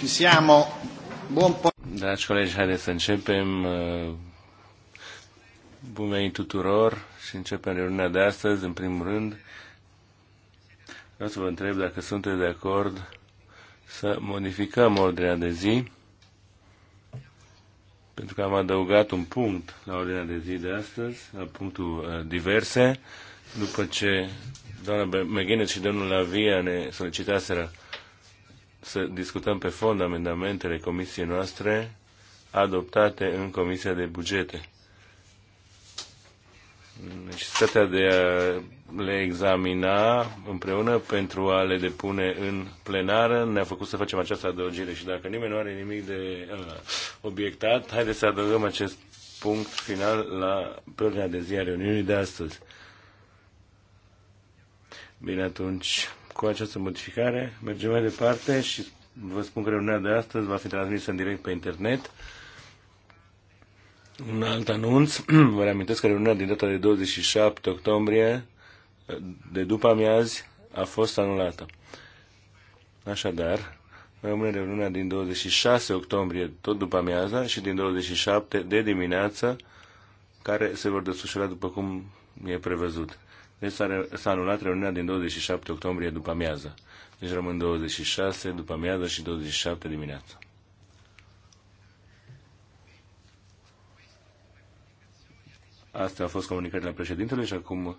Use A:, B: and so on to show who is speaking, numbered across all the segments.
A: Ci siamo. Buon po- Dragi colegi, haideți să începem. Uh, bun venit tuturor și începem reuniunea de astăzi, în primul rând. Vreau să vă întreb dacă sunteți de acord să modificăm ordinea de zi, pentru că am adăugat un punct la ordinea de zi de astăzi, la punctul uh, diverse, după ce doamna McGuinness și domnul Lavia ne solicitaseră să discutăm pe fond amendamentele comisiei noastre adoptate în Comisia de Bugete. Necesitatea de a le examina împreună pentru a le depune în plenară ne-a făcut să facem această adăugire și dacă nimeni nu are nimic de uh, obiectat, haideți să adăugăm acest punct final la ordinea de zi a reuniunii de astăzi. Bine, atunci cu această modificare. Mergem mai departe și vă spun că reuniunea de astăzi va fi transmisă în direct pe internet. Un alt anunț, vă reamintesc că reuniunea din data de 27 octombrie, de după amiazi, a fost anulată. Așadar, rămâne reuniunea din 26 octombrie, tot după amiaza, și din 27 de dimineață, care se vor desfășura după cum e prevăzut. Deci s-a anulat reuniunea din 27 octombrie după amiază. Deci rămân 26 după amiază și 27 dimineața. Astea au fost comunicările președintele și acum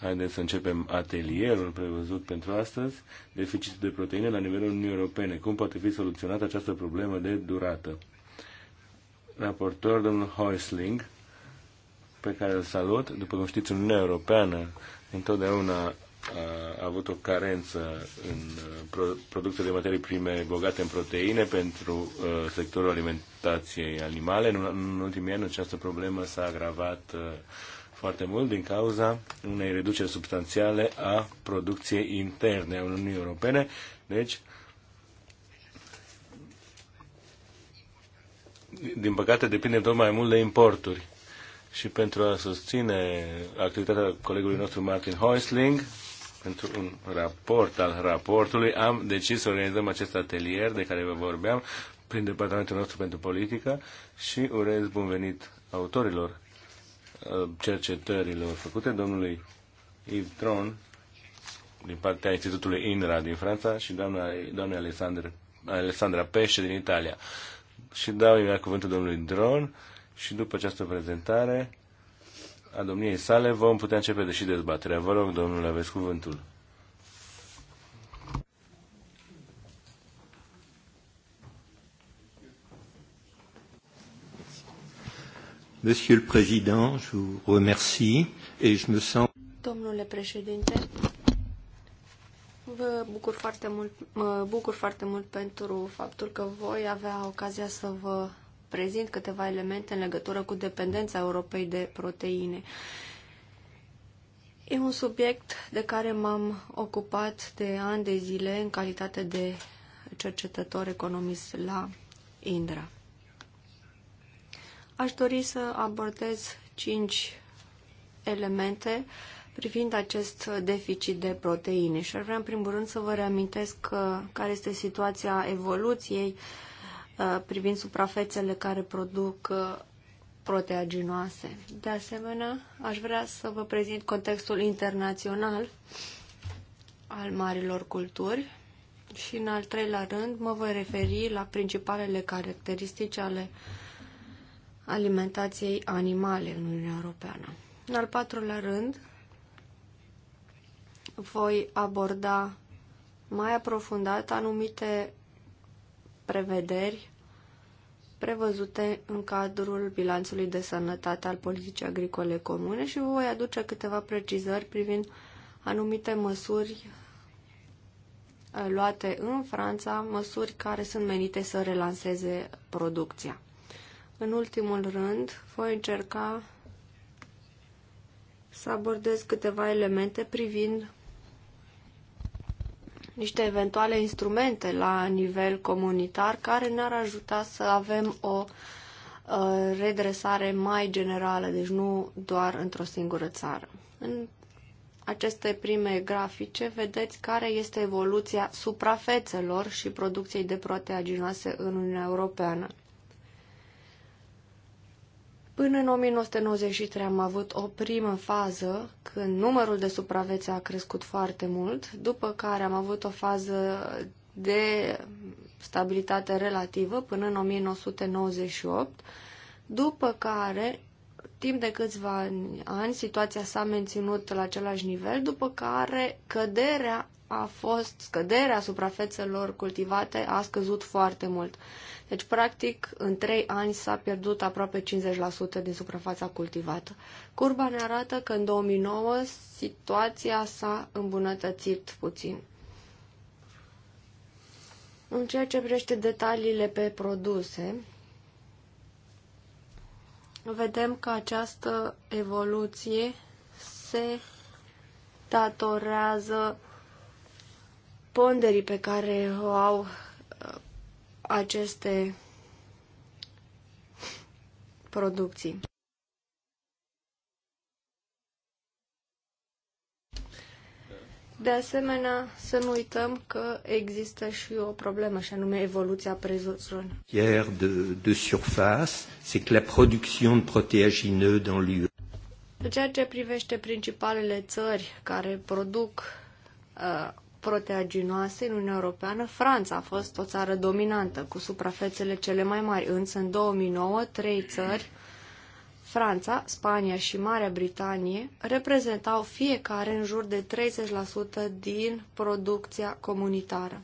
A: haideți să începem atelierul prevăzut pentru astăzi, deficitul de proteine la nivelul Uniunii Europene. Cum poate fi soluționată această problemă de durată? Raportor, domnul Heusling, pe care îl salut. După cum știți, Uniunea Europeană întotdeauna a avut o carență în uh, producția de materii prime bogate în proteine pentru uh, sectorul alimentației animale. În ultimii ani această problemă s-a agravat uh, foarte mult din cauza unei reduceri substanțiale a producției interne a Uniunii Europene. Deci, din păcate, depindem tot mai mult de importuri și pentru a susține activitatea colegului nostru Martin Heusling, pentru un raport al raportului, am decis să organizăm acest atelier de care vă vorbeam prin departamentul nostru pentru politică și urez bun venit autorilor uh, cercetărilor făcute, domnului Yves Tron, din partea Institutului INRA din Franța și doamna, doamna Alessandra, Alessandra Pește din Italia. Și dau imediat cuvântul domnului Dron și după această prezentare a domniei sale vom putea începe deși dezbaterea. Vă rog, domnule, aveți cuvântul.
B: Monsieur le Président, je vous remercie et je me sens...
C: Domnule președinte, vă bucur foarte mult, mă bucur foarte mult pentru faptul că voi avea ocazia să vă prezint câteva elemente în legătură cu dependența Europei de proteine. E un subiect de care m-am ocupat de ani de zile în calitate de cercetător economist la Indra. Aș dori să abordez cinci elemente privind acest deficit de proteine și ar vrea în primul rând să vă reamintesc că care este situația evoluției uh, Uh, privind suprafețele care produc uh, proteaginoase. De asemenea, aș vrea să vă prezint contextul internațional al marilor culturi și, în al treilea rând, mă voi referi la principalele caracteristici ale alimentației animale în Uniunea Europeană. În al patrulea rând, voi aborda mai aprofundat anumite prevederi prevăzute în cadrul bilanțului de sănătate al politicii agricole comune și vă voi aduce câteva precizări privind anumite măsuri uh, luate în Franța, măsuri care sunt menite să relanseze producția. În ultimul rând, voi încerca să abordez câteva elemente privind niște eventuale instrumente la nivel comunitar care ne-ar ajuta să avem o uh, redresare mai generală, deci nu doar într-o singură țară. În aceste prime grafice vedeți care este evoluția suprafețelor și producției de proteaginoase în Uniunea Europeană. Până în 1993 am avut o primă fază când numărul de supraveți a crescut foarte mult, după care am avut o fază de stabilitate relativă până în 1998, după care, timp de câțiva ani, situația s-a menținut la același nivel, după care căderea a fost, scăderea suprafețelor cultivate a scăzut foarte mult. Deci, practic, în 3 ani s-a pierdut aproape 50% din suprafața cultivată. Curba ne arată că în 2009 situația s-a îmbunătățit puțin. În ceea ce privește detaliile pe produse, vedem că această evoluție se datorează ponderii pe care o au aceste producții. De asemenea, să nu uităm că există și o problemă, și anume evoluția prețurilor.
B: Hier de, de surface, c'est que la production de protéagineux dans l'UE.
C: ceea ce privește principalele țări care produc uh, proteaginoase în Uniunea Europeană, Franța a fost o țară dominantă, cu suprafețele cele mai mari, însă în 2009 trei țări, Franța, Spania și Marea Britanie, reprezentau fiecare în jur de 30% din producția comunitară.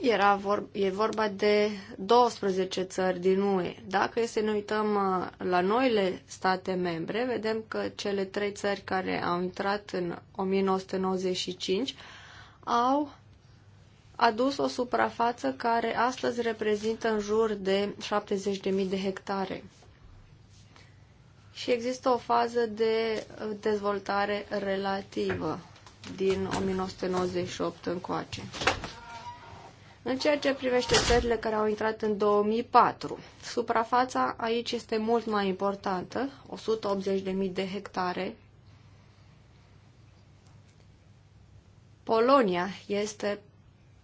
C: Era vor, e vorba de 12 țări din UE. Dacă să ne uităm uh, la noile state membre, vedem că cele trei țări care au intrat în 1995 au adus o suprafață care astăzi reprezintă în jur de 70.000 de hectare. Și există o fază de uh, dezvoltare relativă din 1998 încoace. În ceea ce privește țările care au intrat în 2004, suprafața aici este mult mai importantă, 180.000 de hectare. Polonia este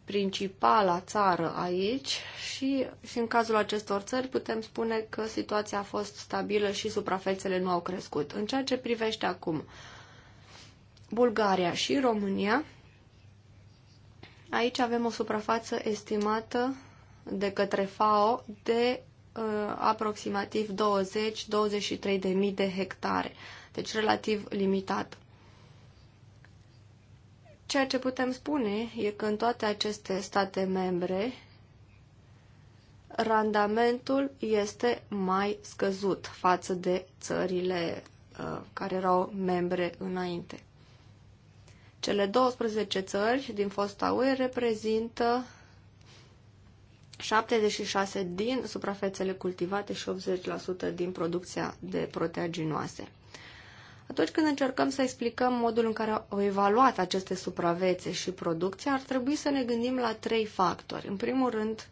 C: principala țară aici și, și în cazul acestor țări putem spune că situația a fost stabilă și suprafețele nu au crescut. În ceea ce privește acum Bulgaria și România, Aici avem o suprafață estimată de către FAO de uh, aproximativ 20-23 de mii de hectare, deci relativ limitat. Ceea ce putem spune e că în toate aceste state membre randamentul este mai scăzut față de țările uh, care erau membre înainte. Cele 12 țări din fosta UE reprezintă 76 din suprafețele cultivate și 80% din producția de proteaginoase. Atunci când încercăm să explicăm modul în care au evaluat aceste supravețe și producția, ar trebui să ne gândim la trei factori. În primul rând,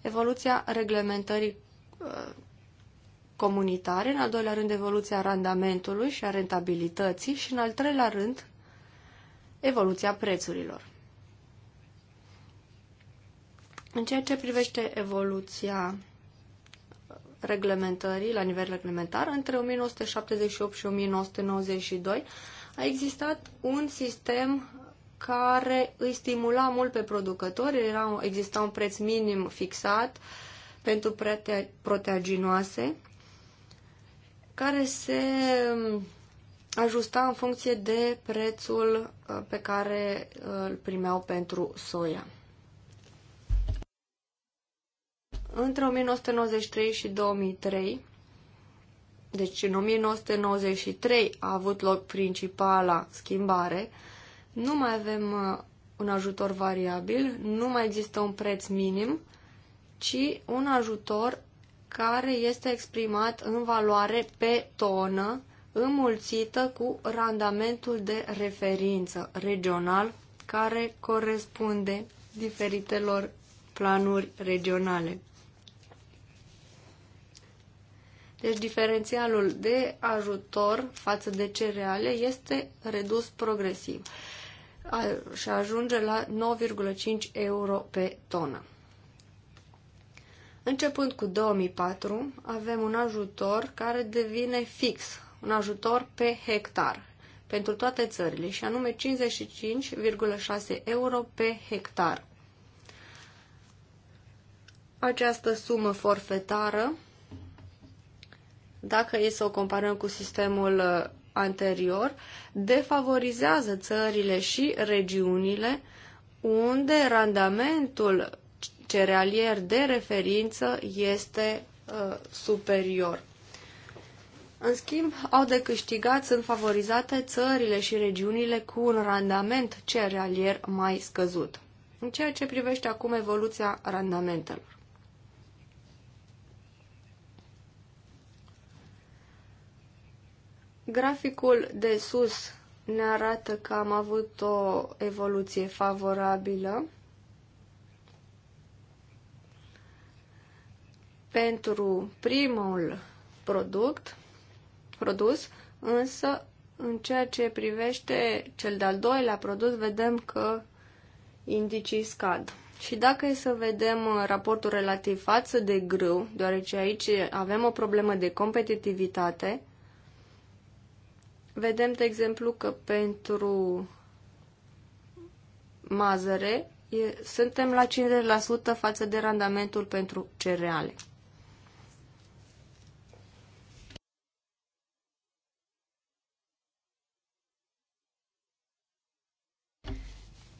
C: evoluția reglementării uh, comunitare, în al doilea rând evoluția randamentului și a rentabilității și în al treilea rând evoluția prețurilor. În ceea ce privește evoluția reglementării la nivel reglementar, între 1978 și 1992 a existat un sistem care îi stimula mult pe producători, era, exista un preț minim fixat pentru proteaginoase, care se ajusta în funcție de prețul uh, pe care uh, îl primeau pentru soia. Între 1993 și 2003, deci în 1993 a avut loc principala schimbare, nu mai avem uh, un ajutor variabil, nu mai există un preț minim, ci un ajutor care este exprimat în valoare pe tonă înmulțită cu randamentul de referință regional care corespunde diferitelor planuri regionale. Deci diferențialul de ajutor față de cereale este redus progresiv și ajunge la 9,5 euro pe tonă. Începând cu 2004, avem un ajutor care devine fix un ajutor pe hectar pentru toate țările și anume 55,6 euro pe hectar. Această sumă forfetară, dacă e să o comparăm cu sistemul uh, anterior, defavorizează țările și regiunile unde randamentul cerealier de referință este uh, superior. În schimb, au de câștigat, sunt favorizate țările și regiunile cu un randament cerealier mai scăzut, în ceea ce privește acum evoluția randamentelor. Graficul de sus ne arată că am avut o evoluție favorabilă pentru primul product, produs, însă în ceea ce privește cel de-al doilea produs, vedem că indicii scad. Și dacă e să vedem uh, raportul relativ față de grâu, deoarece aici avem o problemă de competitivitate, vedem, de exemplu, că pentru mazăre suntem la 50% față de randamentul pentru cereale.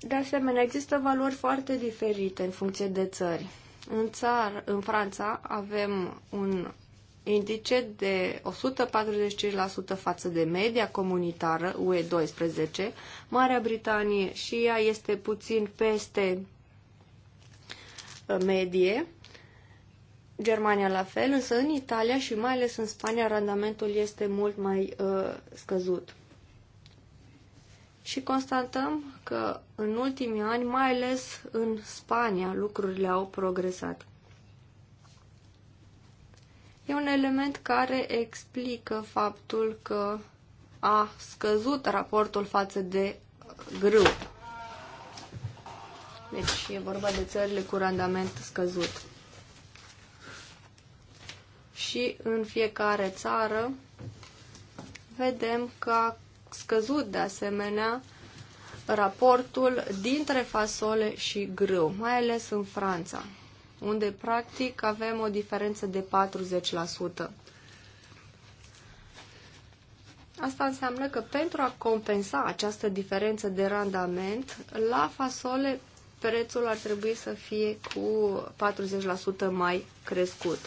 C: De asemenea, există valori foarte diferite în funcție de țări. În, țar, în Franța avem un indice de 145% față de media comunitară UE12. Marea Britanie și ea este puțin peste uh, medie. Germania la fel, însă în Italia și mai ales în Spania randamentul este mult mai uh, scăzut. Și constatăm că în ultimii ani, mai ales în Spania, lucrurile au progresat. E un element care explică faptul că a scăzut raportul față de grâu. Deci e vorba de țările cu randament scăzut. Și în fiecare țară vedem că a scăzut de asemenea raportul dintre fasole și grâu, mai ales în Franța, unde practic avem o diferență de 40%. Asta înseamnă că pentru a compensa această diferență de randament, la fasole prețul ar trebui să fie cu 40% mai crescut.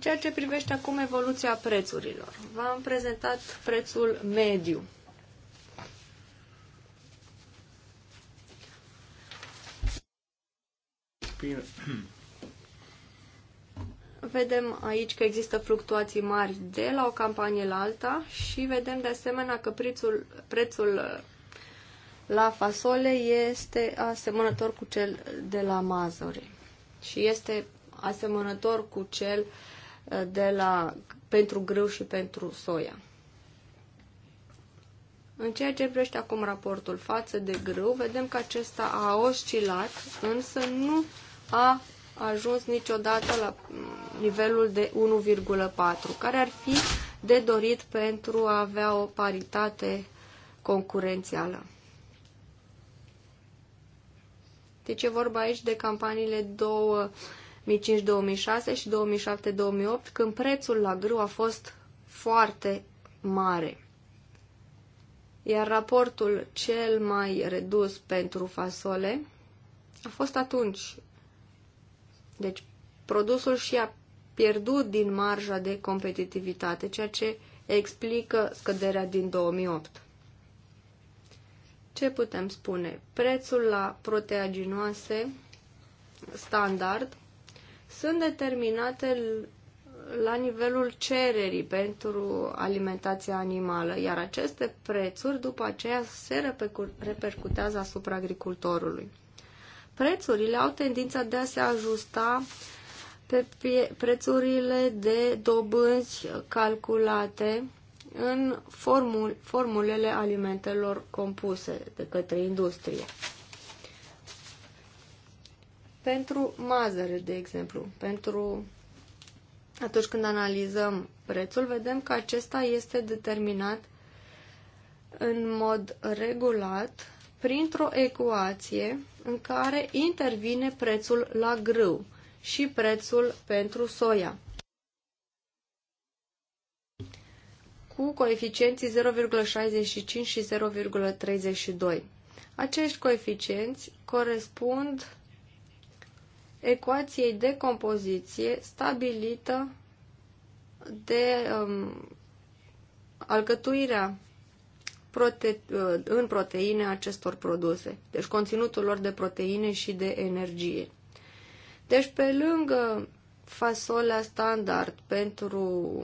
C: ceea ce privește acum evoluția prețurilor, v-am prezentat prețul mediu. Vedem aici că există fluctuații mari de la o campanie la alta și vedem de asemenea că prețul, prețul uh, la fasole este asemănător cu cel de la mazăre și este asemănător cu cel uh, de la, pentru grâu și pentru soia. În ceea ce privește acum raportul față de grâu, vedem că acesta a oscilat, însă nu a ajuns niciodată la nivelul de 1,4, care ar fi de dorit pentru a avea o paritate concurențială. Deci e vorba aici de campaniile două uh, 2005-2006 și 2007-2008, când prețul la grâu a fost foarte mare. Iar raportul cel mai redus pentru fasole a fost atunci. Deci produsul și a pierdut din marja de competitivitate, ceea ce explică scăderea din 2008. Ce putem spune? Prețul la proteaginoase standard sunt determinate la nivelul cererii pentru alimentația animală, iar aceste prețuri după aceea se repercutează asupra agricultorului. Prețurile au tendința de a se ajusta pe prețurile de dobânzi calculate în formul, formulele alimentelor compuse de către industrie pentru mazăre, de exemplu, pentru atunci când analizăm prețul, vedem că acesta este determinat în mod regulat printr-o ecuație în care intervine prețul la grâu și prețul pentru soia. cu coeficienții 0,65 și 0,32. Acești coeficienți corespund ecuației de compoziție stabilită de um, alcătuirea prote- uh, în proteine acestor produse, deci conținutul lor de proteine și de energie. Deci, pe lângă fasolea standard pentru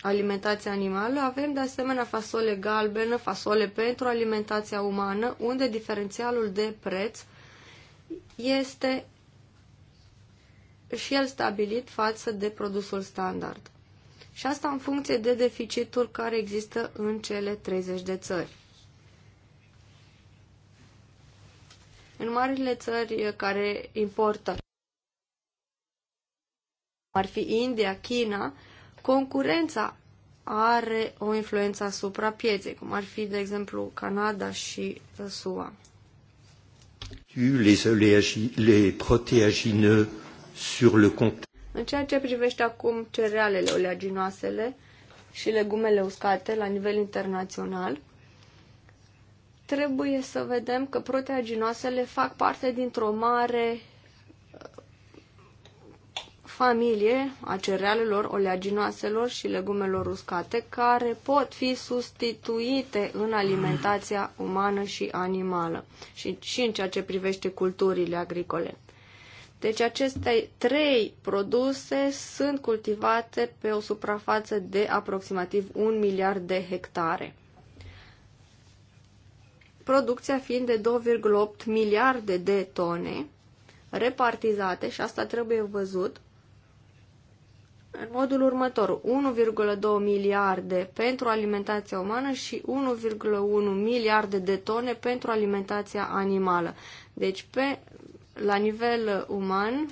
C: alimentația animală, avem de asemenea fasole galbenă, fasole pentru alimentația umană, unde diferențialul de preț este și el stabilit față de produsul standard. Și asta în funcție de deficitul care există în cele 30 de țări. În marile țări care importă, ar fi India, China, concurența are o influență asupra pieței, cum ar fi, de exemplu, Canada și uh, SUA.
B: Les protéagineux sur le compte.
C: În ceea ce privește acum cerealele oleaginoasele și legumele uscate la nivel internațional, trebuie să vedem că proteaginoasele fac parte dintr-o mare uh, familie a cerealelor, oleaginoaselor și legumelor uscate care pot fi sustituite în alimentația umană și animală și, și în ceea ce privește culturile agricole. Deci aceste trei produse sunt cultivate pe o suprafață de aproximativ un miliard de hectare. Producția fiind de 2,8 miliarde de tone repartizate, și asta trebuie văzut, în modul următor, 1,2 miliarde pentru alimentația umană și 1,1 miliarde de tone pentru alimentația animală. Deci pe la nivel uman,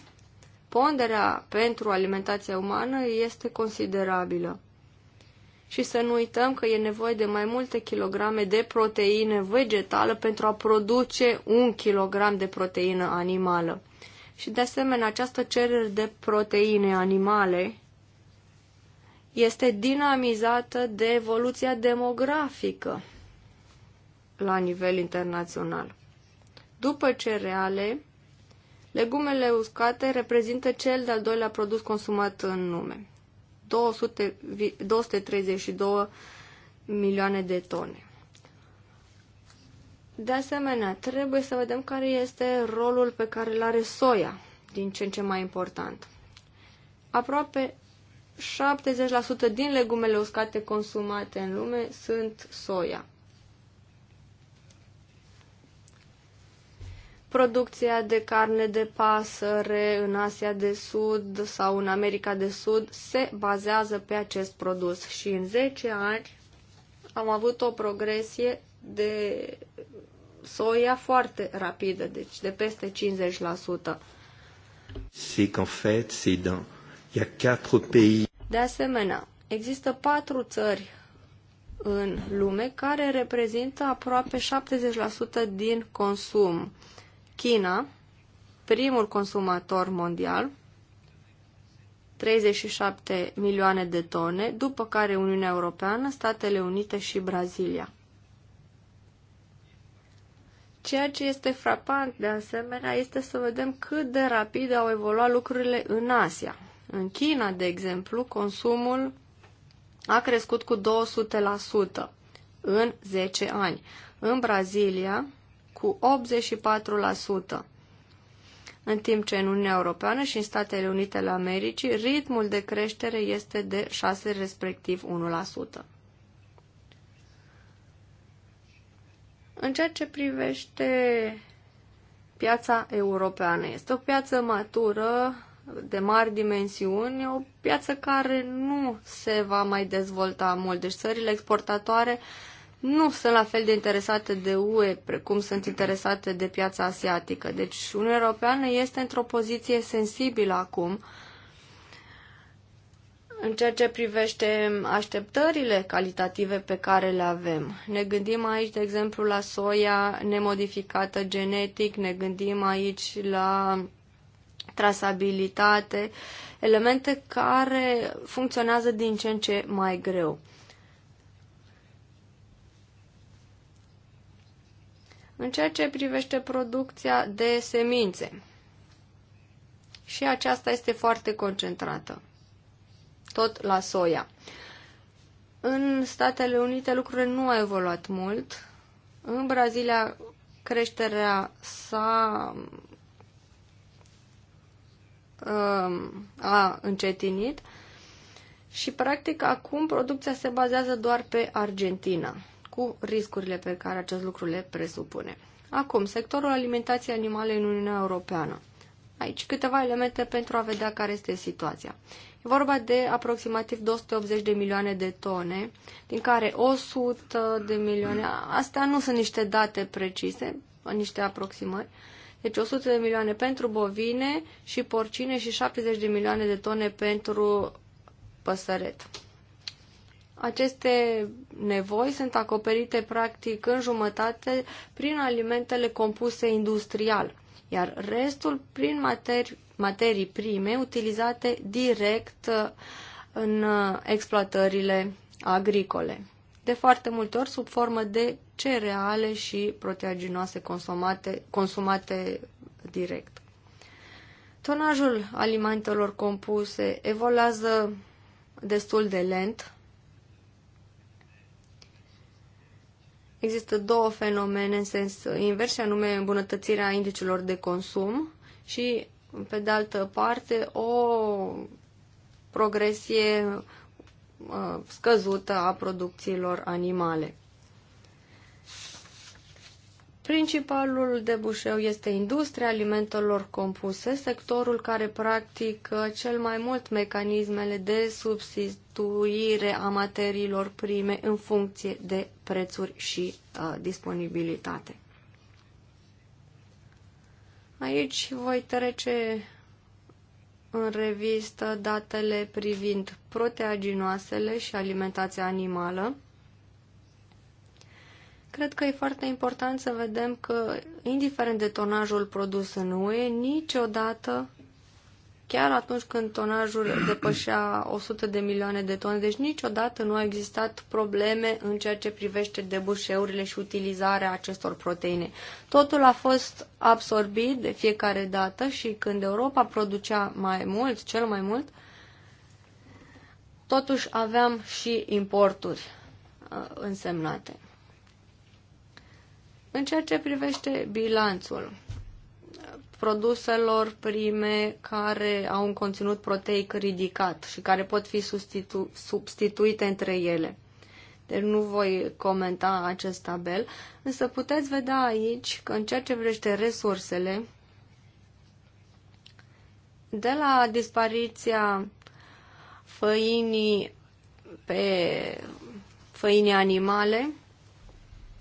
C: ponderea pentru alimentația umană este considerabilă. Și să nu uităm că e nevoie de mai multe kilograme de proteine vegetală pentru a produce un kilogram de proteină animală. Și de asemenea, această cerere de proteine animale este dinamizată de evoluția demografică la nivel internațional. După cereale, Legumele uscate reprezintă cel de-al doilea produs consumat în lume, 200, 232 milioane de tone. De asemenea, trebuie să vedem care este rolul pe care îl are soia, din ce în ce mai important. Aproape 70% din legumele uscate consumate în lume sunt soia. producția de carne de pasăre în Asia de Sud sau în America de Sud se bazează pe acest produs și în 10 ani am avut o progresie de soia foarte rapidă, deci de peste 50%.
B: C'est qu'en fait, c'est dans il y a quatre pays.
C: De asemenea, există patru țări în lume care reprezintă aproape 70% din consum China, primul consumator mondial, 37 milioane de tone, după care Uniunea Europeană, Statele Unite și Brazilia. Ceea ce este frapant, de asemenea, este să vedem cât de rapid au evoluat lucrurile în Asia. În China, de exemplu, consumul a crescut cu 200% în 10 ani. În Brazilia, cu 84%, în timp ce în Uniunea Europeană și în Statele Unite ale Americii ritmul de creștere este de 6 respectiv 1%. În ceea ce privește piața europeană, este o piață matură, de mari dimensiuni, o piață care nu se va mai dezvolta mult. Deci țările exportatoare uh, nu sunt la fel de interesate de UE precum sunt interesate de piața asiatică. Deci Uniunea Europeană este într-o poziție sensibilă acum în ceea ce privește așteptările calitative pe care le avem. Ne gândim aici, de exemplu, la soia nemodificată genetic, ne gândim aici la trasabilitate, elemente care funcționează din ce în ce mai greu. În ceea ce privește producția de semințe, și aceasta este foarte concentrată, tot la soia. În Statele Unite lucrurile nu au evoluat mult. În Brazilia creșterea s-a um, a încetinit și practic acum producția se bazează doar pe Argentina cu riscurile pe care acest lucru le presupune. Acum, sectorul alimentației animale în Uniunea Europeană. Aici câteva elemente pentru a vedea care este situația. E vorba de aproximativ 280 de milioane de tone, din care 100 de milioane, astea nu sunt niște date precise, niște aproximări, deci 100 de milioane pentru bovine și porcine și 70 de milioane de tone pentru păsăret. Aceste nevoi sunt acoperite practic în jumătate prin alimentele compuse industrial, iar restul prin materi, materii prime utilizate direct uh, în uh, exploatările agricole. De foarte multe ori sub formă de cereale și proteaginoase consumate, consumate direct. Tonajul alimentelor compuse evoluează destul de lent Există două fenomene în sens invers, și anume îmbunătățirea indicilor de consum și, pe de altă parte, o progresie uh, scăzută a producțiilor animale. Principalul debușeu este industria alimentelor compuse, sectorul care practică cel mai mult mecanismele de substituire a materiilor prime în funcție de prețuri și uh, disponibilitate. Aici voi trece în revistă datele privind proteaginoasele și alimentația animală. Cred că e foarte important să vedem că, indiferent de tonajul produs în UE, niciodată, chiar atunci când tonajul depășea 100 de milioane de tone, deci niciodată nu au existat probleme în ceea ce privește debușeurile și utilizarea acestor proteine. Totul a fost absorbit de fiecare dată și când Europa producea mai mult, cel mai mult, totuși aveam și importuri uh, însemnate. În ceea ce privește bilanțul produselor prime care au un conținut proteic ridicat și care pot fi substitu- substituite între ele. Deci nu voi comenta acest tabel, însă puteți vedea aici că în ceea ce privește resursele, de la dispariția făinii pe făinii animale,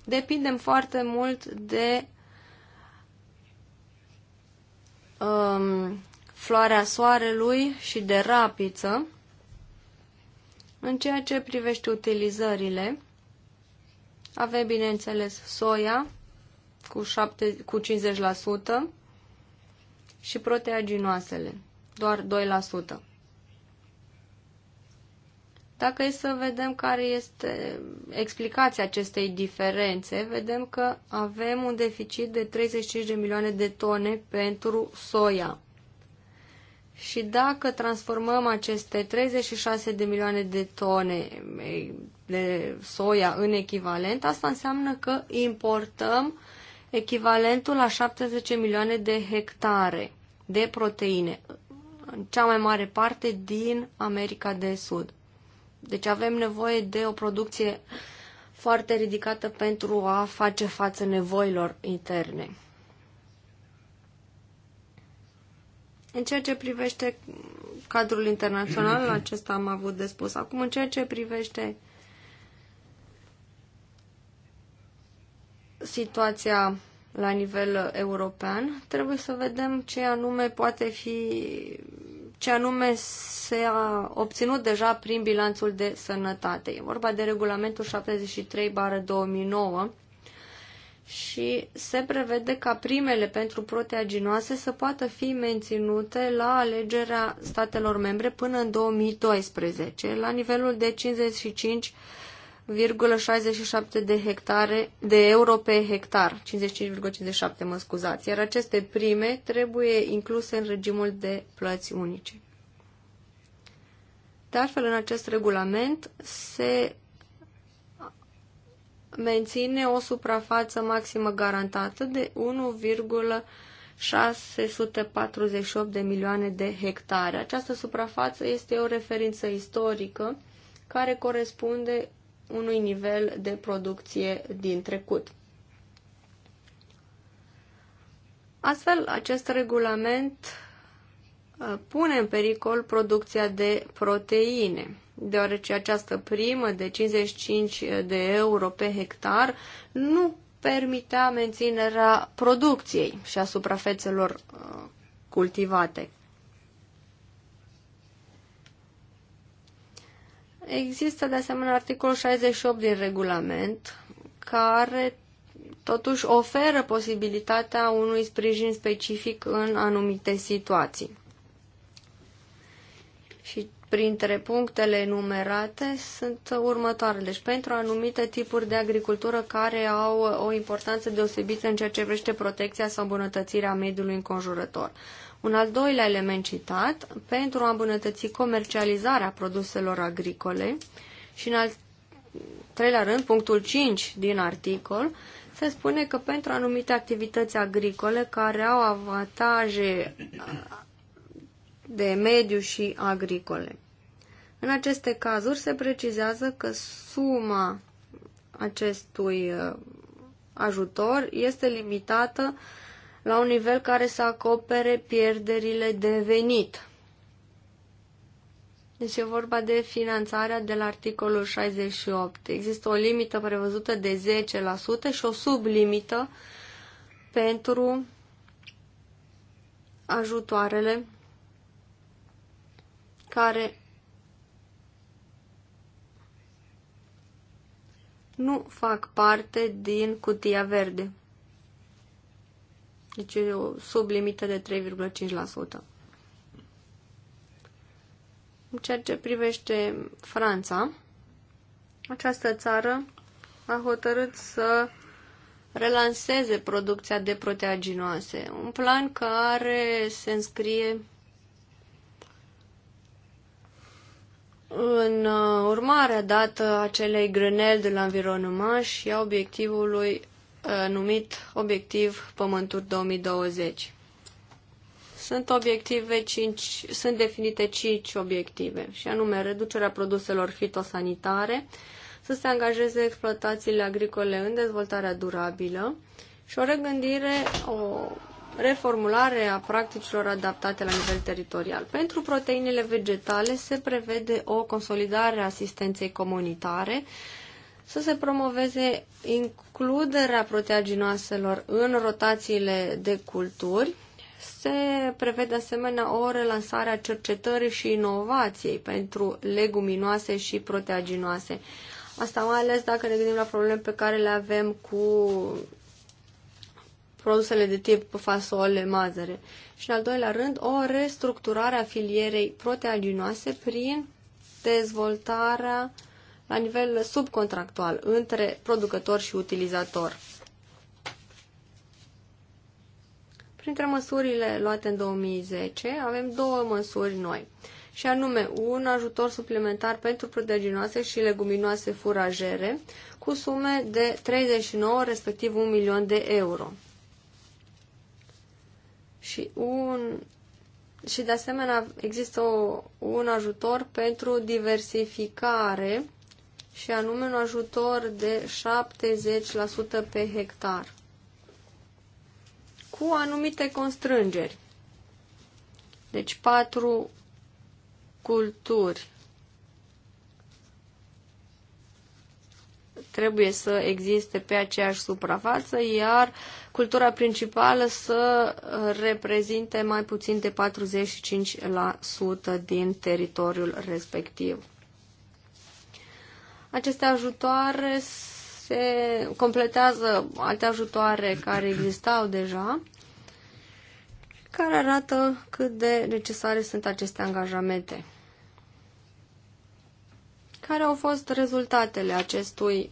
C: depindem foarte mult de um, floarea soarelui și de rapiță în ceea ce privește utilizările. Avem, bineînțeles, soia cu, 7, cu 50% și proteaginoasele, doar 2%. Dacă e să vedem care este explicația acestei diferențe, vedem că avem un deficit de 35 de milioane de tone pentru soia. Și dacă transformăm aceste 36 de milioane de tone de soia în echivalent, asta înseamnă că importăm echivalentul la 70 milioane de hectare de proteine, în cea mai mare parte din America de Sud. Deci avem nevoie de o producție foarte ridicată pentru a face față nevoilor interne. În ceea ce privește cadrul internațional, acesta am avut de spus. Acum, în ceea ce privește situația la nivel european, trebuie să vedem ce anume poate fi ce anume s-a obținut deja prin bilanțul de sănătate. E vorba de regulamentul 73-2009 și se prevede ca primele pentru proteaginoase să poată fi menținute la alegerea statelor membre până în 2012, la nivelul de 55 55,67 de hectare de euro pe hectar, 55,57 mă scuzați, iar aceste prime trebuie incluse în regimul de plăți unice. De altfel, în acest regulament se menține o suprafață maximă garantată de 1,648 de milioane de hectare. Această suprafață este o referință istorică care corespunde unui nivel de producție din trecut. Astfel, acest regulament uh, pune în pericol producția de proteine, deoarece această primă de 55 de euro pe hectar nu permitea menținerea producției și a suprafețelor uh, cultivate. Există de asemenea articolul 68 din regulament care totuși oferă posibilitatea unui sprijin specific în anumite situații. Și printre punctele enumerate sunt următoarele. Deci pentru anumite tipuri de agricultură care au o importanță deosebită în ceea ce privește protecția sau bunătățirea mediului înconjurător. Un al doilea element citat, pentru a îmbunătăți comercializarea produselor agricole și în al treilea rând, punctul 5 din articol, se spune că pentru anumite activități agricole care au avantaje de mediu și agricole. În aceste cazuri se precizează că suma acestui uh, ajutor este limitată uh, la un nivel care să acopere pierderile de venit. Deci e vorba de finanțarea de la articolul 68. Există o limită prevăzută de 10% și o sublimită pentru ajutoarele care nu fac parte din cutia verde. Deci sub limită de 3,5%. În ceea ce privește Franța, această țară a hotărât să relanseze producția de proteaginoase, un plan care se înscrie în uh, urmarea dată acelei grânel de la environnement și a obiectivului Uh, numit obiectiv Pământuri 2020. Sunt obiective 5, sunt definite 5 obiective, și anume reducerea produselor fitosanitare, să se angajeze exploatațiile agricole în dezvoltarea durabilă și o regândire, o reformulare a practicilor adaptate la nivel teritorial. Pentru proteinele vegetale se prevede o consolidare a asistenței comunitare, să se promoveze includerea proteaginoaselor în rotațiile de culturi. Se prevede asemenea o relansare a cercetării și inovației pentru leguminoase și proteaginoase. Asta mai ales dacă ne gândim la probleme pe care le avem cu produsele de tip fasole, mazăre. Și în al doilea rând, o restructurare a filierei proteaginoase prin dezvoltarea uh, la nivel subcontractual între producător și utilizator. Printre măsurile luate în 2010 avem două măsuri noi, și anume un ajutor suplimentar pentru proteginoase și leguminoase furajere cu sume de 39 respectiv 1 milion de euro. Și un și de asemenea există o, un ajutor pentru diversificare și anume un ajutor de 70% pe hectar cu anumite constrângeri. Deci patru culturi trebuie să existe pe aceeași suprafață, iar cultura principală să reprezinte mai puțin de 45% din teritoriul respectiv. Aceste ajutoare se completează alte ajutoare care existau deja, care arată cât de necesare sunt aceste angajamente. Care au fost rezultatele acestui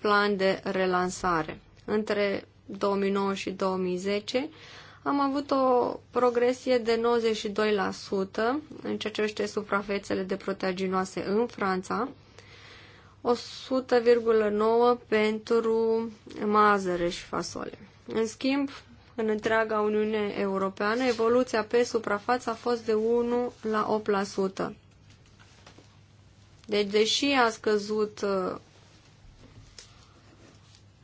C: plan de relansare? Între 2009 și 2010 am avut o progresie de 92% în ceea ce privește suprafețele de proteaginoase în Franța, 100,9 pentru mazăre și fasole. În schimb, în întreaga Uniune Europeană, evoluția pe suprafață a fost de 1 la 8%. Deci, deși a scăzut uh,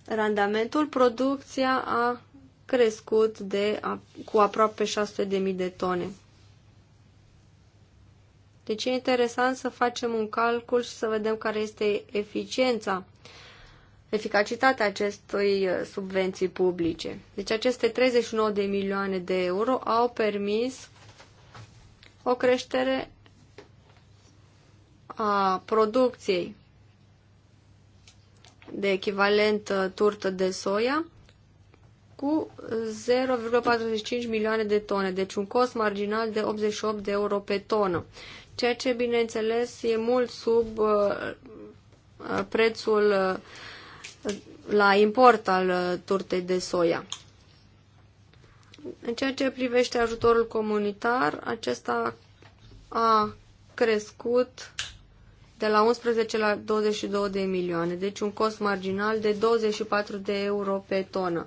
C: randamentul, producția a crescut de, cu aproape 600.000 de tone. Deci e interesant să facem un calcul și să vedem care este eficiența, eficacitatea acestui uh, subvenții publice. Deci aceste 39 de milioane de euro au permis o creștere a producției de echivalent uh, turtă de soia cu 0,45 milioane de tone, deci un cost marginal de 88 de euro pe tonă, ceea ce, bineînțeles, e mult sub uh, uh, prețul uh, la import al turtei de soia. În ceea ce privește ajutorul comunitar, acesta a crescut de la 11 la 22 de milioane, deci un cost marginal de 24 de euro pe tonă.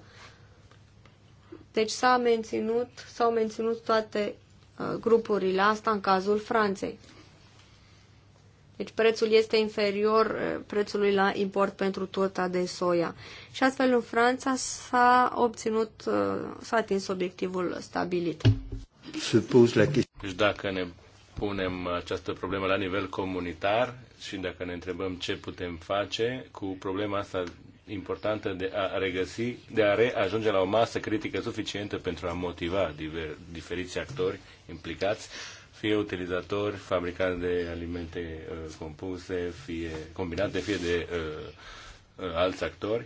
C: Deci s-a menținut, s-au menținut toate Uh, grupurile asta în cazul Franței. Deci prețul este inferior uh, prețului la import pentru torta de soia. Și astfel în Franța s-a obținut, uh, s-a atins obiectivul stabilit.
A: Deci dacă ne punem această problemă la nivel comunitar și dacă ne întrebăm ce putem face cu problema asta importantă de a regăsi, de a reajunge la o masă critică suficientă pentru a motiva diver, diferiți actori implicați, fie utilizatori, fabricanți de alimente uh, compuse, fie combinate, fie de uh, uh, alți actori.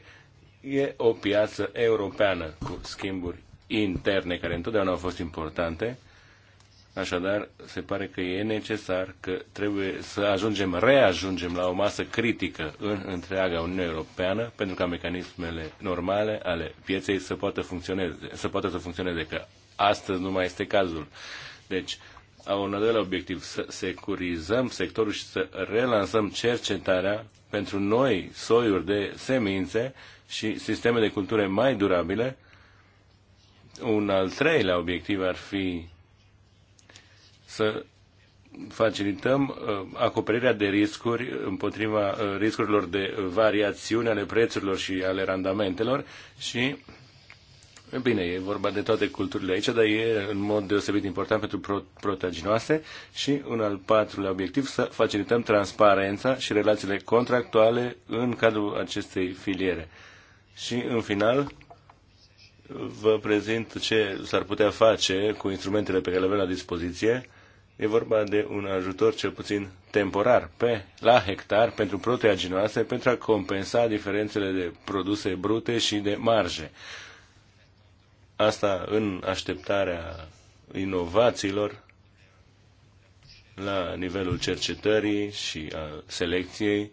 A: E o piață europeană cu schimburi interne care întotdeauna au fost importante Așadar, se pare că e necesar că trebuie să ajungem, reajungem la o masă critică în întreaga Uniune Europeană pentru ca mecanismele normale ale pieței să poată, funcționeze, să poată să funcționeze, că astăzi nu mai este cazul. Deci, au un al doilea obiectiv, să securizăm sectorul și să relansăm cercetarea pentru noi soiuri de semințe și sisteme de cultură mai durabile. Un al treilea obiectiv ar fi să facilităm uh, acoperirea de riscuri împotriva uh, riscurilor de variațiune ale prețurilor și ale randamentelor și Bine, e vorba de toate culturile aici, dar e în mod deosebit important pentru pro- protaginoase și un al patrulea obiectiv să facilităm transparența și relațiile contractuale în cadrul acestei filiere. Și în final vă prezint ce s-ar putea face cu instrumentele pe care le avem la dispoziție E vorba de un ajutor cel puțin temporar pe, la hectar pentru proteaginoase pentru a compensa diferențele de produse brute și de marje. Asta în așteptarea inovațiilor la nivelul cercetării și a selecției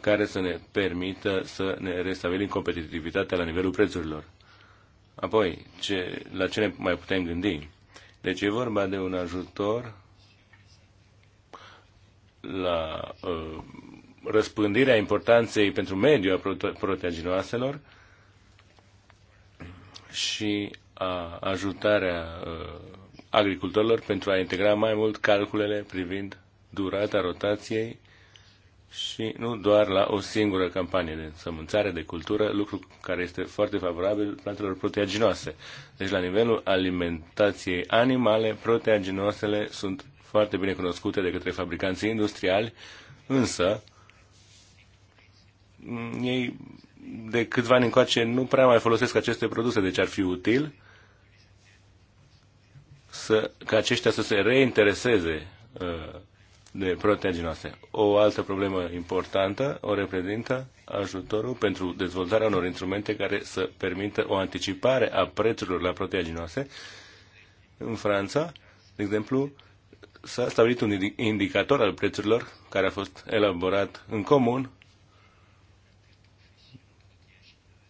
A: care să ne permită să ne restabilim competitivitatea la nivelul prețurilor. Apoi, ce, la ce ne mai putem gândi? Deci e vorba de un ajutor la uh, răspândirea importanței pentru mediul a proteaginoaselor și a ajutarea uh, agricultorilor pentru a integra mai mult calculele privind durata rotației și nu doar la o singură campanie de sămânțare, de cultură, lucru care este foarte favorabil plantelor proteaginoase. Deci la nivelul alimentației animale, proteaginoasele sunt foarte bine cunoscute de către fabricanții industriali, însă mm, ei de câțiva ani încoace nu prea mai folosesc aceste produse, deci ar fi util să, ca aceștia să se reintereseze uh, de proteaginoase. O altă problemă importantă o reprezintă ajutorul pentru dezvoltarea unor instrumente care să permită o anticipare a prețurilor la proteaginoase. În Franța, de exemplu, s-a stabilit un indicator al prețurilor care a fost elaborat în comun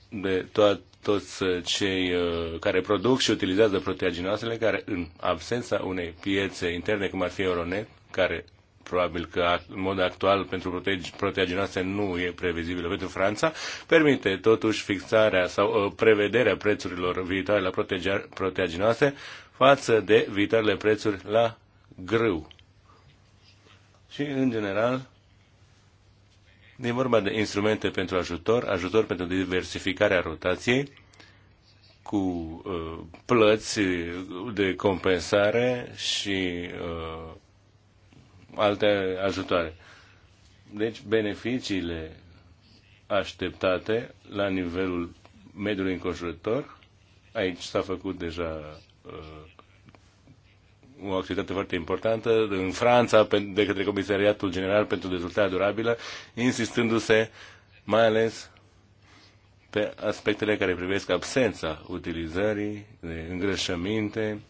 A: de to- toți cei uh, care produc și utilizează proteaginoasele, care în absența unei piețe interne, cum ar fi Euronet, care probabil că în mod actual pentru proteaginoase nu e previzibilă pentru Franța, permite totuși fixarea sau uh, prevederea prețurilor viitoare la proteaginoase față de viitoarele prețuri la grâu. Și, în general, e vorba de instrumente pentru ajutor, ajutor pentru diversificarea rotației, cu uh, plăți de compensare și uh, alte ajutoare. Deci, beneficiile așteptate la nivelul mediului înconjurător, aici s-a făcut deja uh, o activitate foarte importantă în Franța de către Comisariatul General pentru Dezvoltarea Durabilă, insistându-se mai ales pe aspectele care privesc absența utilizării de îngrășăminte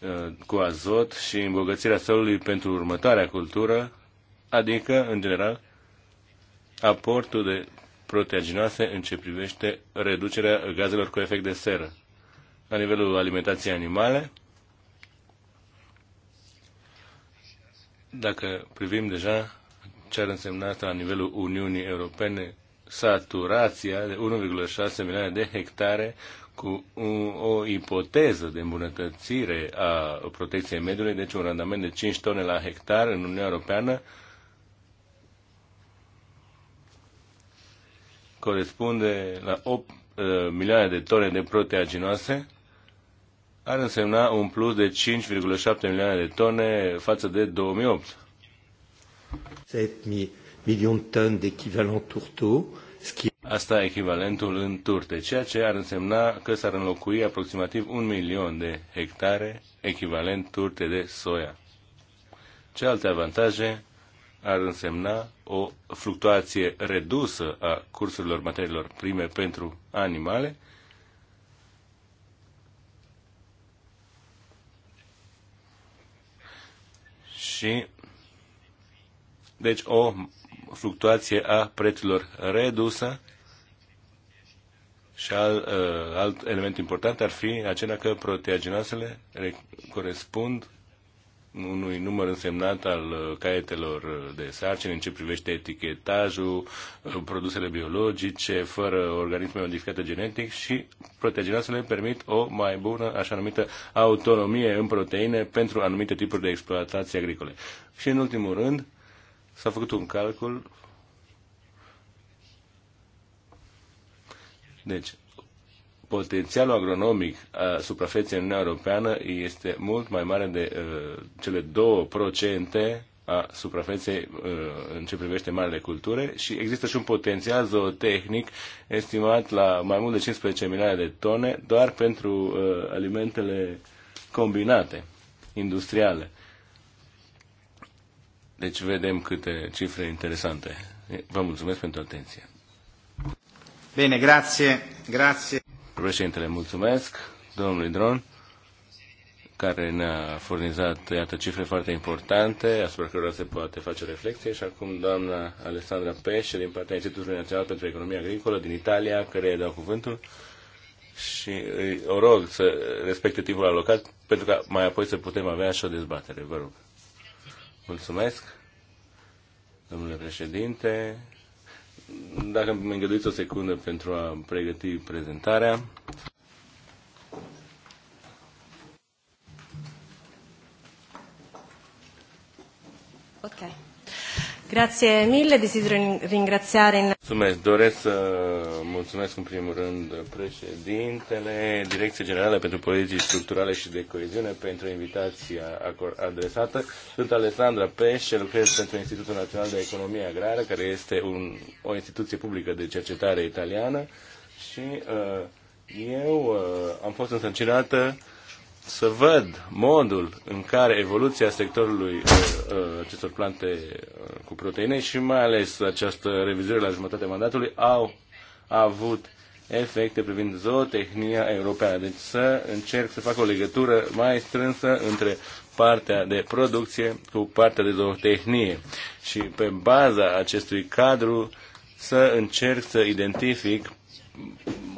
A: uh, cu azot și îmbogățirea solului pentru următoarea cultură, adică, în general, aportul de proteaginoase în ce privește reducerea gazelor cu efect de seră. La nivelul alimentației animale, dacă privim deja ce ar însemna asta la nivelul Uniunii Europene, saturația de 1,6 milioane de hectare cu o ipoteză de îmbunătățire a protecției mediului, deci un randament de 5 tone la hectar în Uniunea Europeană, corespunde la 8 uh, milioane de tone de proteaginoase, ar însemna un plus de 5,7 milioane de tone față de 2008.
B: 7 milioane de tone de echivalent turto,
A: Asta echivalentul în turte, ceea ce ar însemna că s-ar înlocui aproximativ un milion de hectare echivalent turte de soia. Ce alte avantaje ar însemna o fluctuație redusă a cursurilor materiilor prime pentru animale, și deci o fluctuație a prețurilor redusă și al, uh, alt element important ar fi acela că proteaginasele corespund unui număr însemnat al uh, caietelor uh, de sarcini în ce privește etichetajul, uh, produsele biologice, fără organisme modificate genetic și le permit o mai bună, așa numită, autonomie în proteine pentru anumite tipuri de exploatații agricole. Și în ultimul rând, s-a făcut un calcul. Deci, potențialul agronomic a suprafeței în Uniunea Europeană este mult mai mare de uh, cele 2% a suprafeței uh, în ce privește marele culture și există și un potențial zootehnic estimat la mai mult de 15 milioane de tone doar pentru uh, alimentele combinate, industriale. Deci vedem câte cifre interesante. Vă mulțumesc pentru atenție. Bine, grazie, grazie. Președintele, mulțumesc domnului Dron, care ne-a furnizat, iată, cifre foarte importante, asupra cărora se poate face reflexie. Și acum doamna Alessandra Pesce, din partea Institutului Național pentru Economia Agricolă din Italia, care îi dau cuvântul. Și îi, o rog să respecte timpul alocat, pentru că mai apoi să putem avea și o dezbatere. Vă rog. Mulțumesc, domnule președinte, dacă îmi îngăduiți o secundă pentru a pregăti prezentarea.
C: Okay. Grazie mille, desidero ringraziare...
A: Mulțumesc, doresc să mulțumesc în primul rând președintele Direcție Generală pentru Politici Structurale și de Coeziune pentru invitația adresată. Sunt Alessandra Peș, lucrez pentru Institutul Național de Economie Agrară, care este un, o instituție publică de cercetare italiană și uh, eu uh, am fost însărcinată uh, să văd modul în care evoluția sectorului uh, uh, acestor plante uh, cu proteine și mai ales această revizuire la jumătatea mandatului au avut efecte privind zootehnia europeană. Deci să încerc să fac o legătură mai strânsă între partea de producție cu partea de zootehnie și pe baza acestui cadru să încerc să identific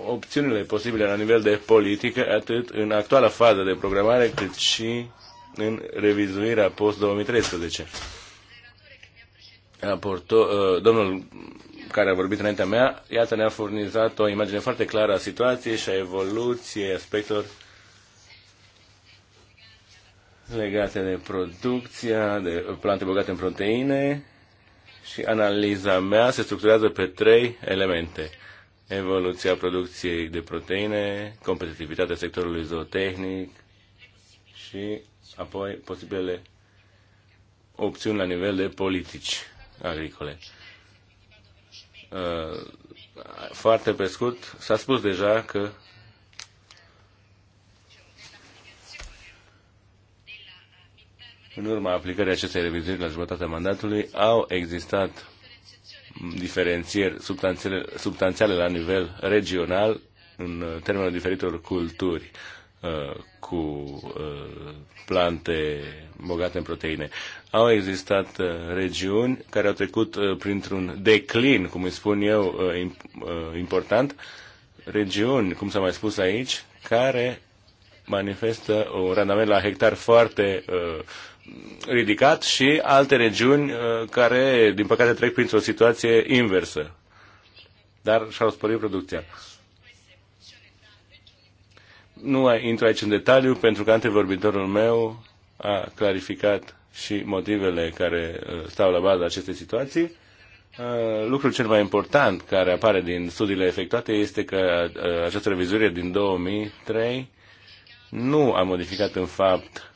A: opțiunile posibile la nivel de politică, atât în actuala fază de programare, cât și în revizuirea post-2013. Ă, domnul care a vorbit înaintea mea, iată ne-a furnizat o imagine foarte clară a situației și a evoluției aspectelor legate de producția de plante bogate în proteine și analiza mea se structurează pe trei elemente evoluția producției de proteine, competitivitatea sectorului zootehnic și apoi posibile opțiuni la nivel de politici agricole. Uh, foarte pe scurt, s-a spus deja că în urma aplicării acestei revizuiri la jumătatea mandatului au existat diferențieri substanțiale, substanțiale la nivel regional în termenul diferitor culturi uh, cu uh, plante bogate în proteine. Au existat uh, regiuni care au trecut printr-un declin, cum îi spun eu, important, regiuni, cum s-a mai spus aici, care manifestă un randament la hectar foarte uh, ridicat și alte regiuni uh, care, din păcate, trec printr-o situație inversă. Dar și-au sporit producția. Nu intru aici în detaliu, pentru că antevorbitorul meu a clarificat și motivele care uh, stau la baza acestei situații. Uh, lucrul cel mai important care apare din studiile efectuate este că uh, această revizuire din 2003 nu a modificat în fapt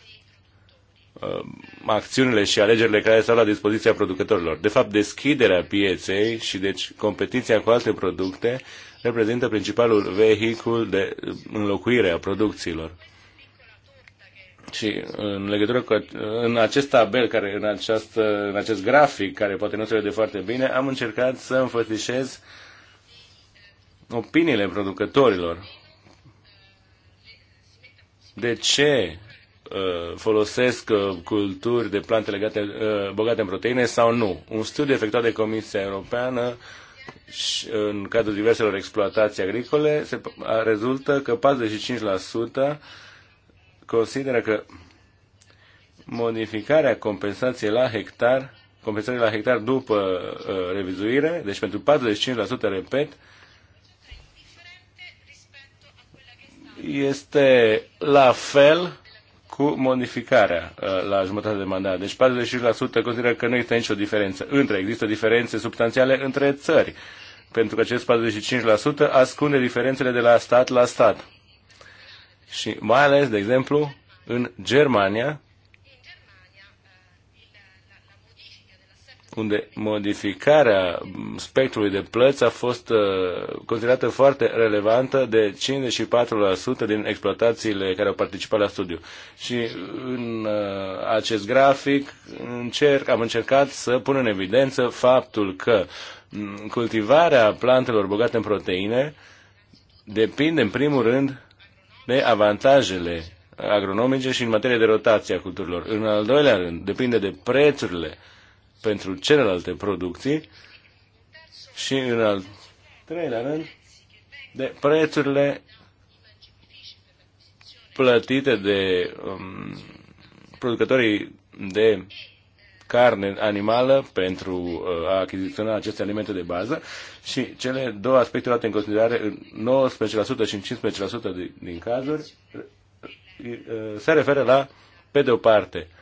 A: uh, acțiunile și alegerile care stau la dispoziția producătorilor. De fapt, deschiderea pieței și deci competiția cu alte producte reprezintă principalul vehicul de înlocuire a producțiilor. Și în legătură cu în acest tabel, care, în, acest, în acest grafic, care poate nu se vede foarte bine, am încercat să înfățișez opiniile producătorilor de ce uh, folosesc uh, culturi de plante legate, uh, bogate în proteine sau nu. Un studiu efectuat de Comisia Europeană și în cadrul diverselor exploatații agricole se rezultă că 45% consideră că modificarea compensației la hectar, compensării la hectar după uh, revizuire, deci pentru 45% repet, uh, este la fel cu modificarea uh, la jumătate de mandat. Deci 45% consideră că nu există nicio diferență între. Există diferențe substanțiale între țări, pentru că acest 45% ascunde diferențele de la stat la stat. Și mai ales, de exemplu, în Germania, unde modificarea spectrului de plăți a fost uh, considerată foarte relevantă de 54% din exploatațiile care au participat la studiu. Și în uh, acest grafic încerc, am încercat să pun în evidență faptul că mm, cultivarea plantelor bogate în proteine depinde în primul rând de avantajele agronomice și în materie de rotație a culturilor. În al doilea rând, depinde de prețurile pentru celelalte producții și, în al treilea rând, de prețurile plătite de um, producătorii de carne animală pentru uh, a achiziționa aceste alimente de bază și cele două aspecte luate în considerare în 19% și în 15% din, din cazuri uh, se referă la, pe de o parte, uh,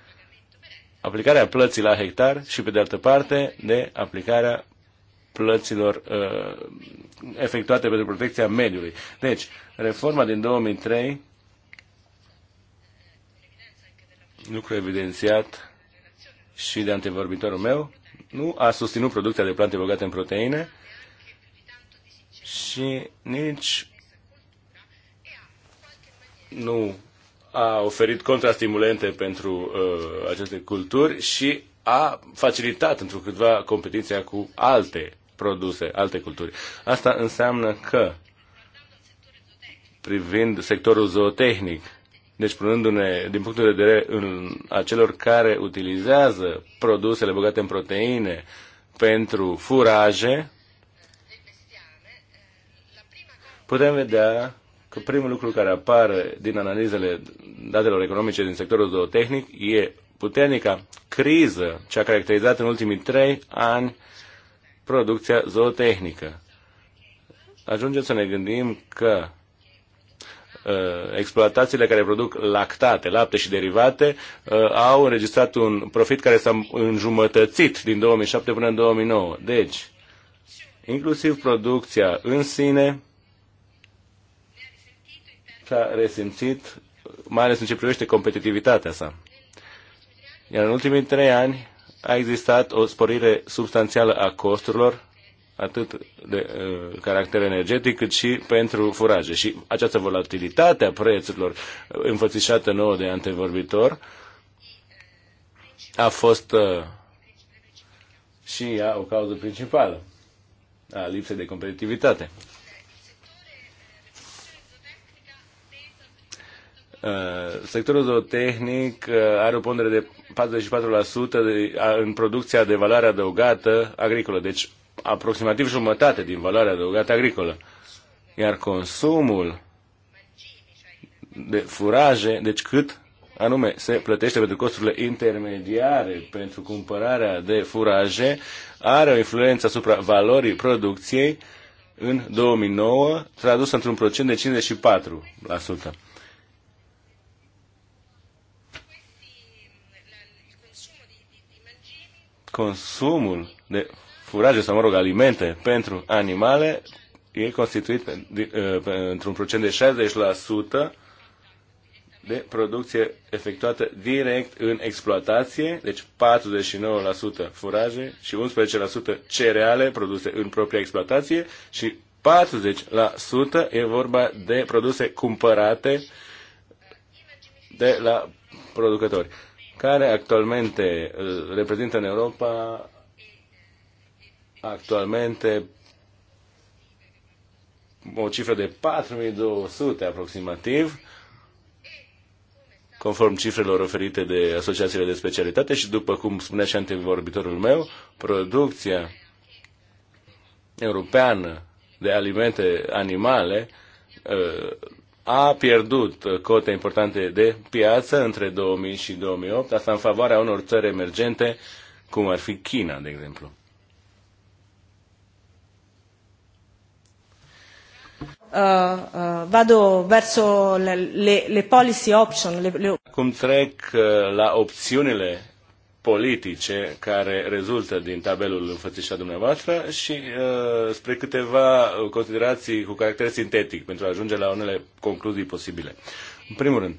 A: aplicarea plății la hectar și, pe de altă parte, de aplicarea plăților uh, efectuate pentru protecția mediului. Deci, reforma din 2003, lucru evidențiat și de antevorbitorul meu, nu a susținut producția de plante bogate în proteine și nici nu a oferit contrastimulente pentru uh, aceste culturi și a facilitat într-o câtva competiția cu alte produse, alte culturi. Asta înseamnă că, privind sectorul zootehnic, deci punându-ne din punctul de vedere în, a celor care utilizează produsele bogate în proteine pentru furaje, putem vedea că primul lucru care apare din analizele datelor economice din sectorul zootehnic e puternica criză ce a caracterizat în ultimii trei ani producția zootehnică. Ajungem să ne gândim că uh, exploatațiile care produc lactate, lapte și derivate uh, au înregistrat un profit care s-a înjumătățit din 2007 până în 2009. Deci, inclusiv producția în sine s-a resimțit, mai ales în ce privește competitivitatea sa. Iar în ultimii trei ani a existat o sporire substanțială a costurilor, atât de uh, caracter energetic, cât și pentru furaje. Și această volatilitate a prețurilor uh, înfățișată nouă de antevorbitor a fost uh, și ea o cauză principală a lipsei de competitivitate. Uh, sectorul zootehnic uh, are o pondere de 44% de, în producția de valoare adăugată agricolă, deci aproximativ jumătate din valoarea adăugată agricolă. Iar consumul de furaje, deci cât anume se plătește pentru costurile intermediare pentru cumpărarea de furaje, are o influență asupra valorii producției în 2009, tradusă într-un procent de 54%. consumul de furaje sau, mă rog, alimente pentru animale e constituit pe, uh, într-un procent de 60% de producție efectuată direct în exploatație, deci 49% furaje și 11% cereale produse în propria exploatație și 40% e vorba de produse cumpărate de la producători care actualmente reprezintă în Europa actualmente o cifră de 4200 aproximativ, conform cifrelor oferite de asociațiile de specialitate și după cum spunea și antevorbitorul meu, producția europeană de alimente animale uh, a pierdut uh, cote importante de piață între 2000 și 2008, asta în favoarea unor țări emergente, cum ar fi China, de exemplu.
C: Uh,
D: uh, vado verso le, le, le policy option. Le, le...
A: trec uh, la opțiunile politice care rezultă din tabelul înfățișat dumneavoastră și uh, spre câteva considerații cu caracter sintetic pentru a ajunge la unele concluzii posibile. În primul rând,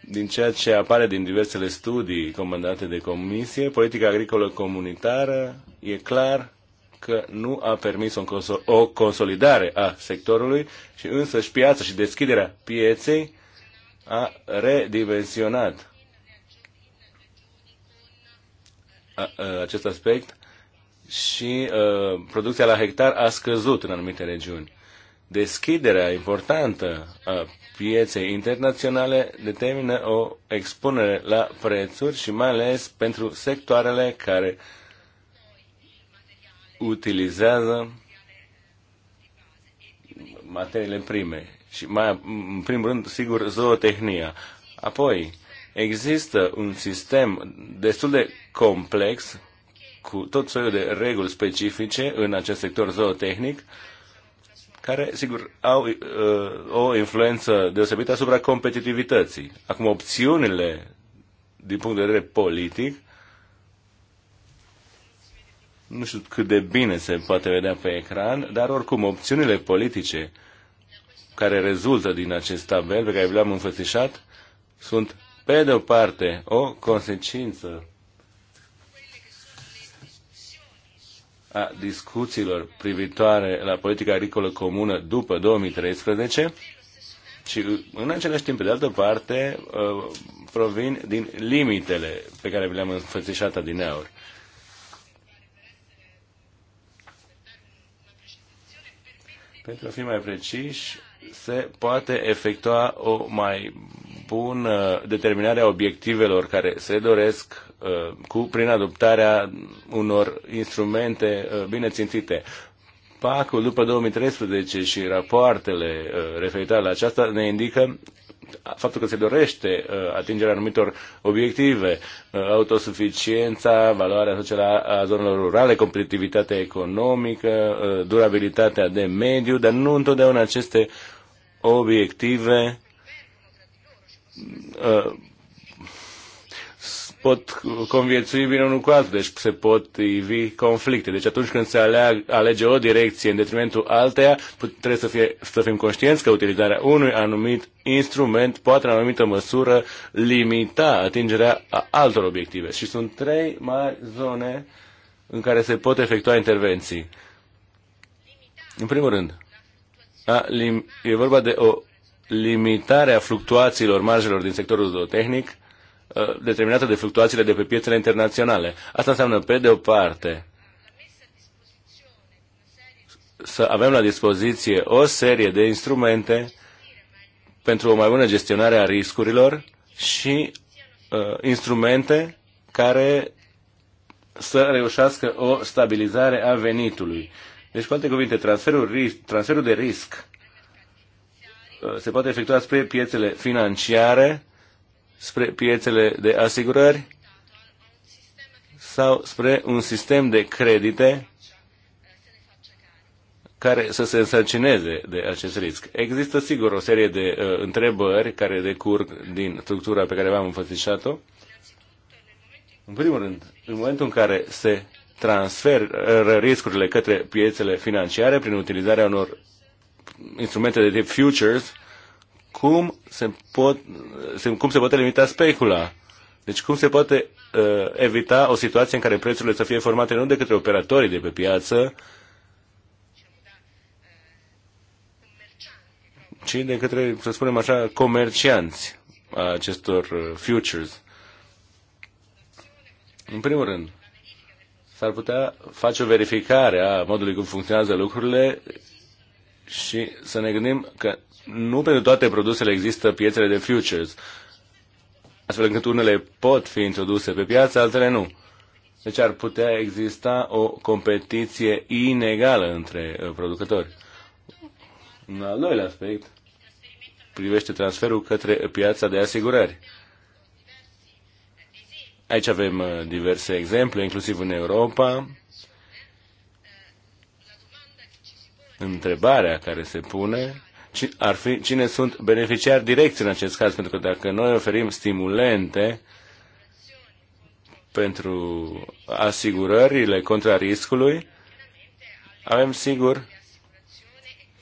A: din ceea ce apare din diversele studii comandate de comisie, politica agricolă comunitară e clar că nu a permis o consolidare a sectorului și însăși piața și deschiderea pieței a redimensionat acest aspect și producția la hectar a scăzut în anumite regiuni. Deschiderea importantă a pieței internaționale determină o expunere la prețuri și mai ales pentru sectoarele care utilizează materiile prime și mai, în primul rând, sigur, zootehnia. Apoi, există un sistem destul de complex, cu tot soiul de reguli specifice în acest sector zootehnic, care, sigur, au uh, o influență deosebită asupra competitivității. Acum, opțiunile, din punct de vedere politic, nu știu cât de bine se poate vedea pe ecran, dar oricum, opțiunile politice care rezultă din acest tabel pe care vi l-am înfățișat sunt, pe de o parte, o consecință a discuțiilor privitoare la politica agricolă comună după 2013 și în același timp, pe de altă parte, uh, provin din limitele pe care vi le-am înfățișat adineauri. Pentru a fi mai preciși, se poate efectua o mai presupun uh, determinarea obiectivelor care se doresc uh, cu, prin adoptarea unor instrumente uh, bine țintite. Pacul după 2013 și rapoartele referitoare la aceasta ne indică faptul că se dorește atingerea anumitor obiective, autosuficiența, valoarea socială a zonelor rurale, competitivitatea economică, durabilitatea de mediu, dar nu întotdeauna aceste obiective Uh, pot conviețui bine unul cu altul, deci se pot ivi conflicte. Deci atunci când se aleag, alege o direcție în detrimentul alteia, trebuie să, fie, să fim conștienți că utilizarea unui anumit instrument poate în anumită măsură limita atingerea altor obiective. Și sunt trei mari zone în care se pot efectua intervenții. În primul rând, a, lim, e vorba de o limitarea fluctuațiilor marjelor din sectorul zootehnic uh, determinată de fluctuațiile de pe piețele internaționale. Asta înseamnă, pe de o parte, să avem la dispoziție o serie de instrumente pentru o mai bună gestionare a riscurilor și uh, instrumente care să reușească o stabilizare a venitului. Deci, cu alte cuvinte, transferul, risc, transferul de risc Uh, se poate efectua spre piețele financiare, spre piețele de asigurări sau spre un sistem de credite care să se însărcineze de acest risc. Există, sigur, o serie de uh, întrebări care decurg din structura pe care v-am înfățișat-o. În primul rând, în momentul în care se transferă riscurile către piețele financiare prin utilizarea unor instrumente de tip futures, cum se, pot, se, cum se poate limita specula? Deci cum se poate uh, evita o situație în care prețurile să fie formate nu de către operatorii de pe piață, ci de către, să spunem așa, comercianți a acestor uh, futures. În primul rând, s-ar putea face o verificare a modului cum funcționează lucrurile și să ne gândim că nu pentru toate produsele există piețele de futures, astfel încât unele pot fi introduse pe piață, altele nu. Deci ar putea exista o competiție inegală între uh, producători. Un al doilea aspect privește transferul către piața de asigurări. Aici avem uh, diverse exemple, inclusiv în Europa, întrebarea care se pune ar fi cine sunt beneficiari direcți în acest caz, pentru că dacă noi oferim stimulente pentru asigurările contra riscului, avem sigur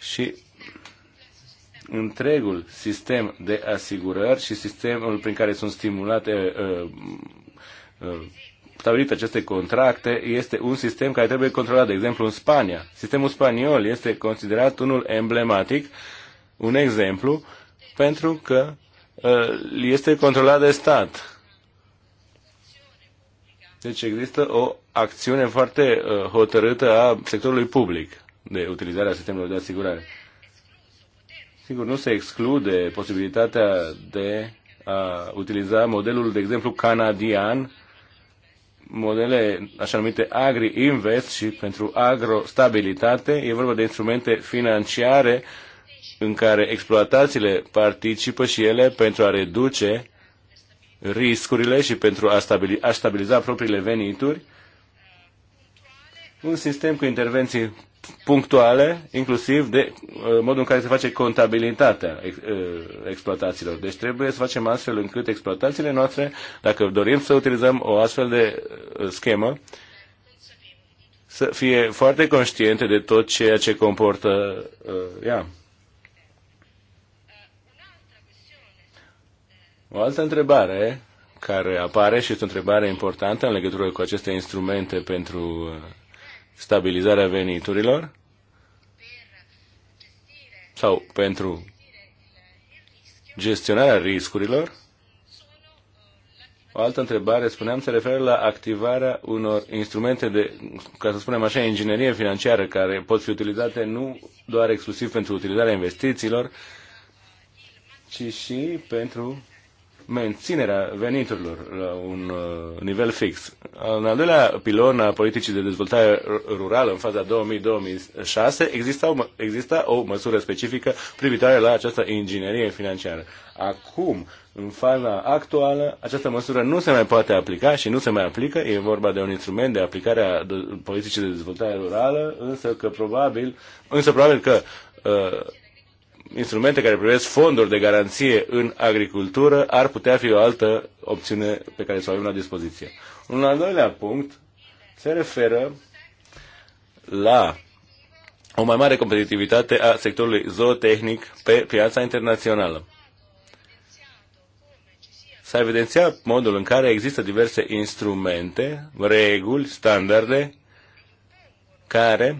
A: și întregul sistem de asigurări și sistemul prin care sunt stimulate uh, uh, stabilit aceste contracte este un sistem care trebuie controlat, de exemplu în Spania. Sistemul spaniol este considerat unul emblematic, un exemplu, pentru că uh, este controlat de stat. Deci există o acțiune foarte uh, hotărâtă a sectorului public de utilizarea sistemului de asigurare. Sigur, nu se exclude posibilitatea de a utiliza modelul, de exemplu, canadian modele așa numite agri-invest și pentru agrostabilitate. E vorba de instrumente financiare în care exploatațiile participă și ele pentru a reduce riscurile și pentru a, stabili, a stabiliza propriile venituri. Un sistem cu intervenții punctuale, inclusiv de uh, modul în care se face contabilitatea uh, exploatațiilor. Deci trebuie să facem astfel încât exploatațiile noastre, dacă dorim să utilizăm o astfel de uh, schemă, să fie foarte conștiente de tot ceea ce comportă ea. O altă întrebare care apare și este o întrebare importantă în legătură cu aceste instrumente pentru stabilizarea veniturilor sau pentru gestionarea riscurilor. O altă întrebare, spuneam, se referă la activarea unor instrumente de, ca să spunem așa, inginerie financiară, care pot fi utilizate nu doar exclusiv pentru utilizarea investițiilor, ci și pentru menținerea veniturilor la un uh, nivel fix. În al doilea pilon a politicii de dezvoltare rurală, în faza 2000-2006, exista, exista o măsură specifică privitoare la această inginerie financiară. Acum, în faza actuală, această măsură nu se mai poate aplica și nu se mai aplică. E vorba de un instrument de aplicare a politicii de dezvoltare rurală, însă că probabil, însă probabil că uh, instrumente care privesc fonduri de garanție în agricultură ar putea fi o altă opțiune pe care să o avem la dispoziție. Un al doilea punct se referă la o mai mare competitivitate a sectorului zootehnic pe piața internațională. S-a evidențiat modul în care există diverse instrumente, reguli, standarde care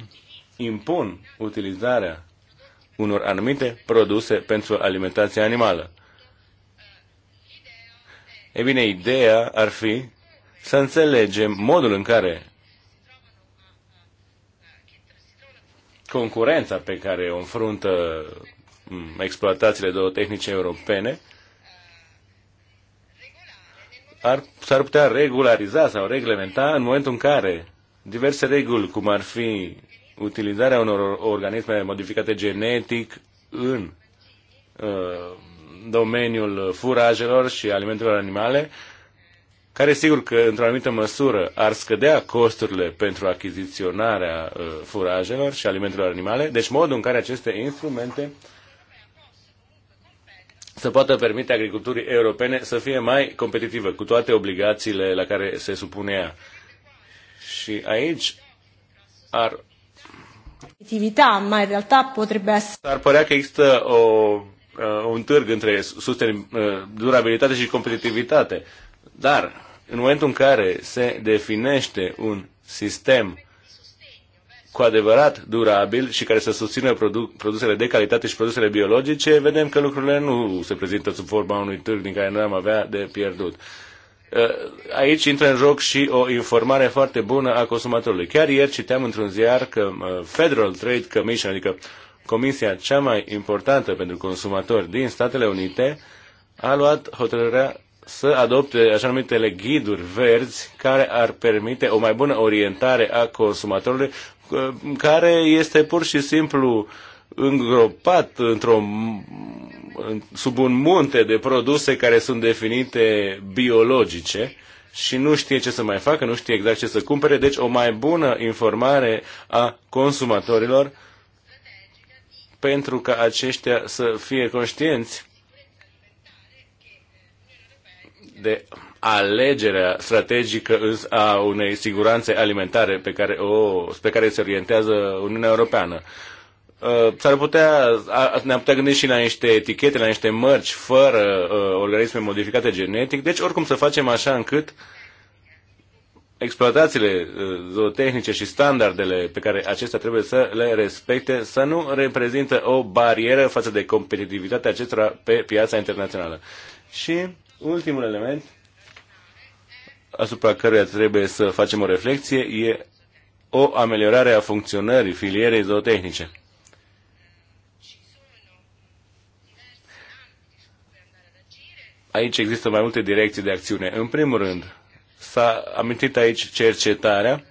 A: impun utilizarea unor anumite produse pentru alimentația animală. E bine, ideea ar fi să înțelegem modul în care concurența pe care o înfruntă exploatațiile tehnice europene ar, s-ar putea regulariza sau reglementa în momentul în care diverse reguli, cum ar fi utilizarea unor organisme modificate genetic în uh, domeniul furajelor și alimentelor animale, care sigur că într-o anumită măsură ar scădea costurile pentru achiziționarea uh, furajelor și alimentelor animale, deci modul în care aceste instrumente să poată permite agriculturii europene să fie mai competitivă cu toate obligațiile la care se supunea, Și aici ar
D: ma in realtà potrebbe essere...
A: Ar părea că există o, uh, un târg între susten, uh, durabilitate și competitivitate, dar în momentul în care se definește un sistem cu adevărat durabil și care să susțină produ- produsele de calitate și produsele biologice, vedem că lucrurile nu se prezintă sub forma unui târg din care noi am avea de pierdut. Uh, aici intră în joc și o informare foarte bună a consumatorului. Chiar ieri citeam într-un ziar că uh, Federal Trade Commission, adică comisia cea mai importantă pentru consumatori din Statele Unite, a luat hotărârea să adopte așa numitele ghiduri verzi care ar permite o mai bună orientare a consumatorului uh, care este pur și simplu îngropat într-o sub un munte de produse care sunt definite biologice și nu știe ce să mai facă, nu știe exact ce să cumpere, deci o mai bună informare a consumatorilor pentru ca aceștia să fie conștienți de alegerea strategică a unei siguranțe alimentare pe care, o, pe care se orientează Uniunea Europeană. Uh, s-ar putea, ne-am putea gândi și la niște etichete, la niște mărci fără uh, organisme modificate genetic. Deci, oricum, să facem așa încât exploatațiile uh, zootehnice și standardele pe care acestea trebuie să le respecte să nu reprezintă o barieră față de competitivitatea acestora pe piața internațională. Și ultimul element asupra căruia trebuie să facem o reflexie e o ameliorare a funcționării filierei zootehnice. aici există mai multe direcții de acțiune. În primul rând, s-a amintit aici cercetarea.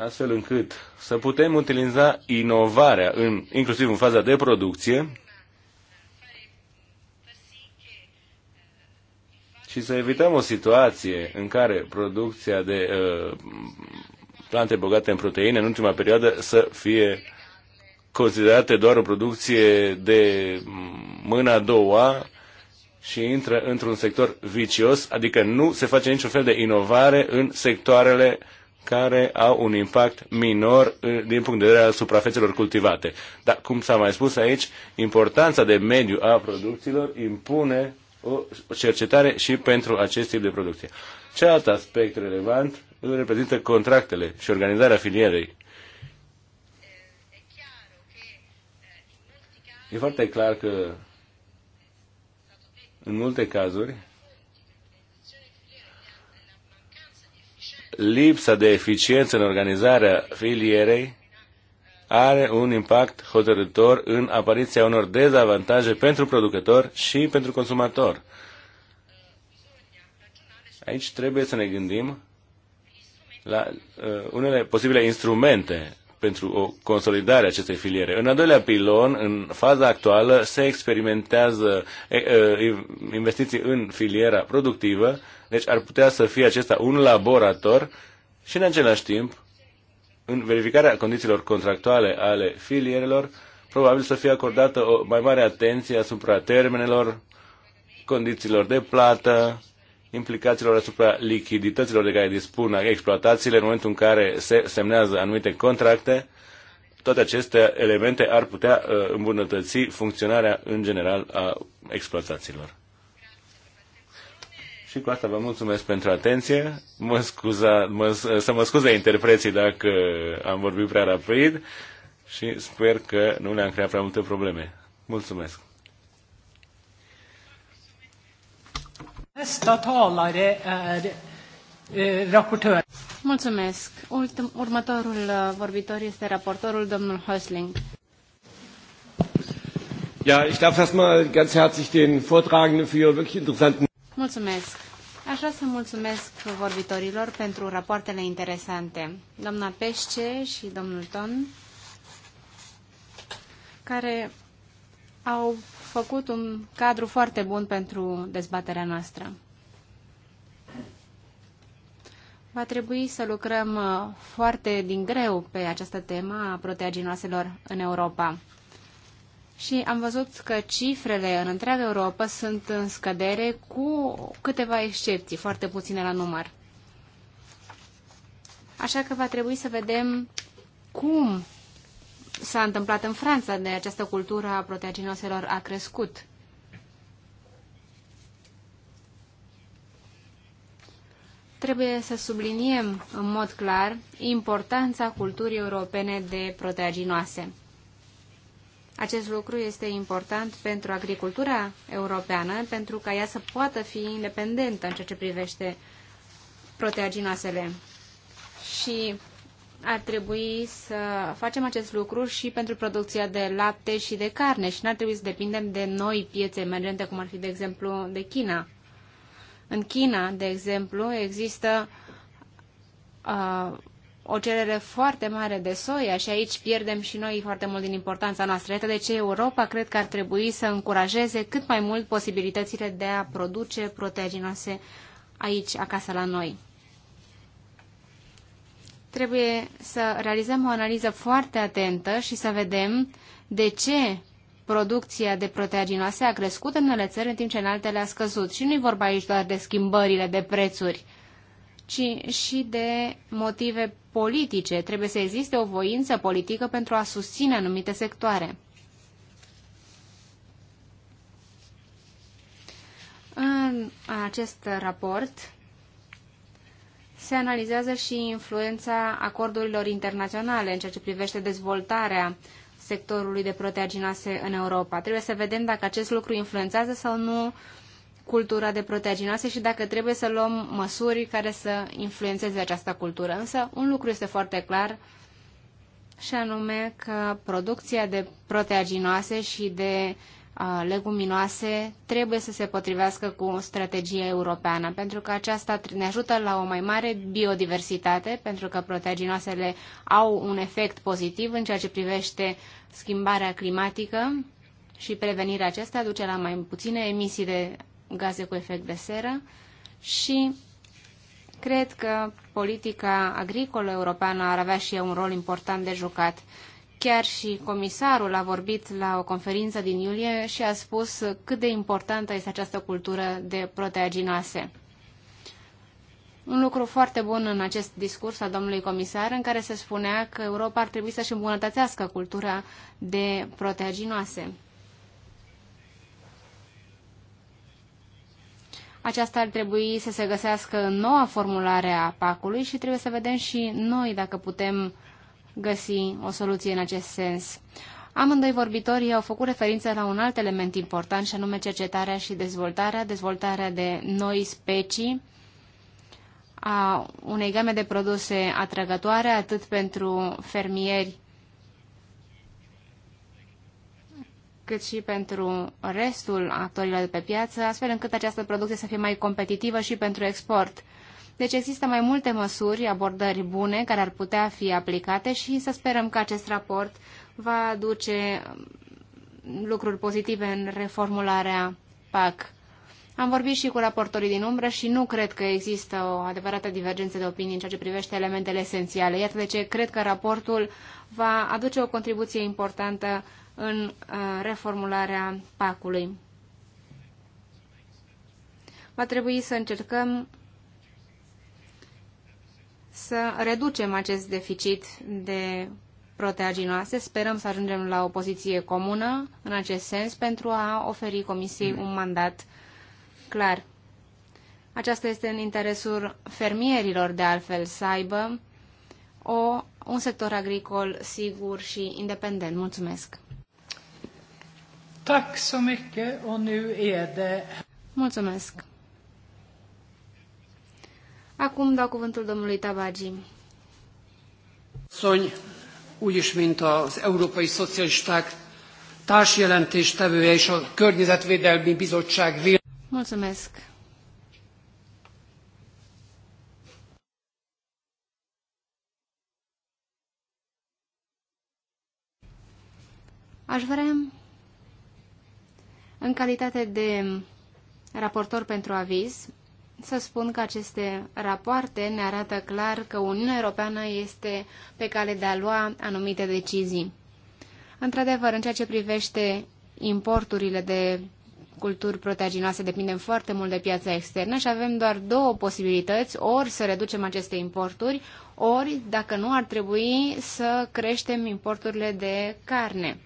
A: astfel încât să putem utiliza inovarea, în, inclusiv în faza de producție, și să evităm o situație în care producția de uh, plante bogate în proteine în ultima perioadă să fie considerate doar o producție de mâna a doua și intră într-un sector vicios, adică nu se face niciun fel de inovare în sectoarele care au un impact minor uh, din punct de vedere al suprafețelor cultivate. Dar, cum s-a mai spus aici, importanța de mediu a producțiilor impune o cercetare și pentru acest tip de producție. Cealaltă aspect relevant îl reprezintă contractele și organizarea filierei. E foarte clar că în multe cazuri lipsa de eficiență în organizarea filierei are un impact hotărător în apariția unor dezavantaje pentru producător și pentru consumator. Aici trebuie să ne gândim la uh, unele posibile instrumente pentru o consolidare a acestei filiere. În al doilea pilon, în faza actuală, se experimentează investiții în filiera productivă, deci ar putea să fie acesta un laborator și în același timp, în verificarea condițiilor contractuale ale filierelor, probabil să fie acordată o mai mare atenție asupra termenelor, condițiilor de plată, implicațiilor asupra lichidităților de care dispun exploatațiile în momentul în care se semnează anumite contracte, toate aceste elemente ar putea uh, îmbunătăți funcționarea în general a exploatațiilor. Și cu asta vă mulțumesc pentru atenție. Mă scuza, mă, să mă scuze interpreții dacă am vorbit prea rapid și sper că nu le-am creat prea multe probleme. Mulțumesc!
B: Nästa talare är eh, rapportör.
D: Mulțumesc. Ultim, următorul uh, vorbitor este raportorul domnul Hösling.
A: Ja, ich darf erstmal ganz herzlich den Vortragenden für ihre wirklich interessanten
D: Mulțumesc. Aș vrea să mulțumesc vorbitorilor pentru rapoartele interesante. Doamna pește și domnul Ton, care au făcut un cadru foarte bun pentru dezbaterea noastră. Va trebui să lucrăm uh, foarte din greu pe această temă a proteaginoaselor în Europa. Și am văzut că cifrele în întreaga Europa sunt în scădere cu câteva excepții, foarte puține la număr. Așa că va trebui să vedem cum s-a întâmplat în Franța, de această cultură a proteaginoselor a crescut. Trebuie să subliniem în mod clar importanța culturii europene de proteaginoase. Acest lucru este important pentru agricultura europeană, pentru ca ea să poată fi independentă în ceea ce privește proteaginoasele. Și ar trebui să facem acest lucru și pentru producția de lapte și de carne și n-ar trebui să depindem de noi piețe emergente, cum ar fi, de exemplu, de China. În China, de exemplu, există uh, o cerere foarte mare de soia și aici pierdem și noi foarte mult din importanța noastră. Iată de ce Europa cred că ar trebui să încurajeze cât mai mult posibilitățile de a produce proteaginoase aici, acasă la noi trebuie să realizăm o analiză foarte atentă și să vedem de ce producția de proteaginoase a crescut în unele țări, în timp ce în altele a scăzut. Și nu-i vorba aici doar de schimbările de prețuri, ci și de motive politice. Trebuie să existe o voință politică pentru a susține anumite sectoare. În acest raport se analizează și influența acordurilor internaționale în ceea ce privește dezvoltarea sectorului de proteaginase în Europa. Trebuie să vedem dacă acest lucru influențează sau nu cultura de proteaginase și dacă trebuie să luăm măsuri care să influențeze această cultură. Însă un lucru este foarte clar și anume că producția de proteaginoase și de leguminoase trebuie să se potrivească cu strategia europeană, pentru că aceasta ne ajută la o mai mare biodiversitate, pentru că proteaginoasele au un efect pozitiv în ceea ce privește schimbarea climatică și prevenirea acestea duce la mai puține emisii de gaze cu efect de seră și cred că politica agricolă europeană ar avea și ea un rol important de jucat Chiar și comisarul a vorbit la o conferință din iulie și a spus cât de importantă este această cultură de proteaginase. Un lucru foarte bun în acest discurs al domnului comisar, în care se spunea că Europa ar trebui să-și îmbunătățească cultura de proteaginoase. Aceasta ar trebui să se găsească în noua formulare a PAC-ului și trebuie să vedem și noi dacă putem găsi o soluție în acest sens. Amândoi vorbitorii au făcut referință la un alt element important, și anume cercetarea și dezvoltarea, dezvoltarea de noi specii, a unei game de produse atrăgătoare, atât pentru fermieri cât și pentru restul actorilor de pe piață, astfel încât această producție să fie mai competitivă și pentru export. Deci există mai multe măsuri, abordări bune care ar putea fi aplicate și să sperăm că acest raport va aduce um, lucruri pozitive în reformularea PAC. Am vorbit și cu raportorii din umbră și nu cred că există o adevărată divergență de opinii în ceea ce privește elementele esențiale. Iată de ce cred că raportul va aduce o contribuție importantă în uh, reformularea PAC-ului. Va trebui să încercăm să reducem acest deficit de proteaginoase. Sperăm să ajungem la o poziție comună în acest sens pentru a oferi Comisiei un mandat clar. Aceasta este în interesul fermierilor, de altfel, să aibă o, un sector agricol sigur și independent. Mulțumesc!
B: Tack så mycket och nu är det...
D: Mulțumesc! Acum dau cuvântul domnului Tabagi.
B: Szony, úgyis, mint az európai szocialisták társjelentéstevője és a Környezetvédelmi Bizottság
D: Mulțumesc. Aș vrea, în calitate de raportor pentru aviz, să spun că aceste rapoarte ne arată clar că Uniunea Europeană este pe cale de a lua anumite decizii. Într-adevăr, în ceea ce privește importurile de culturi proteaginoase depindem foarte mult de piața externă și avem doar două posibilități, ori să reducem aceste importuri, ori, dacă nu, ar trebui să creștem importurile de carne.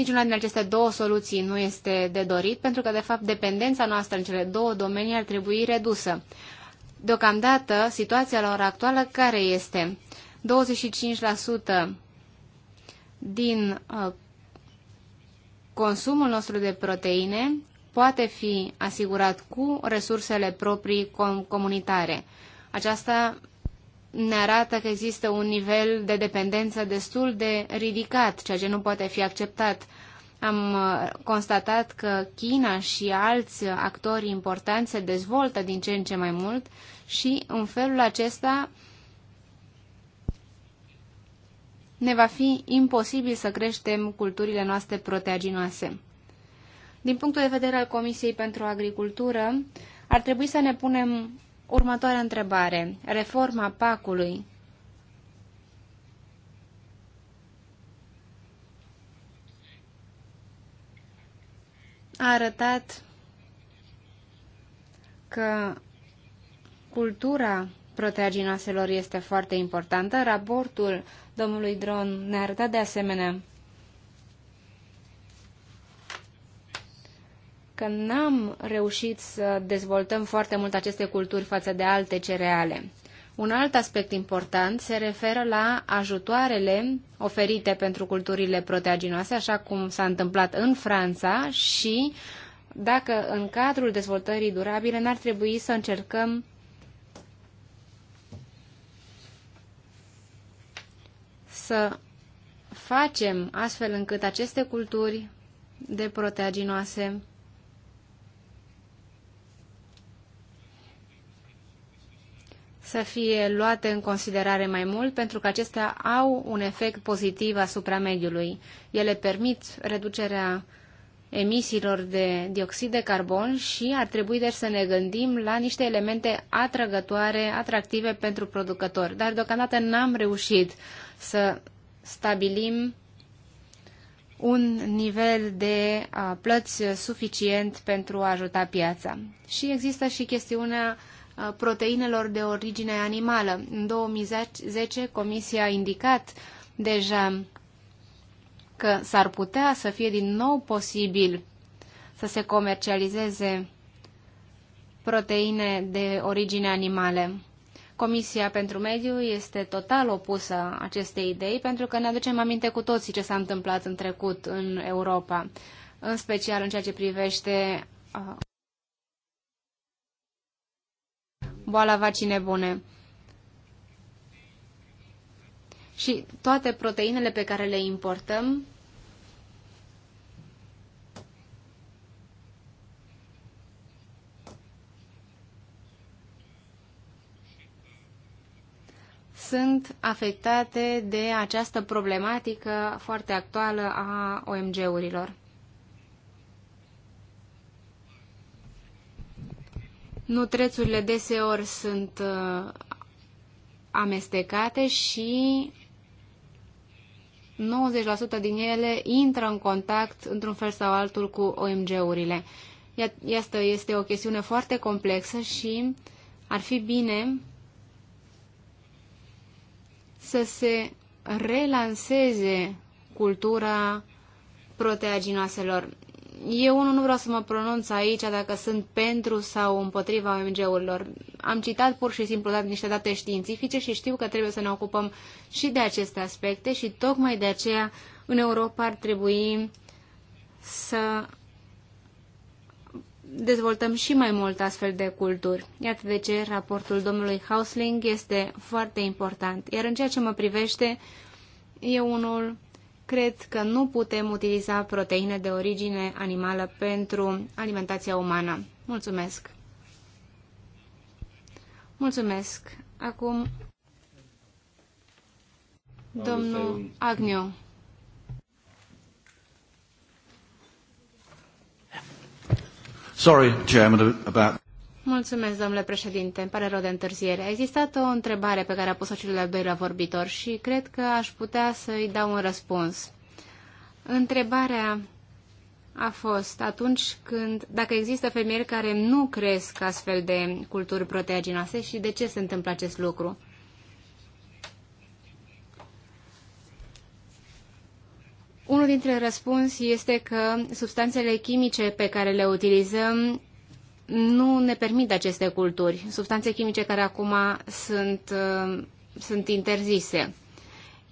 D: Niciuna din aceste două soluții nu este de dorit, pentru că, de fapt, dependența noastră în cele două domenii ar trebui redusă. Deocamdată, situația la ora actuală care este? 25% din uh, consumul nostru de proteine poate fi asigurat cu resursele proprii comunitare. Aceasta ne arată că există un nivel de dependență destul de ridicat, ceea ce nu poate fi acceptat. Am uh, constatat că China și alți actori importanți se dezvoltă din ce în ce mai mult și în felul acesta ne va fi imposibil să creștem culturile noastre proteaginoase. Din punctul de vedere al Comisiei pentru Agricultură, ar trebui să ne punem Următoarea întrebare. Reforma PAC-ului a arătat că cultura proteaginoaselor este foarte importantă. Raportul domnului Dron ne-a arătat de asemenea că n-am reușit să dezvoltăm foarte mult aceste culturi față de alte cereale. Un alt aspect important se referă la ajutoarele oferite pentru culturile proteaginoase, așa cum s-a întâmplat în Franța și dacă în cadrul dezvoltării durabile n-ar trebui să încercăm să facem astfel încât aceste culturi de proteaginoase să fie luate în considerare mai mult, pentru că acestea au un efect pozitiv asupra mediului. Ele permit reducerea emisiilor de dioxid de carbon și ar trebui deci să ne gândim la niște elemente atrăgătoare, atractive pentru producători. Dar deocamdată n-am reușit să stabilim un nivel de plăți suficient pentru a ajuta piața. Și există și chestiunea proteinelor de origine animală. În 2010, Comisia a indicat deja că s-ar putea să fie din nou posibil să se comercializeze proteine de origine animale. Comisia pentru Mediu este total opusă acestei idei pentru că ne aducem aminte cu toții ce s-a întâmplat în trecut în Europa, în special în ceea ce privește boala vacii bune. Și toate proteinele pe care le importăm sunt afectate de această problematică foarte actuală a OMG-urilor. Nutrețurile deseori sunt uh, amestecate și 90% din ele intră în contact într-un fel sau altul cu OMG-urile. Asta este o chestiune foarte complexă și ar fi bine să se relanseze cultura proteaginoaselor. Eu unul nu vreau să mă pronunț aici dacă sunt pentru sau împotriva ong urilor Am citat pur și simplu dat niște date științifice și știu că trebuie să ne ocupăm și de aceste aspecte și tocmai de aceea în Europa ar trebui să dezvoltăm și mai mult astfel de culturi. Iată de ce raportul domnului Hausling este foarte important. Iar în ceea ce mă privește, eu unul cred că nu putem utiliza proteine de origine animală pentru alimentația umană. Mulțumesc! Mulțumesc! Acum, domnul Agnew. Sorry, Chairman, about... Mulțumesc, domnule președinte. Îmi pare rău de întârziere. A existat o întrebare pe care a pus-o cel de doilea vorbitor și cred că aș putea să-i dau un răspuns. Întrebarea a fost atunci când, dacă există femei care nu cresc astfel de culturi proteaginase și de ce se întâmplă acest lucru? Unul dintre răspuns este că substanțele chimice pe care le utilizăm nu ne permit aceste culturi, substanțe chimice care acum sunt, uh, sunt interzise.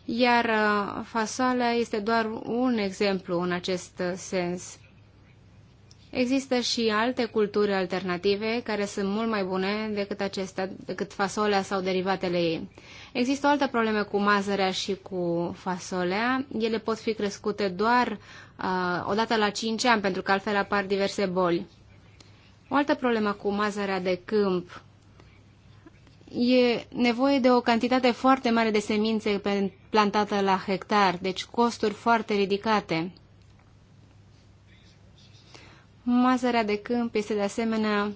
D: Iar uh, fasoalea este doar un exemplu în acest sens. Există și alte culturi alternative care sunt mult mai bune decât acestea, decât fasolea sau derivatele ei. Există alte probleme cu mazărea și cu fasolea. Ele pot fi crescute doar uh, odată la 5 ani, pentru că altfel apar diverse boli. O altă problemă cu mazărea de câmp e nevoie de o cantitate foarte mare de semințe plantată la hectar, deci costuri foarte ridicate. Mazărea de câmp este de asemenea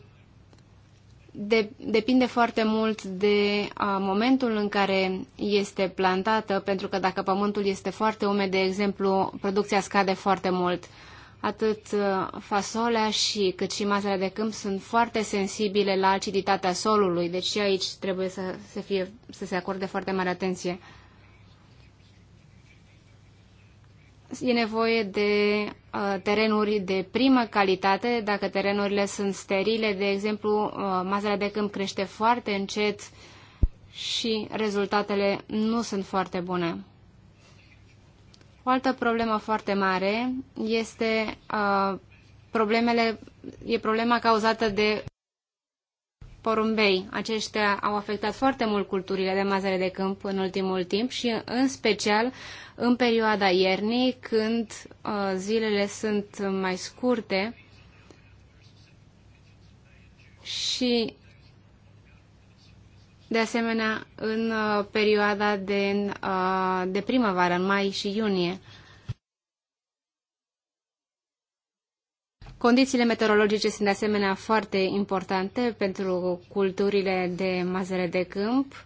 D: de, depinde foarte mult de a, momentul în care este plantată, pentru că dacă pământul este foarte umed, de exemplu, producția scade foarte mult atât uh, fasolea și cât și masele de câmp sunt foarte sensibile la aciditatea solului, deci și aici trebuie să se, fie, să se acorde foarte mare atenție. E nevoie de uh, terenuri de primă calitate, dacă terenurile sunt sterile, de exemplu, uh, masele de câmp crește foarte încet și rezultatele nu sunt foarte bune. O altă problemă foarte mare este uh, problemele, e problema cauzată de porumbei. Aceștia au afectat foarte mult culturile de mazăre de câmp în ultimul timp și în special în perioada iernii, când uh, zilele sunt mai scurte și de asemenea, în uh, perioada de, uh, de primăvară, în mai și iunie. Condițiile meteorologice sunt de asemenea foarte importante pentru culturile de mazăre de câmp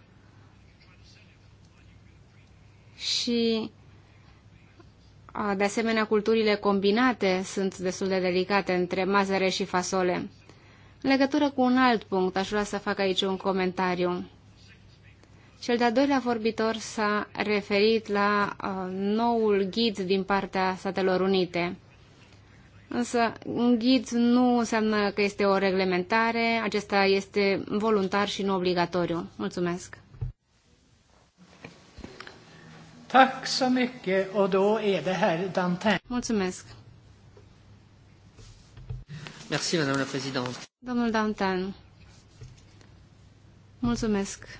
D: și uh, de asemenea culturile combinate sunt destul de delicate între mazăre și fasole. În legătură cu un alt punct, aș vrea să fac aici un comentariu. Cel de-al doilea vorbitor s-a referit la uh, noul ghid din partea Statelor Unite. Însă, un ghid nu înseamnă că este o reglementare, acesta este voluntar și nu obligatoriu. Mulțumesc! Tack så mycket och då är det Dantin. Mulțumesc.
B: Merci, madame la présidente.
D: Domnul Dantin. Mulțumesc,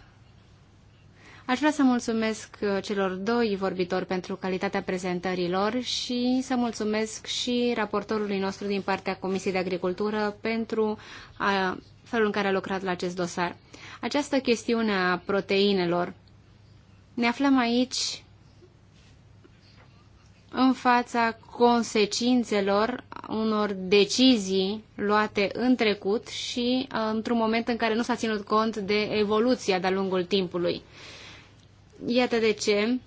D: Aș vrea să mulțumesc uh, celor doi vorbitori pentru calitatea prezentărilor și să mulțumesc și raportorului nostru din partea Comisiei de Agricultură pentru a, uh, felul în care a lucrat la acest dosar. Această chestiune a proteinelor. Ne aflăm aici în fața consecințelor unor decizii luate în trecut și uh, într-un moment în care nu s-a ținut cont de evoluția de-a lungul timpului. Iată de ce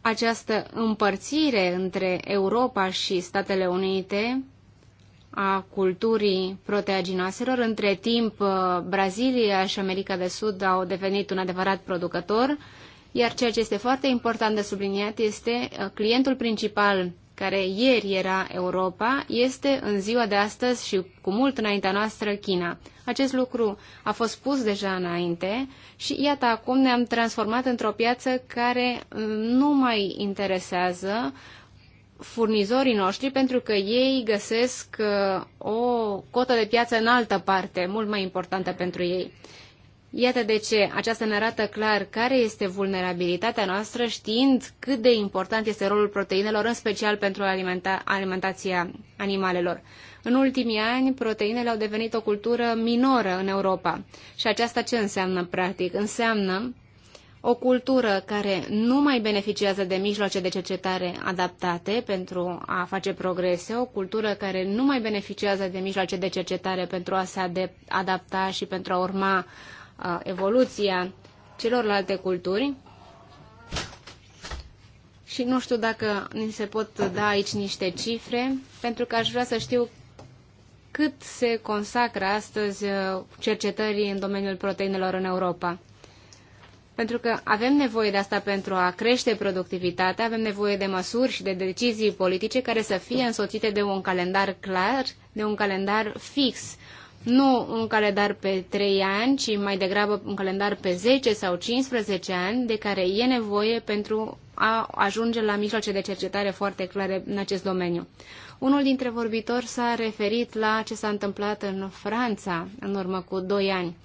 D: această împărțire între Europa și Statele Unite a culturii proteaginaselor. Între timp, uh, Brazilia și America de Sud au devenit un adevărat producător, iar ceea ce este foarte important de subliniat este uh, clientul principal care ieri era Europa, este în ziua de astăzi și cu mult înaintea noastră China. Acest lucru a fost pus deja înainte și iată acum ne-am transformat într-o piață care uh, nu mai interesează furnizorii noștri pentru că ei găsesc uh, o cotă de piață în altă parte, mult mai importantă pentru ei. Iată de ce aceasta ne arată clar care este vulnerabilitatea noastră, știind cât de important este rolul proteinelor, în special pentru alimenta- alimentația animalelor. În ultimii ani, proteinele au devenit o cultură minoră în Europa. Și aceasta ce înseamnă, practic? Înseamnă o cultură care nu mai beneficiază de mijloace de cercetare adaptate pentru a face progrese, o cultură care nu mai beneficiază de mijloace de cercetare pentru a se adapta și pentru a urma uh, evoluția celorlalte culturi și nu știu dacă ni se pot da aici niște cifre, pentru că aș vrea să știu cât se consacră astăzi uh, cercetării în domeniul proteinelor în Europa. Pentru că avem nevoie de asta pentru a crește productivitatea, avem nevoie de măsuri și de decizii politice care să fie însoțite de un calendar clar, de un calendar fix, nu un calendar pe 3 ani, ci mai degrabă un calendar pe 10 sau 15 ani, de care e nevoie pentru a ajunge la mijloace de cercetare foarte clare în acest domeniu. Unul dintre vorbitori s-a referit la ce s-a întâmplat în Franța în urmă cu 2 ani.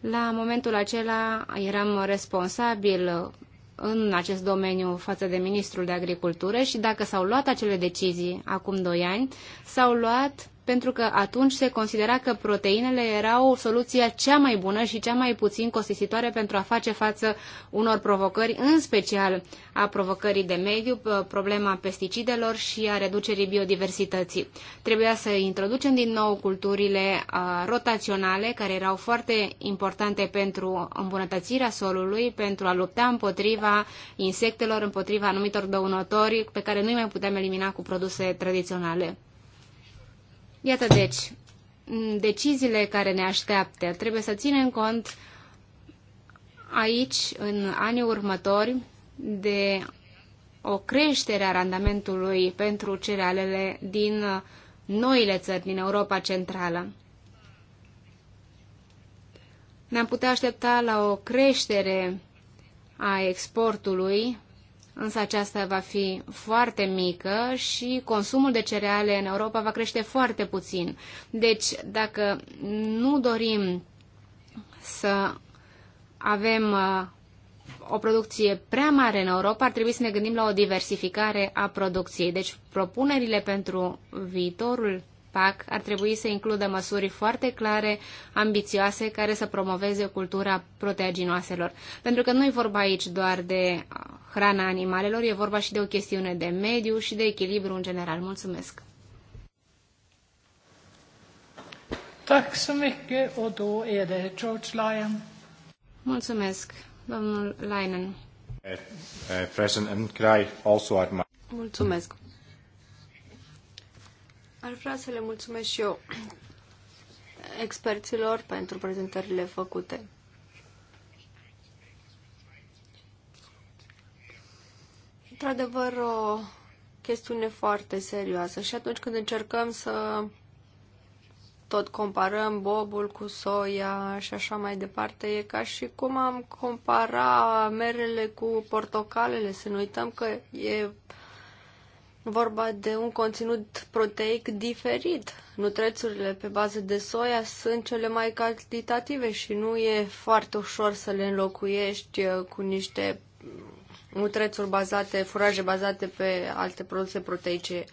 D: La momentul acela eram responsabil în acest domeniu față de ministrul de agricultură și dacă s-au luat acele decizii acum 2 ani, s-au luat pentru că atunci se considera că proteinele erau soluția cea mai bună și cea mai puțin costisitoare pentru a face față unor provocări, în special a provocării de mediu, problema pesticidelor și a reducerii biodiversității. Trebuia să introducem din nou culturile rotaționale, care erau foarte importante pentru îmbunătățirea solului, pentru a lupta împotriva insectelor, împotriva anumitor dăunători pe care nu-i mai puteam elimina cu produse tradiționale. Iată deci, deciziile care ne așteaptă trebuie să ținem cont aici, în anii următori, de o creștere a randamentului pentru cerealele din noile țări din Europa Centrală. Ne-am putea aștepta la o creștere a exportului însă aceasta va fi foarte mică și consumul de cereale în Europa va crește foarte puțin. Deci, dacă nu dorim să avem uh, o producție prea mare în Europa, ar trebui să ne gândim la o diversificare a producției. Deci, propunerile pentru viitorul PAC ar trebui să includă măsuri foarte clare, ambițioase, care să promoveze cultura proteaginoaselor. Pentru că nu e vorba aici doar de uh, hrana animalelor, e vorba și de o chestiune de mediu și de echilibru în general. Mulțumesc! Tack så mycket och då är det George Lyon. Mulțumesc, domnul Leinen.
B: Uh, President Cry also
C: Mulțumesc. Ar vrea să le mulțumesc și eu experților pentru prezentările făcute. Într-adevăr, o chestiune foarte serioasă și atunci când încercăm să tot comparăm bobul cu soia și așa mai departe, e ca și cum am compara merele cu portocalele, să nu uităm că e vorba de un conținut proteic diferit. Nutrețurile pe bază de soia sunt cele mai calitative și nu e foarte ușor să le înlocuiești uh, cu niște nutrețuri bazate, furaje bazate pe alte produse proteice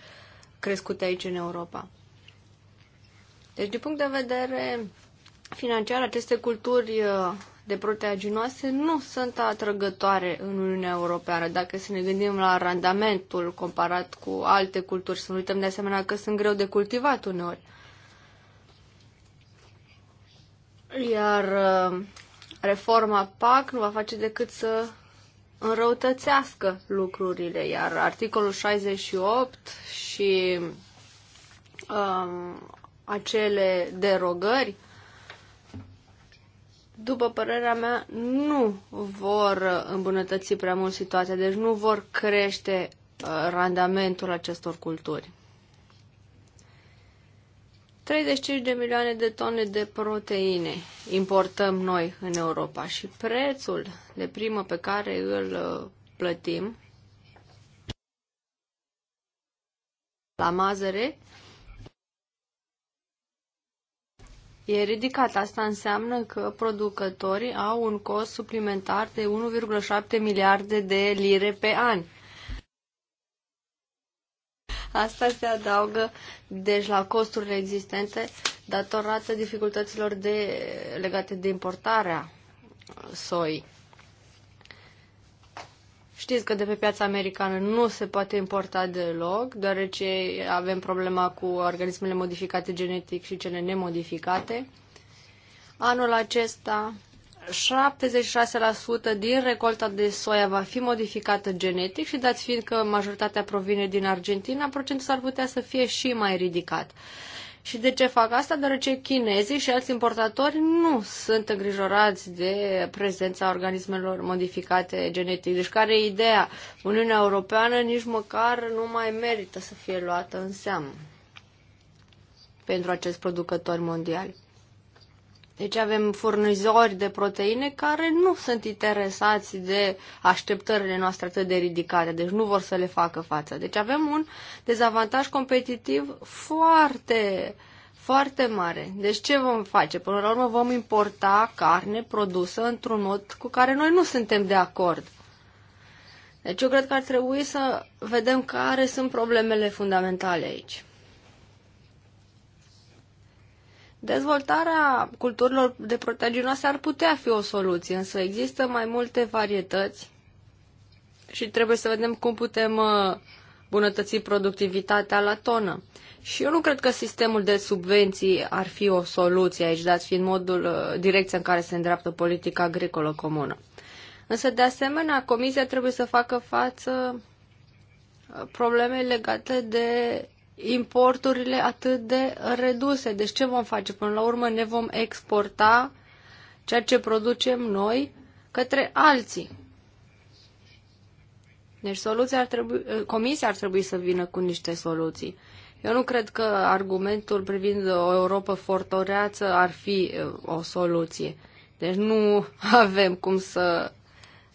C: crescute aici în Europa. Deci, din punct de vedere financiar, aceste culturi uh, de proteaginoase nu sunt atrăgătoare în Uniunea Europeană. Dacă să ne gândim la randamentul comparat cu alte culturi, să nu uităm de asemenea că sunt greu de cultivat uneori. Iar uh, reforma PAC nu va face decât să înrăutățească lucrurile, iar articolul 68 și um, acele derogări uh, după părerea mea, nu vor îmbunătăți prea mult situația, deci nu vor crește uh, randamentul acestor culturi. 35 de milioane de tone de proteine importăm noi în Europa și prețul de primă pe care îl uh, plătim la mazăre e ridicat. Asta înseamnă că producătorii au un cost suplimentar de 1,7 miliarde de lire pe an. Asta se adaugă deci la costurile existente datorată dificultăților de, legate de importarea soi. Știți că de pe piața americană nu se poate importa deloc, deoarece avem problema cu organismele modificate genetic și cele nemodificate. Anul acesta 76% din recolta de soia va fi modificată genetic și dați fiind că majoritatea provine din Argentina, procentul s-ar putea să fie și mai ridicat. Și de ce fac asta? Deoarece chinezii și alți importatori nu sunt îngrijorați de prezența organismelor modificate genetic. Deci care e ideea? Uniunea Europeană nici măcar nu mai merită să fie luată în seamă pentru acest producători mondiali. Deci avem furnizori de proteine care nu sunt interesați de așteptările noastre atât de ridicate, deci nu vor să le facă față. Deci avem un dezavantaj competitiv foarte, foarte mare. Deci ce vom face? Până la urmă vom importa carne produsă într-un mod cu care noi nu suntem de acord. Deci eu cred că ar trebui să vedem care sunt problemele fundamentale aici. Dezvoltarea culturilor de proteaginoase ar putea fi o soluție, însă există mai multe varietăți și trebuie să vedem cum putem uh, bunătăți productivitatea la tonă. Și eu nu cred că sistemul de subvenții ar fi o soluție aici, dat fiind modul, uh, direcția în care se îndreaptă politica agricolă comună. Însă, de asemenea, Comisia trebuie să facă față uh, problemei legate de importurile atât de reduse. Deci ce vom face? Până la urmă ne vom exporta ceea ce producem noi către alții. Deci soluția ar trebui, comisia ar trebui să vină cu niște soluții. Eu nu cred că argumentul privind o Europa fortoreață ar fi eh, o soluție. Deci nu avem cum să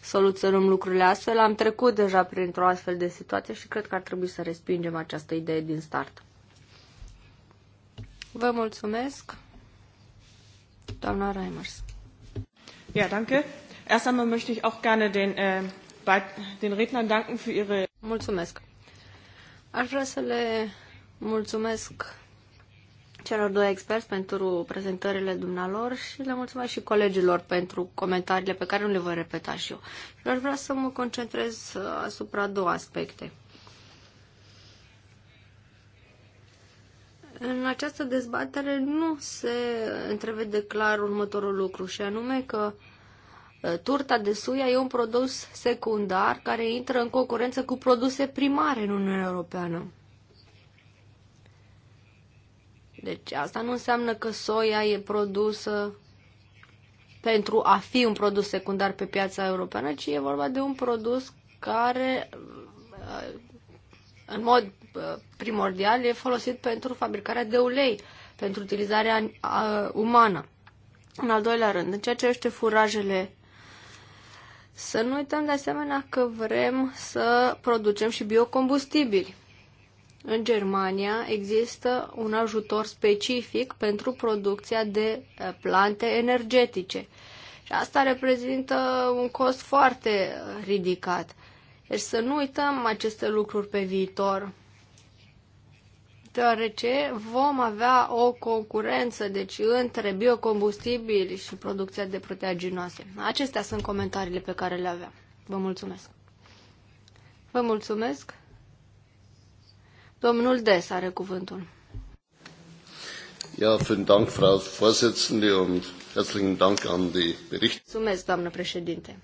C: soluționăm lucrurile astfel. Am trecut deja printr-o astfel de situație și cred că ar trebui să respingem această idee din start. Vă mulțumesc, doamna Reimers. Ja, danke. Erst einmal möchte ich auch gerne den, äh, bei, den Rednern danken für ihre... Mulțumesc. Aș vrea să le mulțumesc celor doi experți pentru prezentările dumnealor și le mulțumesc și colegilor pentru comentariile pe care nu le voi repeta și eu. Dar vreau să mă concentrez uh, asupra două aspecte. În această dezbatere nu se întrevede clar următorul lucru și anume că uh, turta de suia e un produs secundar care intră în concurență cu produse primare în Uniunea Europeană. Deci asta nu înseamnă că soia e produsă pentru a fi un produs secundar pe piața europeană, ci e vorba de un produs care uh, în mod uh, primordial e folosit pentru fabricarea de ulei, pentru utilizarea uh, umană. În al doilea rând, în ceea ce este furajele să nu uităm de asemenea că vrem să producem și biocombustibili în Germania există un ajutor specific pentru producția de eh, plante energetice. Și asta reprezintă un cost foarte eh, ridicat. Deci să nu uităm aceste lucruri pe viitor, deoarece vom avea o concurență deci, între biocombustibili și producția de proteaginoase. Acestea sunt comentariile pe care le aveam. Vă mulțumesc! Vă mulțumesc! Domnul Des are cuvântul.
B: Ja, vielen Dank, Frau Vorsitzende, und herzlichen Dank an die Bericht.
C: Mulțumesc, doamnă președinte.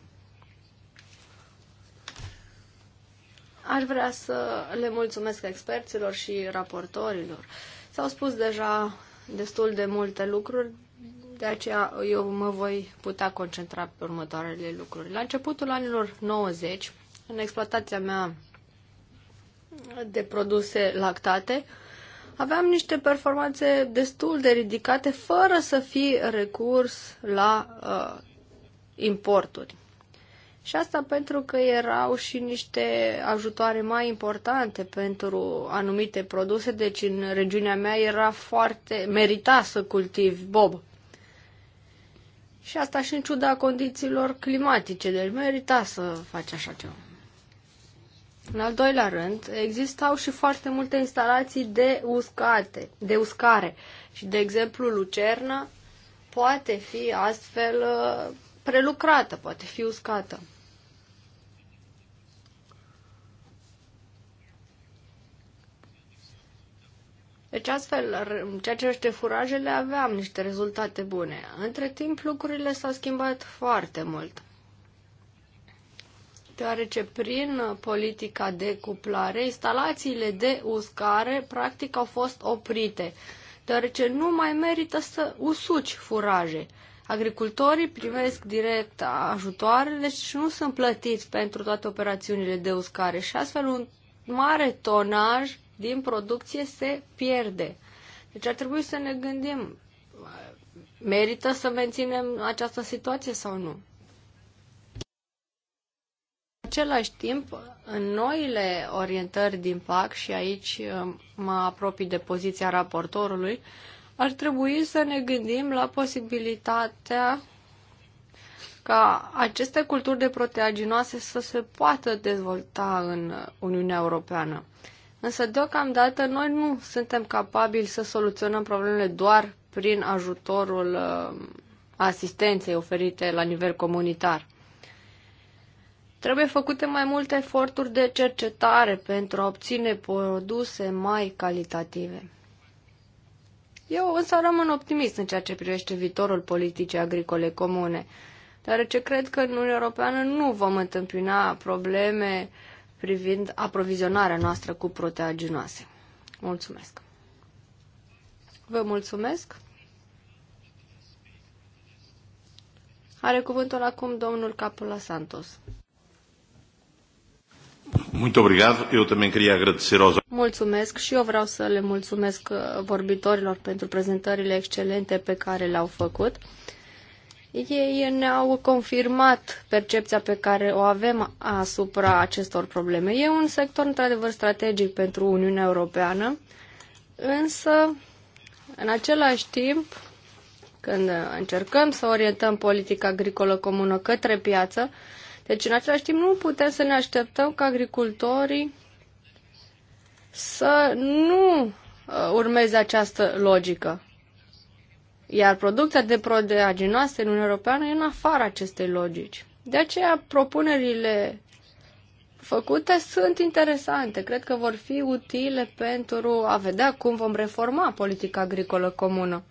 C: Aș vrea să le mulțumesc experților și raportorilor. S-au spus deja destul de multe lucruri, de aceea eu mă voi putea concentra pe următoarele lucruri. La începutul anilor 90, în exploatația mea de produse lactate, aveam niște performanțe destul de ridicate fără să fi recurs la uh, importuri. Și asta pentru că erau și niște ajutoare mai importante pentru anumite produse, deci în regiunea mea era foarte merita să cultivi bob. Și asta și în ciuda condițiilor climatice, deci merita să faci așa ceva. În al doilea rând, existau și foarte multe instalații de uscate, de uscare. Și, de exemplu, lucerna poate fi astfel uh, prelucrată, poate fi uscată. Deci astfel, în ceea ce este furajele, aveam niște rezultate bune. Între timp, lucrurile s-au schimbat foarte mult deoarece prin politica de cuplare, instalațiile de uscare practic au fost oprite, deoarece nu mai merită să usuci furaje. Agricultorii primesc direct ajutoare, deci nu sunt plătiți pentru toate operațiunile de uscare și astfel un mare tonaj din producție se pierde. Deci ar trebui să ne gândim, merită să menținem această situație sau nu? același timp, în noile orientări din PAC, și aici uh, mă apropii de poziția raportorului, ar trebui să ne gândim la posibilitatea ca aceste culturi de proteaginoase să se poată dezvolta în Uniunea Europeană. Însă, deocamdată, noi nu suntem capabili să soluționăm problemele doar prin ajutorul uh, asistenței oferite la nivel comunitar. Trebuie făcute mai multe eforturi de cercetare pentru a obține produse mai calitative. Eu însă rămân optimist în ceea ce privește viitorul politicii agricole comune, deoarece cred că în Uniunea Europeană nu vom întâmpina probleme privind aprovizionarea noastră cu proteaginoase. Mulțumesc! Vă mulțumesc! Are cuvântul acum domnul Capula Santos.
A: Muito obrigado. Eu também queria agradecer aos...
C: Mulțumesc și eu vreau să le mulțumesc uh, vorbitorilor pentru prezentările excelente pe care le-au făcut. Ei ne-au confirmat percepția pe care o avem asupra acestor probleme. E un sector într-adevăr strategic pentru Uniunea Europeană, însă în același timp, când încercăm să orientăm politica agricolă comună către piață, deci, în același timp, nu putem să ne așteptăm ca agricultorii să nu uh, urmeze această logică. Iar producția de proteaginoase în Uniunea Europeană e în afara acestei logici. De aceea, propunerile făcute sunt interesante. Cred că vor fi utile pentru a vedea cum vom reforma politica agricolă comună.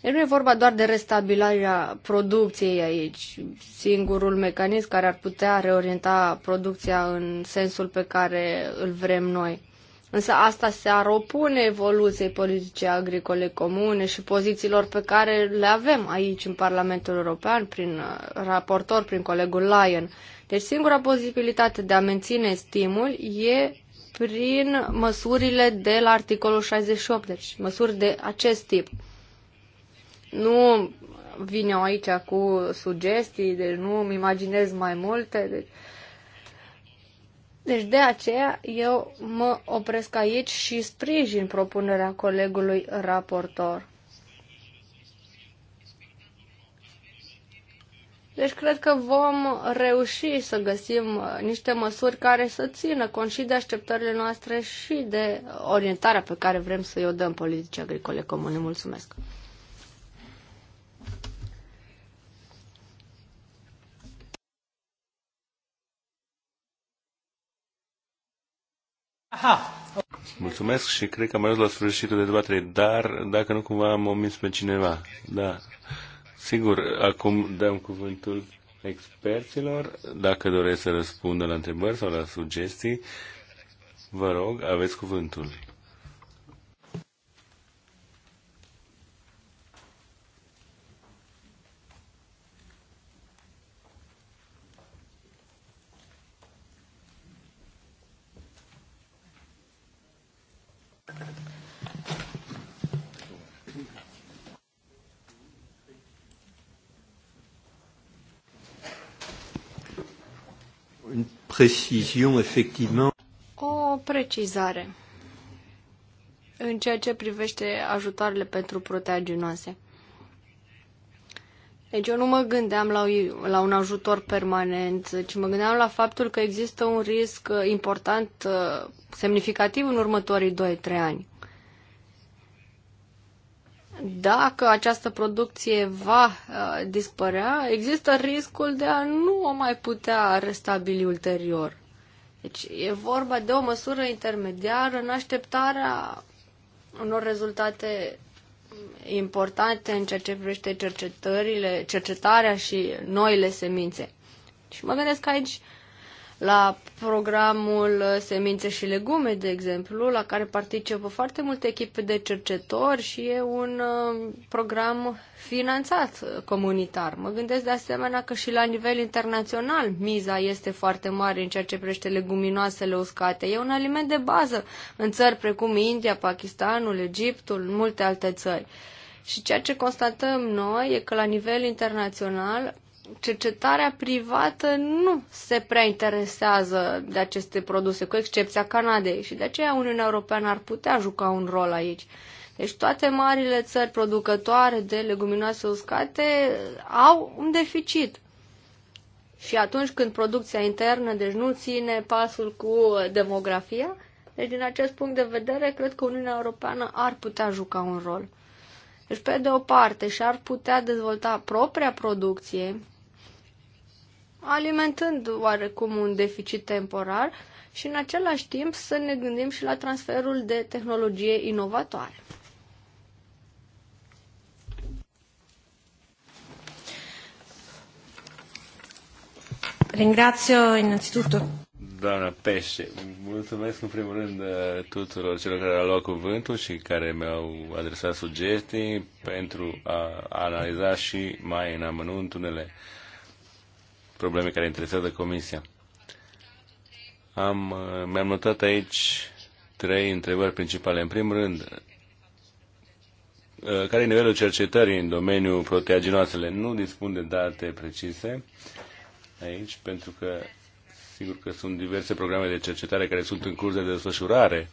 C: Deci nu e vorba doar de restabilarea producției aici, singurul mecanism care ar putea reorienta producția în sensul pe care îl vrem noi. Însă asta se ar opune evoluției politicii agricole comune și pozițiilor pe care le avem aici în Parlamentul European, prin uh, raportor, prin colegul Lyon. Deci singura posibilitate de a menține stimul e prin măsurile de la articolul 68, deci măsuri de acest tip. Nu vin eu aici cu sugestii, deci nu îmi imaginez mai multe. Deci... Deci de aceea eu mă opresc aici și sprijin propunerea colegului raportor. Deci cred că vom reuși să găsim niște măsuri care să țină cont și de așteptările noastre și de orientarea pe care vrem să-i o dăm politicii agricole comune. Mulțumesc!
A: Aha. Mulțumesc și cred că am ajuns la sfârșitul dezbaterii, dar dacă nu cumva am omis pe cineva. Da. Sigur, acum dăm cuvântul experților, dacă doresc să răspundă la întrebări sau la sugestii, vă rog, aveți cuvântul.
B: précision, effectivement.
C: O precizare în ceea ce privește ajutoarele pentru proteaginoase. Deci eu nu mă gândeam la, la un ajutor permanent, ci mă gândeam la faptul că există un risc important, uh, semnificativ în următorii 2-3 ani dacă această producție va uh, dispărea, există riscul de a nu o mai putea restabili ulterior. Deci e vorba de o măsură intermediară în așteptarea unor rezultate importante în ceea ce privește cercetările, cercetarea și noile semințe. Și mă gândesc că aici uh, la programul Semințe și Legume, de exemplu, la care participă foarte multe echipe de cercetori și e un uh, program finanțat comunitar. Mă gândesc de asemenea că și la nivel internațional miza este foarte mare în ceea ce privește leguminoasele uscate. E un aliment de bază în țări precum India, Pakistanul, Egiptul, multe alte țări. Și ceea ce constatăm noi e că la nivel internațional cercetarea privată nu se prea interesează de aceste produse, cu excepția Canadei și de aceea Uniunea Europeană ar putea juca un rol aici. Deci toate marile țări producătoare de leguminoase uscate au un deficit. Și atunci când producția internă deci nu ține pasul cu demografia, deci din acest punct de vedere cred că Uniunea Europeană ar putea juca un rol. Deci, pe de o parte, și-ar putea dezvolta propria producție alimentând oarecum un deficit temporar și în același timp să ne gândim și la transferul de tehnologie inovatoare. Ringrazio innanzitutto.
A: Doamna Pesce, mulțumesc în primul rând uh, tuturor celor care au luat cuvântul și care mi-au adresat sugestii pentru a analiza și mai în amănunt unele uh, probleme care interesează Comisia. Am, mi-am notat aici trei întrebări principale. În primul rând, uh, care e nivelul cercetării în domeniul proteaginoasele? Nu dispun de date precise aici, pentru că sigur că sunt diverse programe de cercetare care sunt în curs de desfășurare,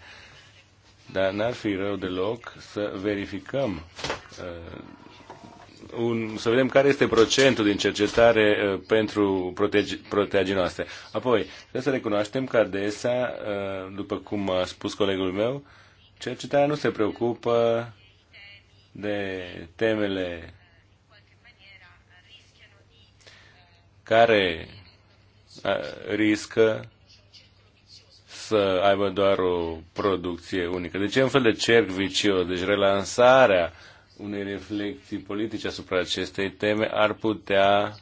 A: dar n-ar fi rău deloc să verificăm uh, un, să vedem care este procentul din cercetare uh, pentru protege, proteaginoase. Apoi, trebuie să recunoaștem că adesea, uh, după cum a spus colegul meu, cercetarea nu se preocupă de temele care uh, riscă să aibă doar o producție unică. Deci e un fel de cerc vicios. Deci relansarea uh, unei reflexii politice asupra acestei teme ar putea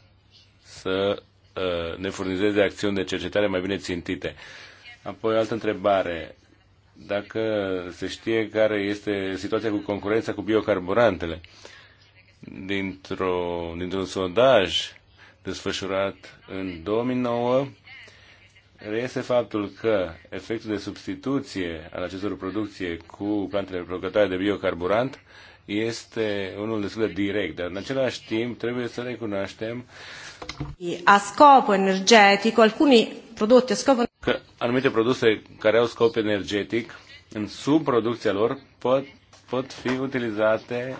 A: să uh, ne furnizeze acțiuni de cercetare mai bine țintite. Apoi o altă întrebare. Dacă se știe care este situația cu concurența cu biocarburantele, dintr-o, dintr-un sondaj desfășurat în 2009, reiese faptul că efectul de substituție al acestor producție cu plantele producătoare de biocarburant este unul destul de direct, dar în același timp trebuie să recunoaștem a
D: scop energetic, alcuni produse a scop
A: că anumite produse care au scop energetic în subproducția lor pot, pot fi utilizate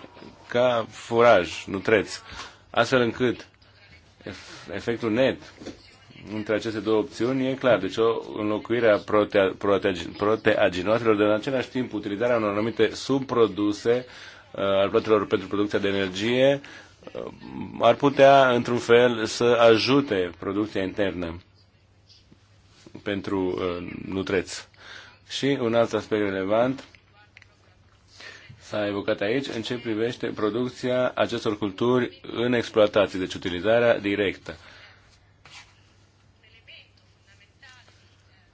A: ca furaj, nutreți, astfel încât efectul net între aceste două opțiuni e clar. Deci o înlocuire a proteaginoatelor, prote, prote, dar în același timp utilizarea unor anumite subproduse Uh, al plătelor pentru producția de energie uh, ar putea, într-un fel, să ajute producția internă pentru uh, nutreți. Și un alt aspect relevant s-a evocat aici în ce privește producția acestor culturi în exploatații, deci utilizarea directă.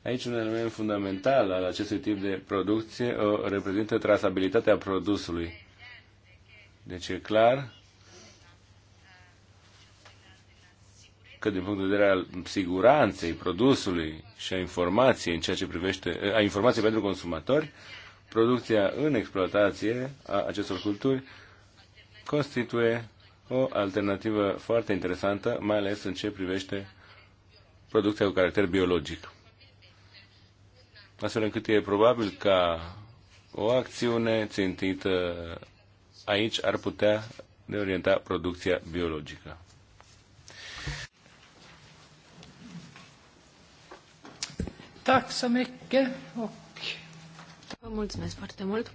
A: Aici un element fundamental al acestui tip de producție o reprezintă trasabilitatea produsului. Deci e clar că din punct de vedere al siguranței produsului și a informației în ceea ce privește, eh, a informației pentru consumatori, producția în exploatație a acestor culturi constituie o alternativă foarte interesantă, mai ales în ce privește producția cu caracter biologic. Astfel încât e probabil ca o acțiune țintită aici ar putea ne orienta producția biologică.
C: Vă mulțumesc foarte mult.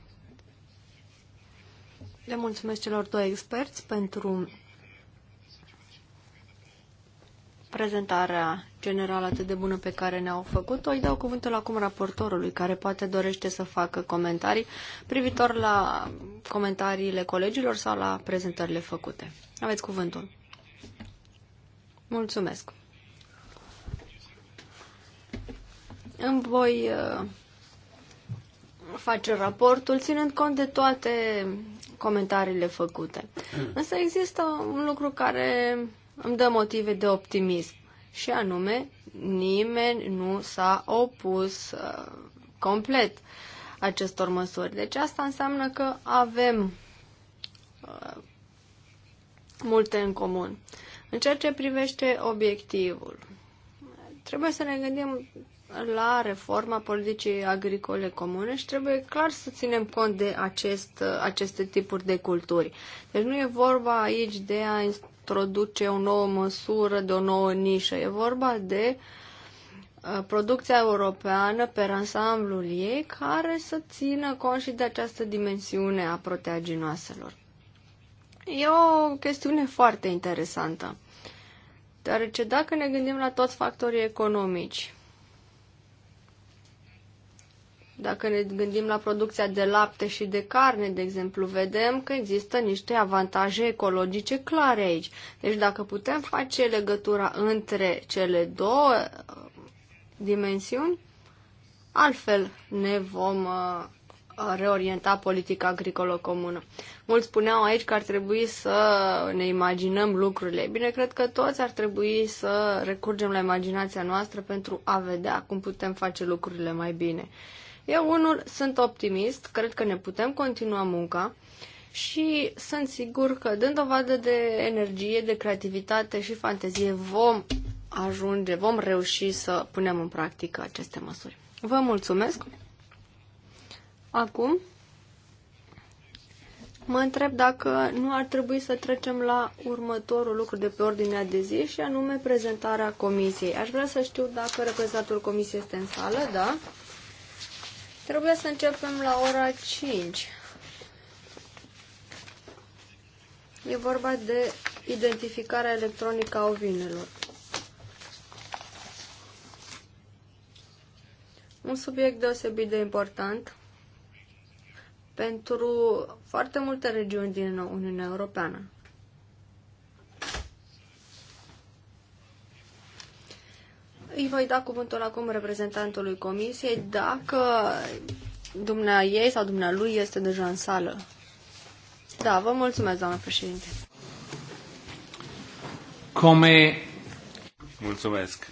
C: Le mulțumesc celor doi experți pentru prezentarea generală atât de bună pe care ne-au făcut-o. Îi dau cuvântul acum raportorului, care poate dorește să facă comentarii privitor la comentariile colegilor sau la prezentările făcute. Aveți cuvântul. Mulțumesc. Îmi voi uh, face raportul ținând cont de toate comentariile făcute. Însă există un lucru care îmi dă motive de optimism. Și anume, nimeni nu s-a opus uh, complet acestor măsuri. Deci asta înseamnă că avem uh, multe în comun. În ceea ce privește obiectivul, trebuie să ne gândim la reforma politicii agricole comune și trebuie clar să ținem cont de acest, uh, aceste tipuri de culturi. Deci nu e vorba aici de a introduce o nouă măsură, de o nouă nișă. E vorba de uh, producția europeană pe ansamblul ei care să țină cont și de această dimensiune a proteaginoaselor. E o chestiune foarte interesantă, deoarece dacă ne gândim la toți factorii economici, dacă ne gândim la producția de lapte și de carne, de exemplu, vedem că există niște avantaje ecologice clare aici. Deci dacă putem face legătura între cele două uh, dimensiuni, altfel ne vom uh, reorienta politica agricolă comună. Mulți spuneau aici că ar trebui să ne imaginăm lucrurile. Bine, cred că toți ar trebui să recurgem la imaginația noastră pentru a vedea cum putem face lucrurile mai bine. Eu unul sunt optimist, cred că ne putem continua munca și sunt sigur că dând dovadă de energie, de creativitate și fantezie vom ajunge, vom reuși să punem în practică aceste măsuri. Vă mulțumesc! Acum mă întreb dacă nu ar trebui să trecem la următorul lucru de pe ordinea de zi și anume prezentarea comisiei. Aș vrea să știu dacă reprezentantul comisiei este în sală, da? Trebuie să începem la ora 5. E vorba de identificarea electronică a ovinelor. Un subiect deosebit de important pentru foarte multe regiuni din Uniunea Europeană. Îi voi da cuvântul acum reprezentantului comisiei dacă dumnea ei sau lui este deja în sală. Da, vă mulțumesc, doamnă președinte.
A: Come... Mulțumesc.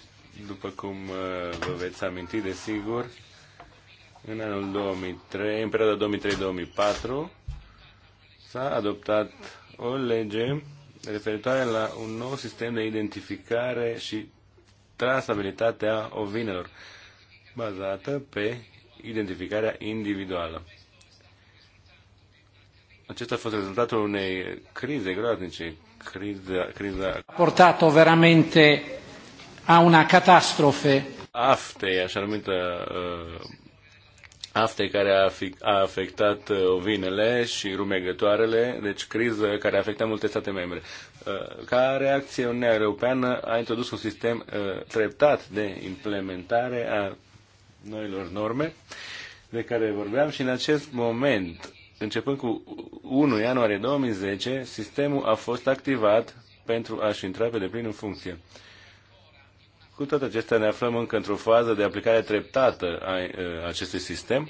A: După cum uh, vă veți aminti, desigur, în anul 2003, în perioada 2003-2004, s-a adoptat o lege referitoare la un nou sistem de identificare și trasabilitatea ovinelor, bazată pe identificarea individuală. Acesta a fost rezultatul unei crize groaznice, criza, criza...
B: A portat veramente a una catastrofe.
A: Aftei, așa numită uh, afte care a, afectat uh, ovinele și rumegătoarele, deci criză care a afectat multe state membre. Uh, ca reacție, Uniunea Europeană a introdus un sistem uh, treptat de implementare a noilor norme de care vorbeam și în acest moment, începând cu 1 ianuarie 2010, sistemul a fost activat pentru a-și intra pe deplin în funcție. Cu toate acestea ne aflăm încă într-o fază de aplicare treptată a acestui sistem,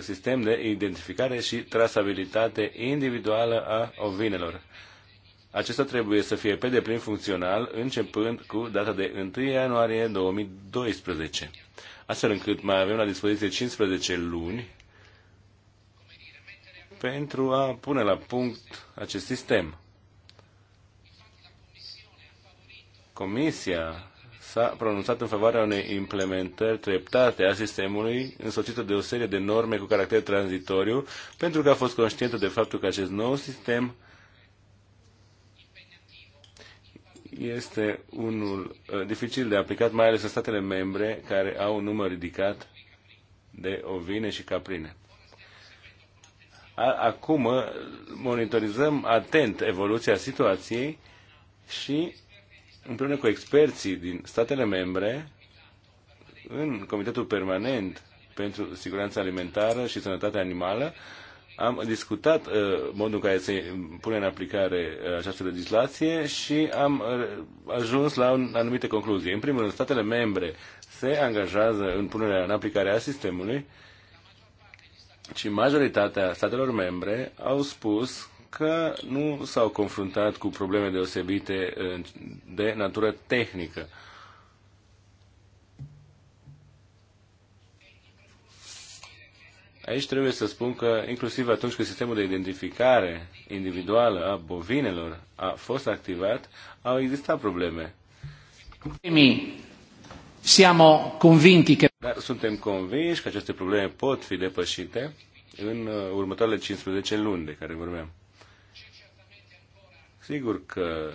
A: sistem de identificare și trasabilitate individuală a ovinelor. Acesta trebuie să fie pe deplin funcțional începând cu data de 1 ianuarie 2012, astfel încât mai avem la dispoziție 15 luni pentru a pune la punct acest sistem. Comisia s-a pronunțat în favoarea unei implementări treptate a sistemului, însoțită de o serie de norme cu caracter tranzitoriu, pentru că a fost conștientă de faptul că acest nou sistem este unul uh, dificil de aplicat, mai ales în statele membre care au un număr ridicat de ovine și caprine. Acum uh, monitorizăm atent evoluția situației și împreună cu experții din statele membre, în Comitetul Permanent pentru Siguranța Alimentară și Sănătatea Animală, am discutat uh, modul în care se pune în aplicare uh, această legislație și am uh, ajuns la un, anumite concluzii. În primul rând, statele membre se angajează în punerea în aplicare a sistemului și majoritatea statelor membre au spus că nu s-au confruntat cu probleme deosebite de natură tehnică. Aici trebuie să spun că, inclusiv atunci când sistemul de identificare individuală a bovinelor a fost activat, au existat probleme.
B: Siamo convinti că...
A: Dar suntem convinși că aceste probleme pot fi depășite în uh, următoarele 15 luni de care vorbeam. Sigur că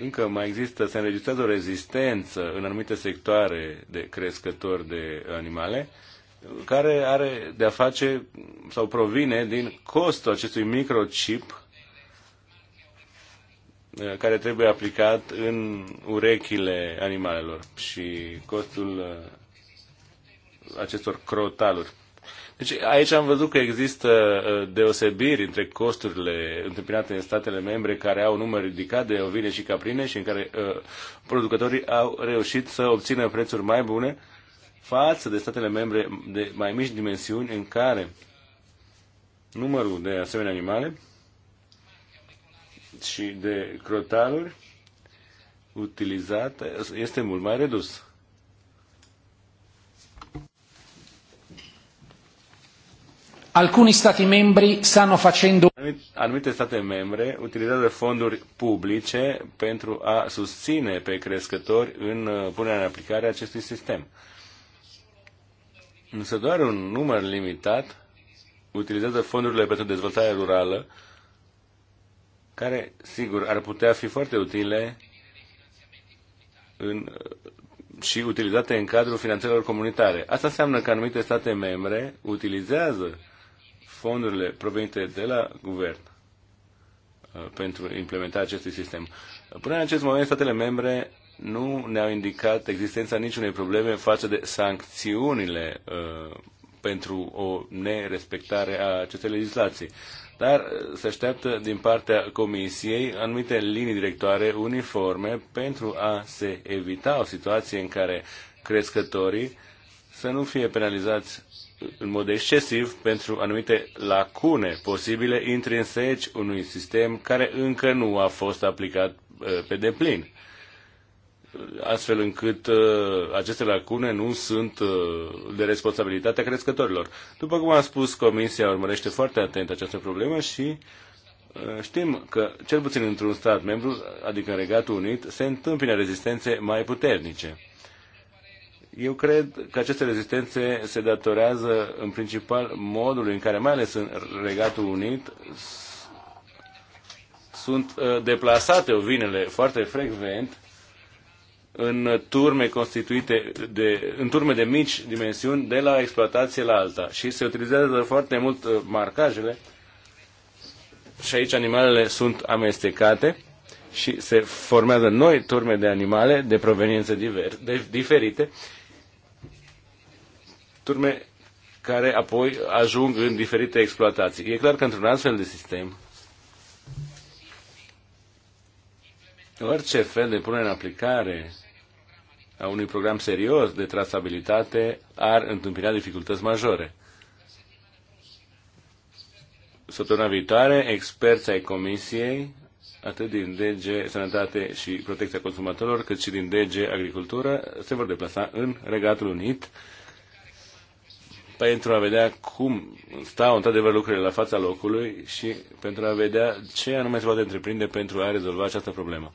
A: încă mai există, se înregistrează o rezistență în anumite sectoare de crescători de animale, care are de-a face sau provine din costul acestui microchip uh, care trebuie aplicat în urechile animalelor și costul uh, acestor crotaluri. Deci aici am văzut că există uh, deosebiri între costurile întâmpinate în statele membre care au număr ridicat de ovine și caprine și în care uh, producătorii au reușit să obțină prețuri mai bune față de statele membre de mai mici dimensiuni în care numărul de asemenea animale și de crotaluri utilizate este mult mai redus.
B: Alcuni stati membri stanno facendo
A: anumite state membre utilizează fonduri publice pentru a susține pe crescători în uh, punerea în aplicare a acestui sistem. Însă doar un număr limitat utilizează fondurile pentru dezvoltare rurală, care, sigur, ar putea fi foarte utile în, uh, și utilizate în cadrul finanțelor comunitare. Asta înseamnă că anumite state membre utilizează fondurile provenite de la guvern uh, pentru implementarea acestui sistem. Până în acest moment, statele membre nu ne-au indicat existența niciunei probleme față de sancțiunile uh, pentru o nerespectare a acestei legislații. Dar uh, se așteaptă din partea Comisiei anumite linii directoare uniforme pentru a se evita o situație în care crescătorii să nu fie penalizați în mod excesiv pentru anumite lacune posibile intrinseci unui sistem care încă nu a fost aplicat uh, pe deplin astfel încât uh, aceste lacune nu sunt uh, de responsabilitatea crescătorilor. După cum am spus, Comisia urmărește foarte atent această problemă și știm că, cel puțin într-un stat membru, adică în Regatul Unit, se întâmpină rezistențe mai puternice. Eu cred că aceste rezistențe se datorează în principal modului în care, mai ales în Regatul Unit, sunt uh, deplasate ovinele foarte frecvent în turme constituite de, în turme de mici dimensiuni de la exploatație la alta și se utilizează foarte mult uh, marcajele și aici animalele sunt amestecate și se formează noi turme de animale de proveniență diver, de, diferite turme care apoi ajung în diferite exploatații. E clar că într-un astfel de sistem, orice fel de punere în aplicare a unui program serios de trasabilitate ar întâmpina dificultăți majore. Săptămâna viitoare, experți ai Comisiei, atât din DG Sănătate și Protecția Consumatorilor, cât și din DG Agricultură, se vor deplasa în Regatul Unit pentru a vedea cum stau într-adevăr lucrurile la fața locului și pentru a vedea ce anume se poate întreprinde pentru a rezolva această problemă.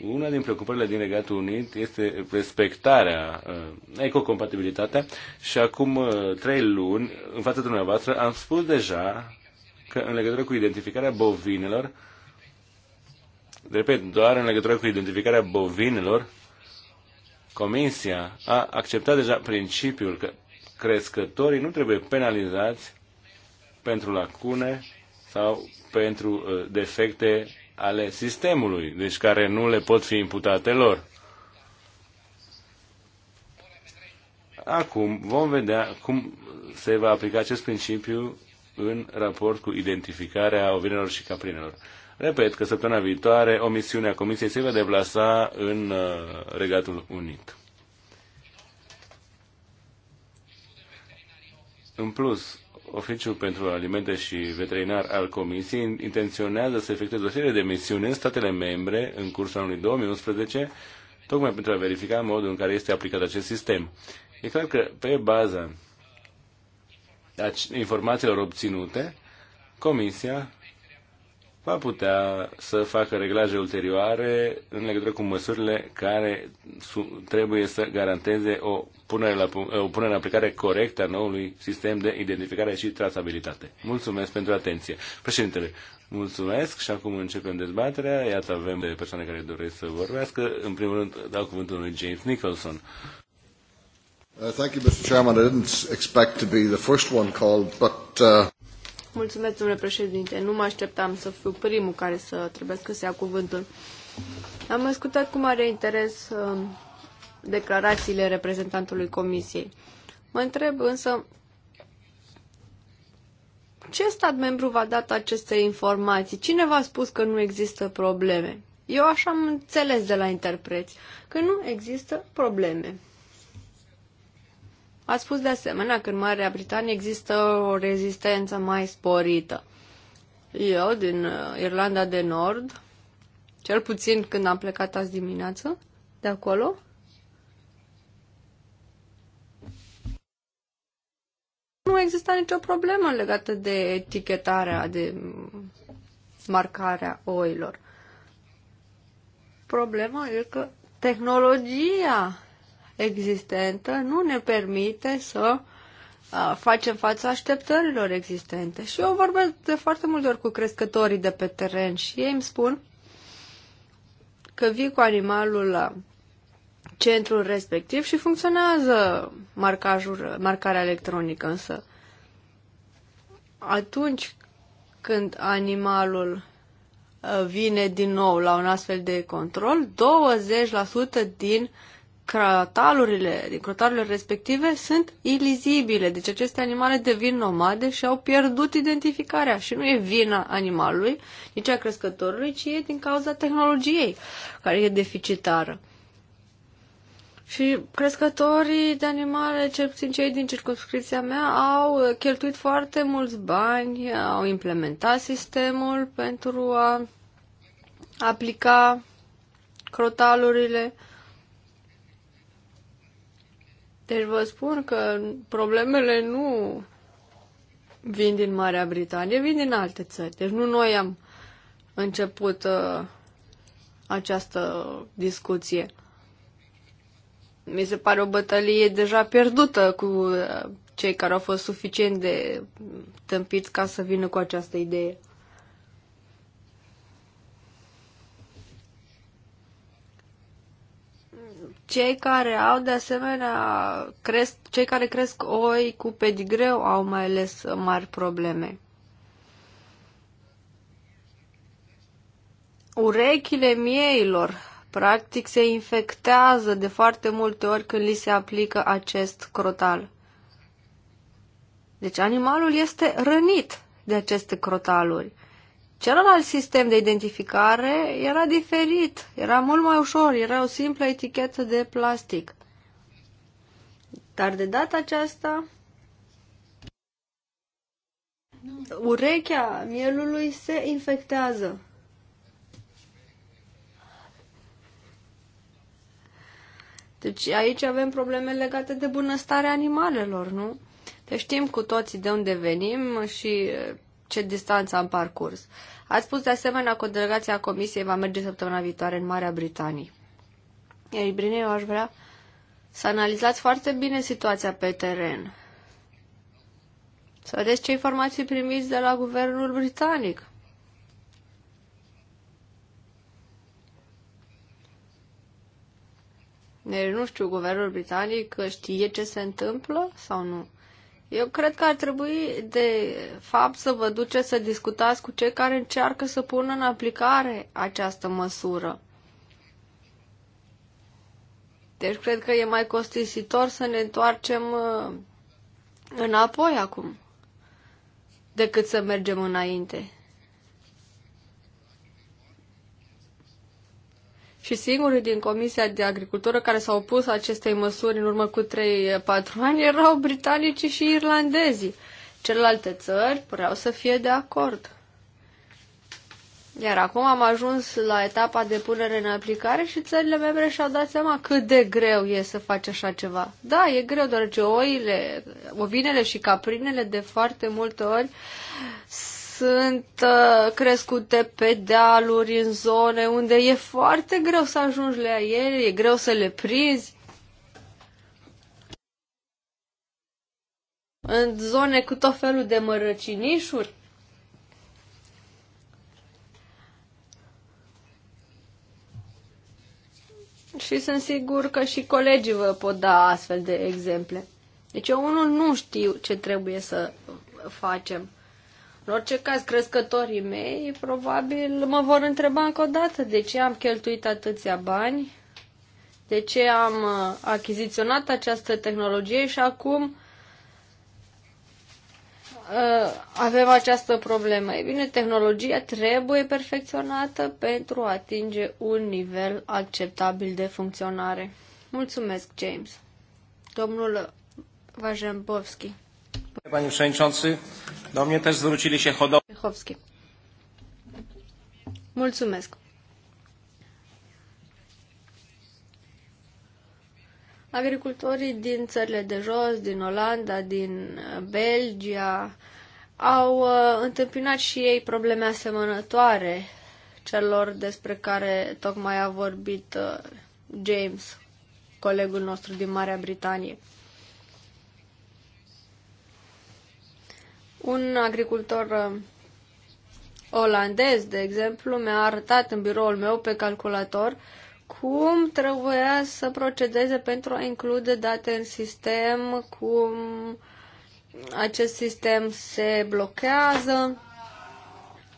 A: Una din preocupările din Regatul Unit este respectarea, uh, ecocompatibilitatea și acum uh, trei luni, în fața dumneavoastră, am spus deja că în legătură cu identificarea bovinelor, repet, doar în legătură cu identificarea bovinelor, Comisia a acceptat deja principiul că crescătorii nu trebuie penalizați pentru lacune sau pentru uh, defecte ale sistemului, deci care nu le pot fi imputate lor. Acum vom vedea cum se va aplica acest principiu în raport cu identificarea ovinelor și caprinelor. Repet că săptămâna viitoare o misiune a Comisiei se va deplasa în uh, Regatul Unit. În plus, Oficiul pentru Alimente și Veterinar al Comisiei intenționează să efectueze o serie de misiuni în statele membre în cursul anului 2011, tocmai pentru a verifica modul în care este aplicat acest sistem. E clar că, pe baza informațiilor obținute, Comisia va putea să facă reglaje ulterioare în legătură cu măsurile care trebuie să garanteze o punere, la, o punere în aplicare corectă a noului sistem de identificare și trasabilitate. Mulțumesc pentru atenție. Președintele, mulțumesc și acum începem dezbaterea. Iată, avem de persoane care doresc să vorbească. În primul rând, dau cuvântul lui James Nicholson. Uh, thank you, Mr.
D: Chairman. I didn't expect to be the first one called, but uh...
C: Mulțumesc, domnule președinte. Nu mă așteptam să fiu primul care să trebuie să ia cuvântul. Am ascultat cu mare interes uh, declarațiile reprezentantului Comisiei. Mă întreb însă ce stat membru v-a dat aceste informații? Cine v-a spus că nu există probleme? Eu așa am înțeles de la interpreți, că nu există probleme. Ați spus de asemenea că în Marea Britanie există o rezistență mai sporită. Eu, din uh, Irlanda de Nord, cel puțin când am plecat azi dimineață de acolo, nu exista nicio problemă legată de etichetarea, de marcarea oilor. Problema e că tehnologia existentă nu ne permite să facem față așteptărilor existente. Și eu vorbesc de foarte multe ori cu crescătorii de pe teren și ei îmi spun că vii cu animalul la centrul respectiv și funcționează marcajul, marcarea electronică, însă atunci când animalul vine din nou la un astfel de control, 20% din crotalurile, din crotalurile respective sunt ilizibile. Deci aceste animale devin nomade și au pierdut identificarea. Și nu e vina animalului, nici a crescătorului, ci e din cauza tehnologiei, care e deficitară. Și crescătorii de animale, cel puțin cei din circunscripția mea, au cheltuit foarte mulți bani, au implementat sistemul pentru a aplica crotalurile deci vă spun că problemele nu vin din Marea Britanie, vin din alte țări. Deci nu noi am început uh, această discuție. Mi se pare o bătălie deja pierdută cu uh, cei care au fost suficient de tâmpiți ca să vină cu această idee. Cei care au de asemenea, cresc, cei care cresc oi cu pedigreu au mai ales mari probleme. Urechile mieilor practic se infectează de foarte multe ori când li se aplică acest crotal. Deci animalul este rănit de aceste crotaluri. Celălalt sistem de identificare era diferit, era mult mai ușor, era o simplă etichetă de plastic. Dar de data aceasta, urechea mielului se infectează. Deci aici avem probleme legate de bunăstarea animalelor, nu? Deci știm cu toții de unde venim și ce distanță am parcurs. Ați spus de asemenea că o delegație a Comisiei va merge săptămâna viitoare în Marea Britanie. Ei bine, eu aș vrea să analizați foarte bine situația pe teren. Să vedeți ce informații primiți de la guvernul britanic. Deci, nu știu, guvernul britanic știe ce se întâmplă sau nu? Eu cred că ar trebui, de fapt, să vă duceți să discutați cu cei care încearcă să pună în aplicare această măsură. Deci cred că e mai costisitor să ne întoarcem uh, înapoi acum decât să mergem înainte. și singurii din Comisia de Agricultură care s-au opus acestei măsuri în urmă cu 3-4 ani erau britanicii și irlandezii. Celelalte țări păreau să fie de acord. Iar acum am ajuns la etapa de punere în aplicare și țările membre și-au dat seama cât de greu e să faci așa ceva. Da, e greu, deoarece oile, ovinele și caprinele de foarte multe ori sunt uh, crescute pe dealuri, în zone unde e foarte greu să ajungi la ele, e greu să le prinzi. În zone cu tot felul de mărăcinișuri. Și sunt sigur că și colegii vă pot da astfel de exemple. Deci eu unul nu știu ce trebuie să facem. În orice caz, crescătorii mei probabil mă vor întreba încă o dată de ce am cheltuit atâția bani, de ce am uh, achiziționat această tehnologie și acum uh, avem această problemă. Ei bine, tehnologia trebuie perfecționată pentru a atinge un nivel acceptabil de funcționare. Mulțumesc, James. Domnul Vajembovski.
A: Panie Przewodniczący, Do da, mnie też zwrócili się hodowcy.
C: Mulțumesc. Agricultorii din țările de jos, din Olanda, din Belgia, au uh, întâmpinat și ei probleme asemănătoare celor despre care tocmai a vorbit uh, James, colegul nostru din Marea Britanie. Un agricultor uh, olandez, de exemplu, mi-a arătat în biroul meu pe calculator cum trebuia să procedeze pentru a include date în sistem, cum acest sistem se blochează.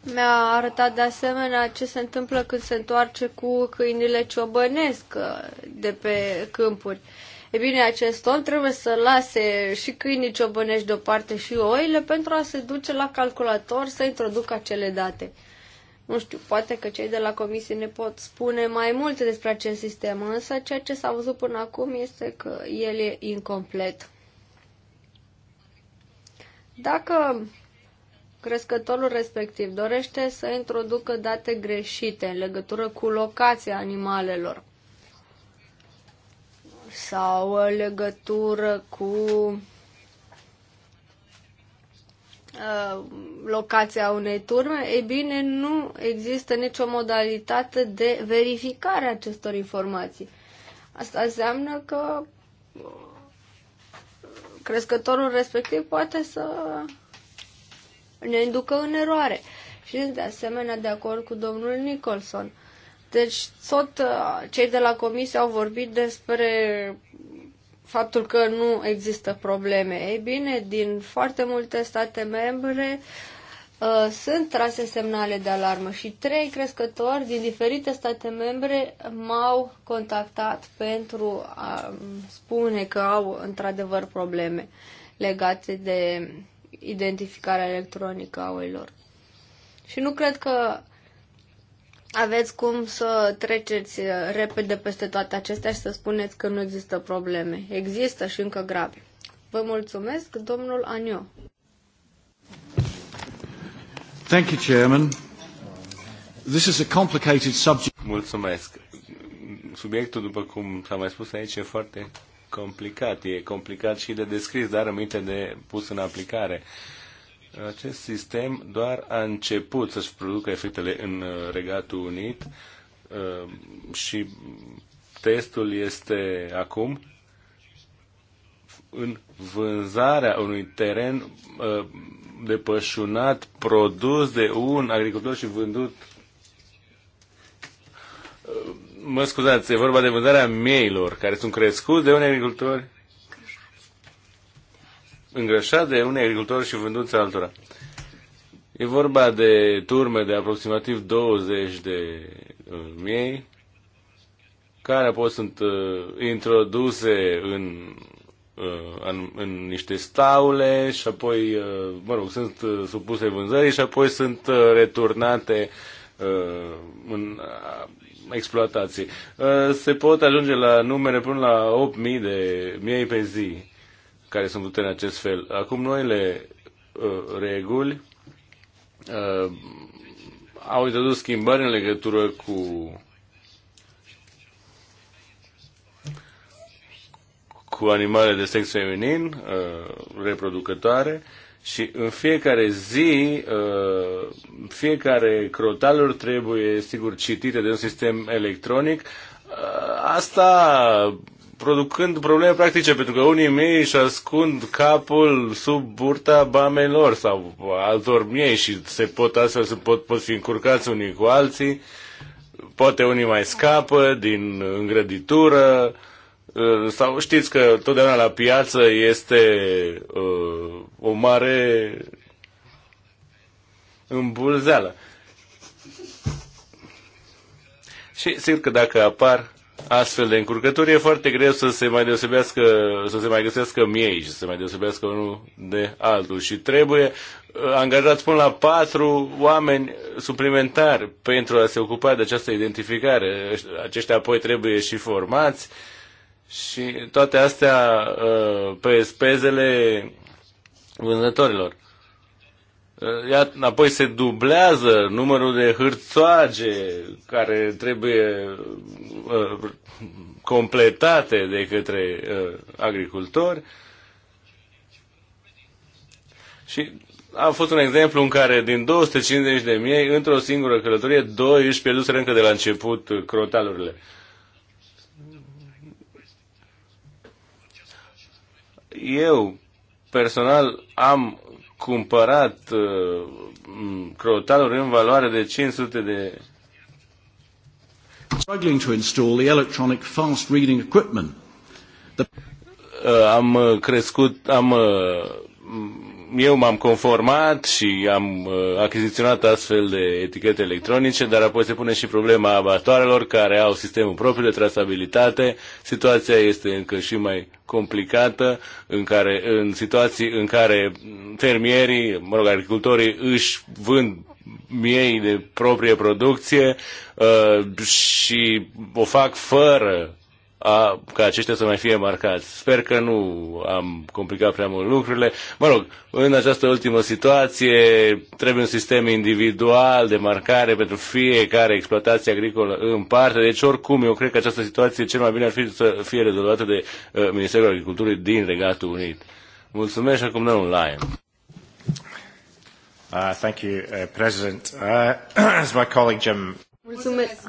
C: Mi-a arătat de asemenea ce se întâmplă când se întoarce cu câinile ciobănesc uh, de pe câmpuri. Uh, E bine, acest om trebuie să lase și câinii ciobănești deoparte și oile pentru a se duce la calculator să introducă acele date. Nu știu, poate că cei de la comisie ne pot spune mai multe despre acest sistem, însă ceea ce s-a văzut până acum este că el e incomplet. Dacă crescătorul respectiv dorește să introducă date greșite în legătură cu locația animalelor, sau legătură cu uh, locația unei turme, e bine, nu există nicio modalitate de verificare a acestor informații. Asta înseamnă că uh, crescătorul respectiv poate să ne inducă în eroare. Și de asemenea de acord cu domnul Nicholson. Deci tot uh, cei de la comisie au vorbit despre faptul că nu există probleme. Ei bine, din foarte multe state membre uh, sunt trase semnale de alarmă și trei crescători din diferite state membre m-au contactat pentru a um, spune că au într-adevăr probleme legate de identificarea electronică a oilor. Și nu cred că aveți cum să treceți uh, repede peste toate acestea și să spuneți că nu există probleme. Există și încă grave. Vă mulțumesc, domnul Anio.
A: Thank you, Chairman. This is a complicated subject. Mulțumesc. Subiectul, după cum s-a mai spus aici, e foarte complicat. E complicat și de descris, dar aminte de pus în aplicare. Uh, acest sistem doar a început să-și producă efectele în uh, Regatul Unit uh, și testul este acum în vânzarea unui teren uh, depășunat, produs de un agricultor și vândut mă scuzați, e vorba de vânzarea mieilor care sunt crescuți de un agricultor îngrășat de unii agricultori și vândut altora. E vorba de turme de aproximativ 20 de uh, miei care apoi sunt uh, introduse în, uh, în, în niște staule și apoi, uh, mă rog, sunt uh, supuse vânzării și apoi sunt uh, returnate uh, în uh, exploatații. Uh, se pot ajunge la numere până la 8.000 de miei pe zi care sunt văzute în acest fel. Acum noile uh, reguli uh, au introdus schimbări în legătură cu cu animale de sex feminin, uh, reproducătoare, și în fiecare zi, uh, fiecare crotalor trebuie, sigur, citite de un sistem electronic. Uh, asta producând probleme practice, pentru că unii mei își ascund capul sub burta bamelor sau altor miei și se pot astfel se pot, pot fi încurcați unii cu alții. Poate unii mai scapă din îngrăditură uh, sau știți că totdeauna la piață este uh, o mare îmbulzeală. Și sigur că dacă apar astfel de încurcături, e foarte greu să se mai deosebească, să se mai găsească miei și să se mai deosebească unul de altul. Și trebuie uh, angajați până la patru oameni suplimentari pentru a se ocupa de această identificare. Aceștia apoi trebuie și formați și toate astea uh, pe spezele vânzătorilor. Uh, Iată, apoi se dublează numărul de hârțoage care trebuie uh, completate de către uh, agricultori. Și a fost un exemplu în care din 250 de mii, într-o singură călătorie, doi își pierduseră încă de la început uh, crotalurile. Eu, personal, am cumpărat uh, crotaluri în valoare de 500 de struggling to install the electronic fast reading equipment. The... Uh, am uh, crescut, am uh, eu m-am conformat și am uh, achiziționat astfel de etichete electronice, dar apoi se pune și problema abatoarelor care au sistemul propriu de trasabilitate. Situația este încă și mai complicată în, care, în situații în care fermierii, mă rog, agricultorii își vând miei de proprie producție uh, și o fac fără a, ca aceștia să mai fie marcați. Sper că nu am complicat prea mult lucrurile. Mă rog, în această ultimă situație trebuie un sistem individual de marcare pentru fiecare exploatație agricolă în parte. Deci, oricum, eu cred că această situație cel mai bine ar fi să fie rezolvată de uh, Ministerul Agriculturii din Regatul Unit. Mulțumesc și acum domnul Lion. Uh, thank you, uh, President. Uh, as my colleague Jim.
D: Mulțumesc.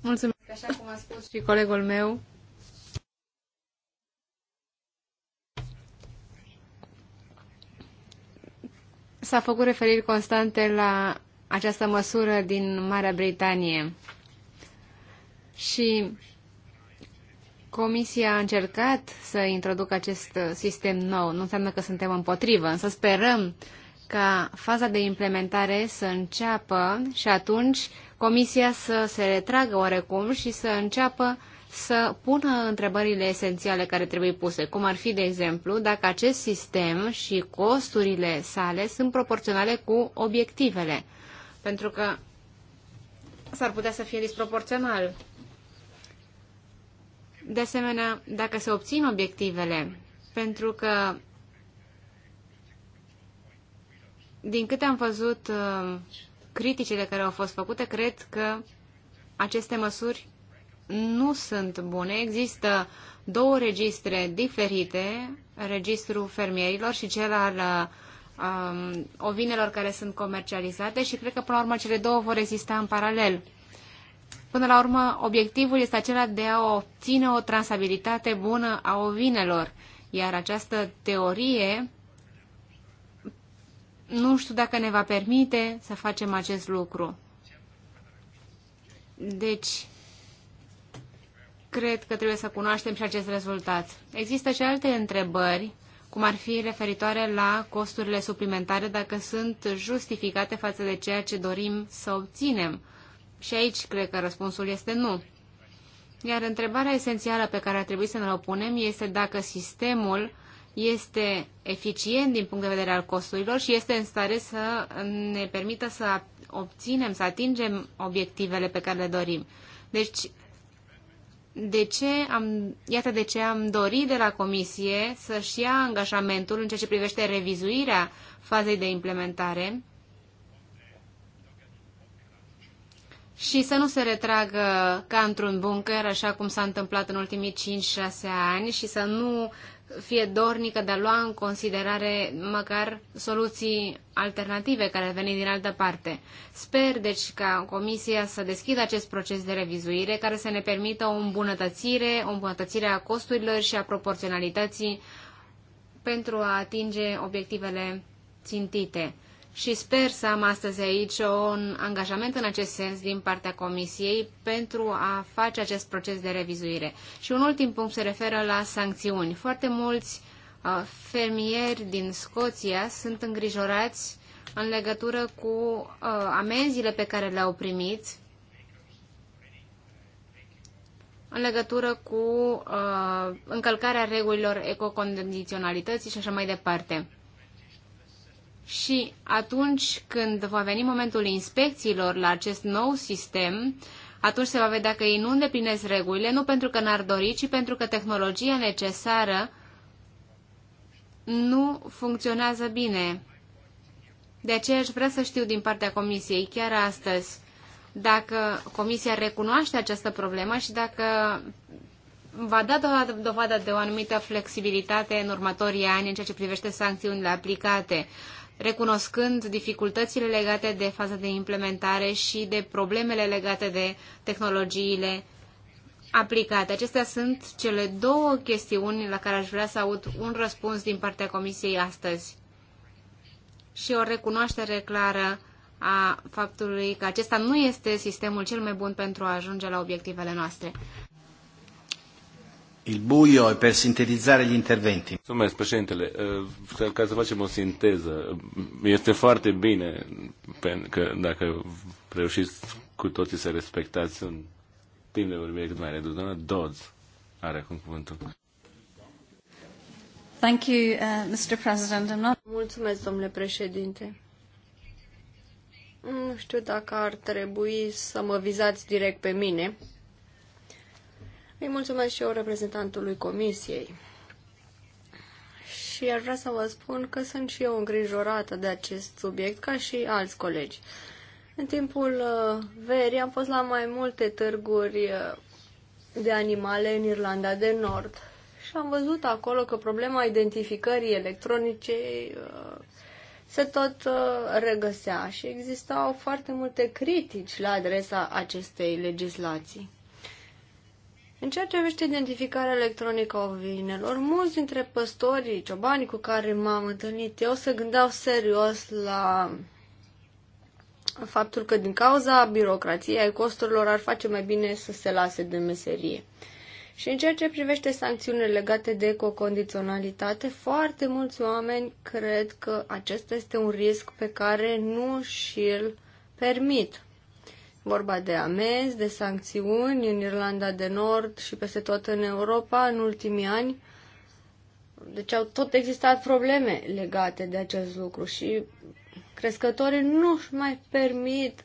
D: Mulțumesc așa cum a spus și colegul meu, s-a făcut referiri constante la această măsură din Marea Britanie. Și Comisia a încercat să introducă acest sistem nou. Nu înseamnă că suntem împotrivă, însă sperăm ca faza de implementare să înceapă și atunci Comisia să se retragă oarecum și să înceapă să pună întrebările esențiale care trebuie puse, cum ar fi, de exemplu, dacă acest sistem și costurile sale sunt proporționale cu obiectivele, pentru că s-ar putea să fie disproporțional. De asemenea, dacă se obțin obiectivele, pentru că din câte am văzut uh, criticile care au fost făcute, cred că aceste măsuri nu sunt bune. Există două registre diferite, registrul fermierilor și cel al um, ovinelor care sunt comercializate și cred că până la urmă cele două vor exista în paralel. Până la urmă, obiectivul este acela de a obține o transabilitate bună a ovinelor, iar această teorie nu știu dacă ne va permite să facem acest lucru. Deci, cred că trebuie să cunoaștem și acest rezultat. Există și alte întrebări, cum ar fi referitoare la costurile suplimentare, dacă sunt justificate față de ceea ce dorim să obținem. Și aici cred că răspunsul este nu. Iar întrebarea esențială pe care ar trebui să ne o punem este dacă sistemul este eficient din punct de vedere al costurilor și este în stare să ne permită să obținem, să atingem obiectivele pe care le dorim. Deci, de ce am, iată de ce am dorit de la Comisie să-și ia angajamentul în ceea ce privește revizuirea fazei de implementare și să nu se retragă ca într-un bunker, așa cum s-a întâmplat în ultimii 5-6 ani, și să nu fie dornică de a lua în considerare măcar soluții alternative care ar veni din altă parte. Sper, deci, ca Comisia să deschidă acest proces de revizuire care să ne permită o îmbunătățire, o îmbunătățire a costurilor și a proporționalității pentru a atinge obiectivele țintite și sper să am astăzi aici un angajament în acest sens din partea Comisiei pentru a face acest proces de revizuire. Și un ultim punct se referă la sancțiuni. Foarte mulți uh, fermieri din Scoția sunt îngrijorați în legătură cu uh, amenziile pe care le-au primit în legătură cu uh, încălcarea regulilor ecocondiționalității și așa mai departe și atunci când va veni momentul inspecțiilor la acest nou sistem, atunci se va vedea că ei nu îndeplinesc regulile, nu pentru că n-ar dori, ci pentru că tehnologia necesară nu funcționează bine. De aceea aș vrea să știu din partea Comisiei, chiar astăzi, dacă Comisia recunoaște această problemă și dacă va da dovadă de o anumită flexibilitate în următorii ani în ceea ce privește sancțiunile aplicate recunoscând dificultățile legate de faza de implementare și de problemele legate de tehnologiile aplicate. Acestea sunt cele două chestiuni la care aș vrea să aud un răspuns din partea Comisiei astăzi și o recunoaștere clară a faptului că acesta nu este sistemul cel mai bun pentru a ajunge la obiectivele noastre
A: il buio e per sintetizzare gli interventi. Mulțumesc, președintele. Eh, ca să facem o sinteză, este foarte bine că dacă reușiți cu toții să respectați un timp de vorbire cât mai redus. Doamna Dodds are acum cuvântul.
C: Thank you, uh, Mr. President. I'm not... Mulțumesc, domnule președinte. Nu știu dacă ar trebui să mă vizați direct pe mine, îi mulțumesc și eu reprezentantului Comisiei. Și aș vrea să vă spun că sunt și eu îngrijorată de acest subiect, ca și alți colegi. În timpul uh, verii am fost la mai multe târguri uh, de animale în Irlanda de Nord și am văzut acolo că problema identificării electronice uh, se tot regăsea și existau foarte multe critici la adresa acestei legislații. În ceea ce privește identificarea electronică a vinelor, mulți dintre păstorii, ciobanii cu care m-am întâlnit eu, se gândeau serios la faptul că din cauza birocrației ai costurilor ar face mai bine să se lase de meserie. Și în ceea ce privește sancțiunile legate de ecocondiționalitate, foarte mulți oameni cred că acesta este un risc pe care nu și-l permit vorba de amenzi, de sancțiuni în Irlanda de Nord și peste tot în Europa în ultimii ani. Deci au tot existat probleme legate de acest lucru și crescătorii nu își mai permit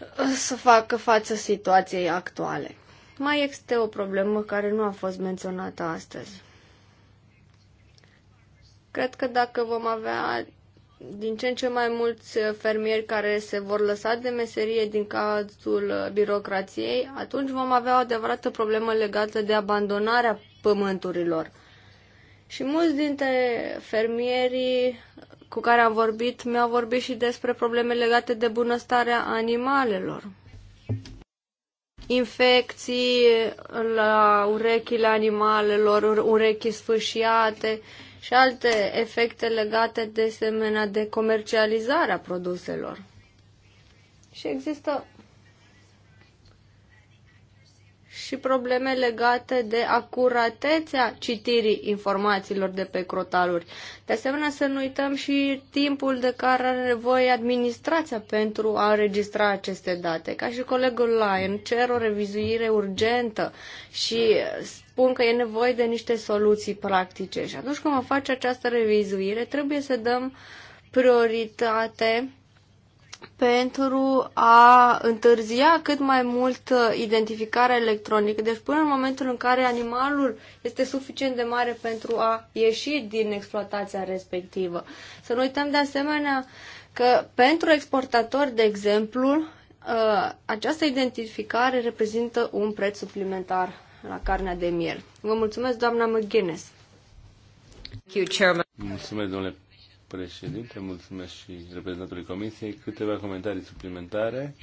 C: uh, să facă față situației actuale. Mai este o problemă care nu a fost menționată astăzi. Cred că dacă vom avea din ce în ce mai mulți fermieri care se vor lăsa de meserie din cazul birocrației, atunci vom avea o adevărată problemă legată de abandonarea pământurilor. Și mulți dintre fermierii cu care am vorbit mi-au vorbit și despre probleme legate de bunăstarea animalelor. Infecții la urechile animalelor, urechi sfâșiate, și alte efecte legate de asemenea de comercializarea produselor. Și există și probleme legate de acuratețea citirii informațiilor de pe crotaluri. De asemenea, să nu uităm și timpul de care are nevoie administrația pentru a registra aceste date. Ca și colegul Lion, cer o revizuire urgentă și spun că e nevoie de niște soluții practice. Și atunci când vom face această revizuire, trebuie să dăm prioritate pentru a întârzia cât mai mult uh, identificarea electronică. Deci până în momentul în care animalul este suficient de mare pentru a ieși din exploatația respectivă. Să nu uităm de asemenea că pentru exportatori, de exemplu, uh, această identificare reprezintă un preț suplimentar la carnea de miel. Vă mulțumesc, doamna McGuinness.
A: Mulțumesc, domnule președinte, mulțumesc și reprezentantului Comisiei. Câteva comentarii suplimentare.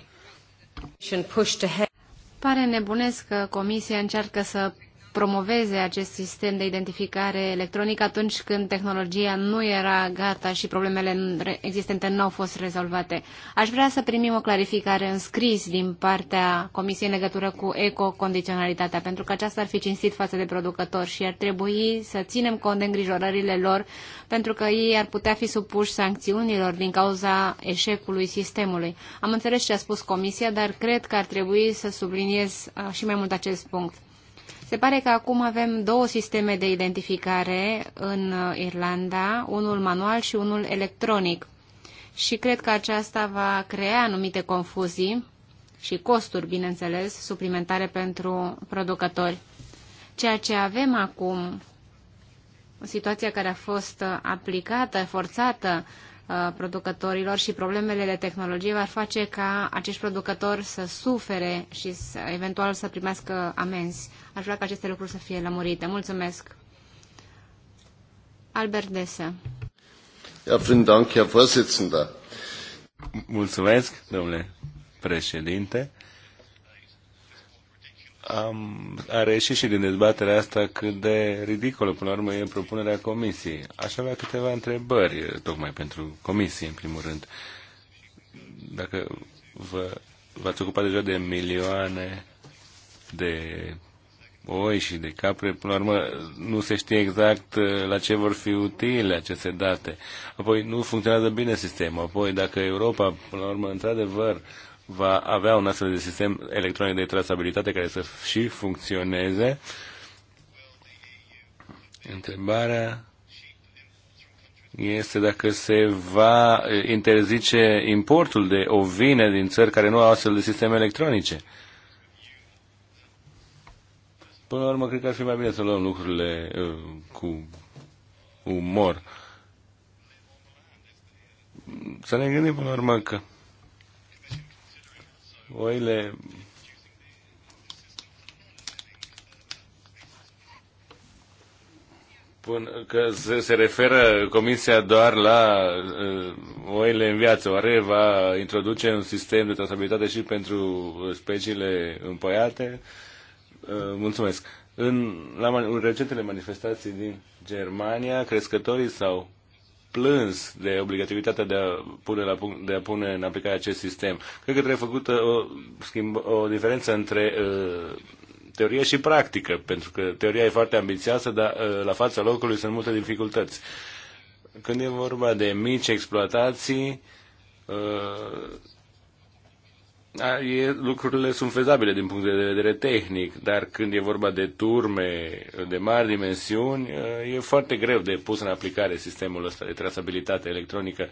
D: Pare nebunesc că Comisia încearcă să promoveze acest sistem de identificare electronică atunci când tehnologia nu era gata și problemele existente nu au fost rezolvate. Aș vrea să primim o clarificare în scris din partea Comisiei în legătură cu ecocondiționalitatea, pentru că aceasta ar fi cinstit față de producători și ar trebui să ținem cont de îngrijorările lor, pentru că ei ar putea fi supuși sancțiunilor din cauza eșecului sistemului. Am înțeles ce a spus Comisia, dar cred că ar trebui să subliniez uh, și mai mult acest punct. Se pare că acum avem două sisteme de identificare în uh, Irlanda, unul manual și unul electronic. Și cred că aceasta va crea anumite confuzii și costuri, bineînțeles, suplimentare pentru producători. Ceea ce avem acum, situația care a fost uh, aplicată, forțată Uh, producătorilor și problemele de tehnologie va face ca acești producători să sufere și să, eventual să primească amenzi. Aș vrea ca aceste lucruri să fie lămurite. Mulțumesc. Albert Dese.
A: Ja, vielen Dank, Herr Vorsitzender. Mulțumesc, domnule președinte am, a reieșit și din dezbaterea asta cât de ridicolă, până la urmă, e propunerea comisiei. Aș avea câteva întrebări, tocmai pentru comisie, în primul rând. Dacă vă, v-ați ocupat deja de milioane de oi și de capre, până la urmă nu se știe exact uh, la ce vor fi utile aceste date. Apoi nu funcționează bine sistemul. Apoi dacă Europa, până la urmă, într-adevăr, va avea un astfel de sistem electronic de trasabilitate care să și funcționeze. Întrebarea este dacă se va interzice importul de ovine din țări care nu au astfel de sisteme electronice. Până la urmă, cred că ar fi mai bine să luăm lucrurile uh, cu umor. Să ne gândim până la urmă că oile Bun, că se, se referă Comisia doar la uh, oile în viață. Oare va introduce un sistem de trasabilitate și pentru speciile împăiate? Uh, mulțumesc. În, la, în recentele manifestații din Germania, crescătorii s-au plâns de obligativitatea de a pune, la punct, de a pune în aplicare acest sistem. Cred că trebuie făcută o, schimb, o diferență între uh, teorie și practică, pentru că teoria e foarte ambițioasă, dar uh, la fața locului sunt multe dificultăți. Când e vorba de mici exploatații, uh, e, lucrurile sunt fezabile din punct de vedere tehnic, dar când e vorba de turme de mari dimensiuni, e foarte greu de pus în aplicare sistemul ăsta de trasabilitate electronică.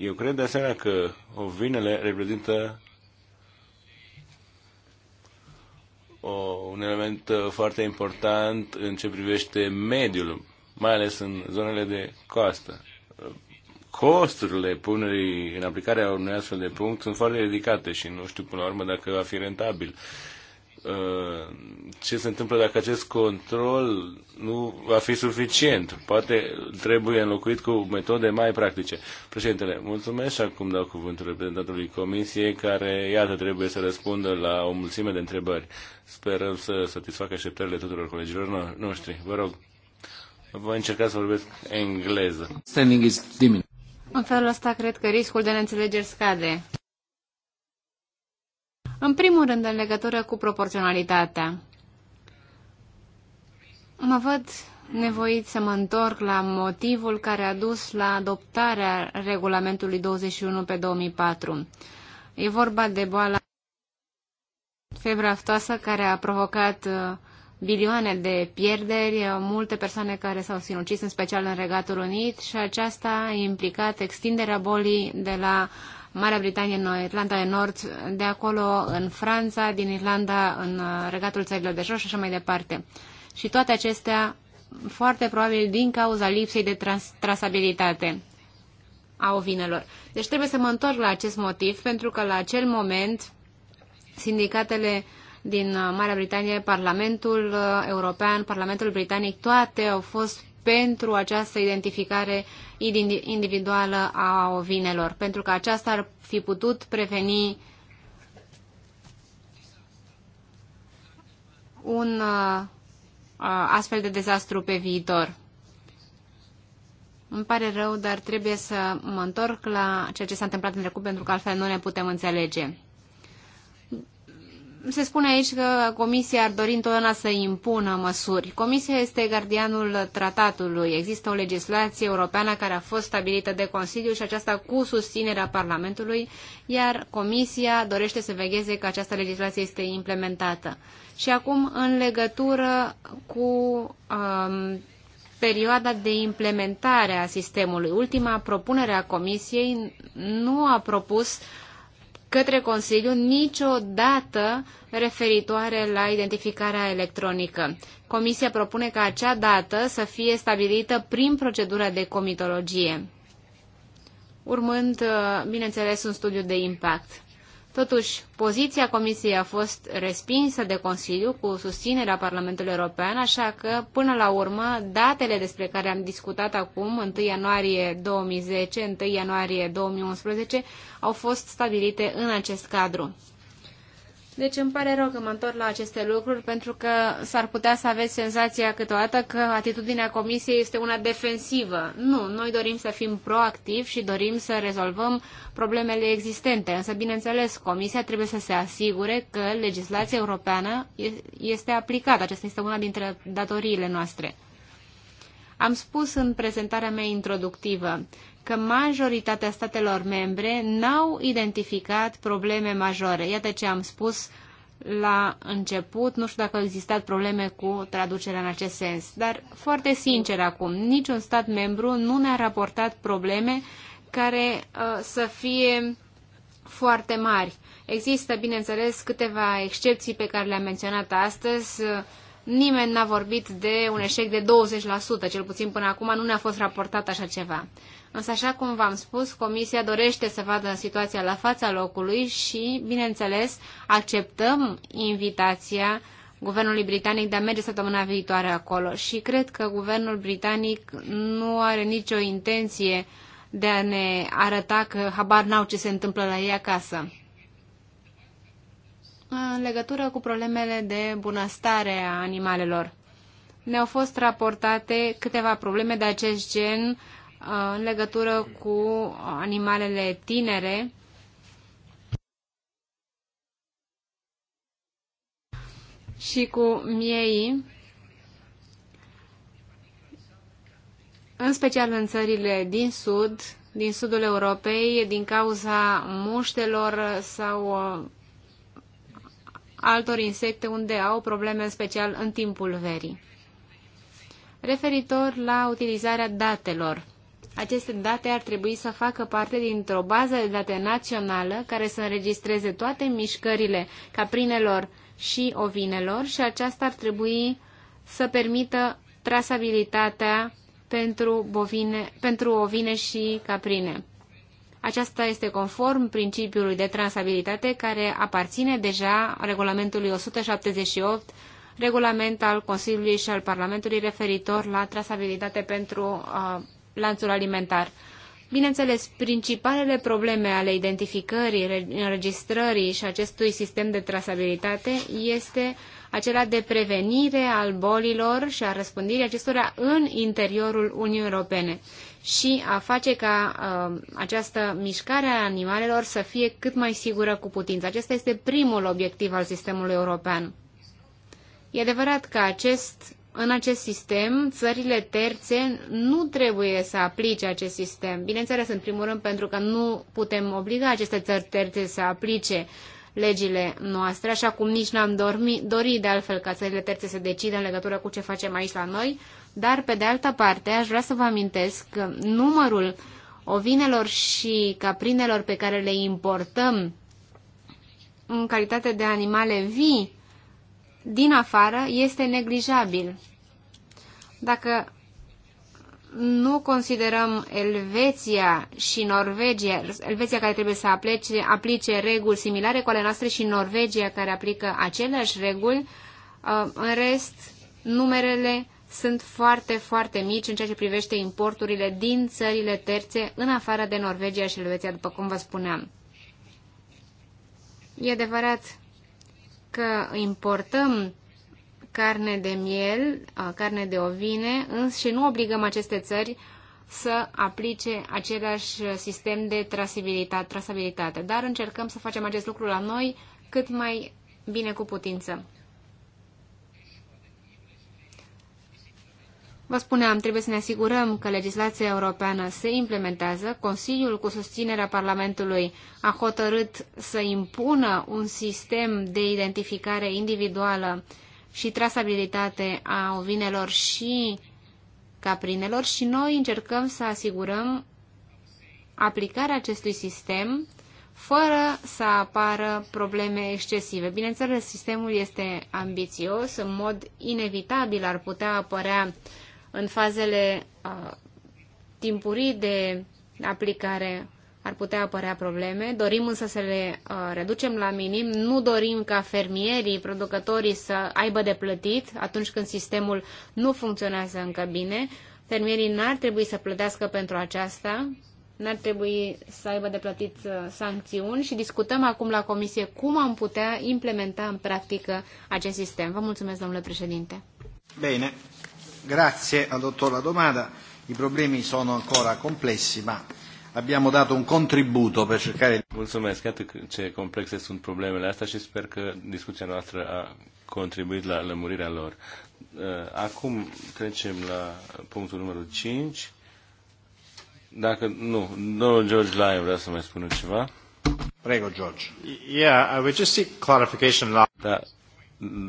A: Eu cred de asemenea că ovinele reprezintă o, un element foarte important în ce privește mediul, mai ales în zonele de coastă costurile punerii în aplicarea unui astfel de punct sunt foarte ridicate și nu știu până la urmă dacă va fi rentabil. Uh, ce se întâmplă dacă acest control nu va fi suficient? Poate trebuie înlocuit cu metode mai practice. Președintele, mulțumesc și acum dau cuvântul reprezentantului Comisiei care, iată, trebuie să răspundă la o mulțime de întrebări. Sperăm să satisfacă așteptările tuturor colegilor noștri. Vă rog. Voi încerca să vorbesc engleză. Standing is
D: în felul ăsta cred că riscul de neînțelegeri scade. În primul rând, în legătură cu proporționalitatea. Mă văd nevoit să mă întorc la motivul care a dus la adoptarea regulamentului 21 pe 2004. E vorba de boala febra aftoasă care a provocat uh, bilioane de pierderi, eh, multe persoane care s-au sinucis, în special în Regatul Unit, și aceasta a implicat extinderea bolii de la Marea Britanie în Irlanda de Nord, de acolo în Franța, din Irlanda în eh, Regatul Țărilor de Jos și așa mai departe. Și toate acestea foarte probabil din cauza lipsei de trans- trasabilitate a ovinelor. Deci trebuie să mă întorc la acest motiv, pentru că la acel moment sindicatele uh, din uh, Marea Britanie, Parlamentul uh, European, Parlamentul Britanic, toate au fost pentru această identificare individuală a ovinelor, pentru că aceasta ar fi putut preveni un uh, uh, astfel de dezastru pe viitor. Îmi pare rău, dar trebuie să mă întorc la ceea ce s-a întâmplat în trecut, pentru că altfel nu ne putem înțelege se spune aici că Comisia ar dori întotdeauna să impună măsuri. Comisia este gardianul tratatului. Există o legislație europeană care a fost stabilită de Consiliu și aceasta cu susținerea Parlamentului, iar Comisia dorește să vegheze că această legislație este implementată. Și acum, în legătură cu um, perioada de implementare a sistemului, ultima propunere a Comisiei nu a propus uh, către Consiliu niciodată referitoare la identificarea electronică. Comisia propune ca acea dată să fie stabilită prin procedura de comitologie, urmând, bineînțeles, un studiu de impact. Totuși, poziția Comisiei a fost respinsă de Consiliu cu susținerea Parlamentului European, așa că, până la urmă, datele despre care am discutat acum, 1 ianuarie 2010, 1 ianuarie 2011, au fost stabilite în acest cadru. Deci îmi pare rău că mă întorc la aceste lucruri, pentru că s-ar putea să aveți senzația câteodată că atitudinea Comisiei este una defensivă. Nu, noi dorim să fim proactivi și dorim să rezolvăm problemele existente. Însă, bineînțeles, Comisia trebuie să se asigure că legislația europeană este aplicată. Aceasta este una dintre datoriile noastre. Am spus în prezentarea mea introductivă că majoritatea statelor membre n-au identificat probleme majore. Iată ce am spus la început, nu știu dacă au existat probleme cu traducerea în acest sens, dar foarte sincer acum, niciun stat membru nu ne-a raportat probleme care uh, să fie foarte mari. Există, bineînțeles, câteva excepții pe care le-am menționat astăzi. Nimeni n-a vorbit de un eșec de 20%, cel puțin până acum nu ne-a fost raportat așa ceva. Însă, așa cum v-am spus, Comisia dorește să vadă situația la fața locului și, bineînțeles, acceptăm invitația guvernului britanic de a merge săptămâna viitoare acolo. Și cred că guvernul britanic nu are nicio intenție de a ne arăta că habar n-au ce se întâmplă la ei acasă. În legătură cu problemele de bunăstare a animalelor, ne-au fost raportate câteva probleme de acest gen în legătură cu animalele tinere. și cu miei, în special în țările din sud, din sudul Europei, din cauza muștelor sau altor insecte unde au probleme în special în timpul verii. Referitor la utilizarea datelor aceste date ar trebui să facă parte dintr-o bază de date națională care să înregistreze toate mișcările caprinelor și ovinelor și aceasta ar trebui să permită trasabilitatea pentru, bovine, pentru ovine și caprine. Aceasta este conform principiului de transabilitate care aparține deja regulamentului 178, regulament al Consiliului și al Parlamentului referitor la trasabilitate pentru uh, lanțul alimentar. Bineînțeles, principalele probleme ale identificării, înregistrării și acestui sistem de trasabilitate este acela de prevenire al bolilor și a răspândirii acestora în interiorul Uniunii Europene și a face ca uh, această mișcare a animalelor să fie cât mai sigură cu putință. Acesta este primul obiectiv al sistemului european. E adevărat că acest în acest sistem, țările terțe nu trebuie să aplice acest sistem. Bineînțeles, în primul rând, pentru că nu putem obliga aceste țări terțe să aplice legile noastre, așa cum nici n-am dorit de altfel ca țările terțe să decidă în legătură cu ce facem aici la noi, dar pe de altă parte aș vrea să vă amintesc că numărul ovinelor și caprinelor pe care le importăm în calitate de animale vii din afară este neglijabil. Dacă nu considerăm Elveția și Norvegia, Elveția care trebuie să aplice, aplice reguli similare cu ale noastre și Norvegia care aplică aceleași reguli, uh, în rest, numerele sunt foarte, foarte mici în ceea ce privește importurile din țările terțe, în afară de Norvegia și Elveția, după cum vă spuneam. E adevărat că importăm carne de miel, carne de ovine, însă și nu obligăm aceste țări să aplice același sistem de trasabilitate, dar încercăm să facem acest lucru la noi cât mai bine cu putință. Vă spuneam, trebuie să ne asigurăm că legislația europeană se implementează. Consiliul, cu susținerea Parlamentului, a hotărât să impună un sistem de identificare individuală și trasabilitate a ovinelor și caprinelor și noi încercăm să asigurăm aplicarea acestui sistem fără să apară probleme excesive. Bineînțeles, sistemul este ambițios, în mod inevitabil ar putea apărea uh, în fazele uh, timpurii de aplicare ar putea apărea probleme, dorim însă să le uh, reducem la minim, nu dorim ca fermierii, producătorii să aibă de plătit atunci când sistemul nu funcționează încă bine. Fermierii n-ar trebui să plătească pentru aceasta, n-ar trebui să aibă de plătit uh, sancțiuni și discutăm acum la comisie cum am putea implementa în practică acest sistem. Vă mulțumesc, domnule președinte.
B: Bine, Grazie al dottor Ladomada. I problemi
A: sono ancora complessi, ma abbiamo dato un contributo per cercare di... Mulțumesc, atât ce complexe sunt problemele astea și sper că discuția noastră a contribuit la lămurirea lor. Uh, acum trecem la punctul numărul 5. Dacă nu, domnul George Lai vrea să mai spună ceva.
B: Prego, George.
A: Yeah, I would just seek clarification. Da,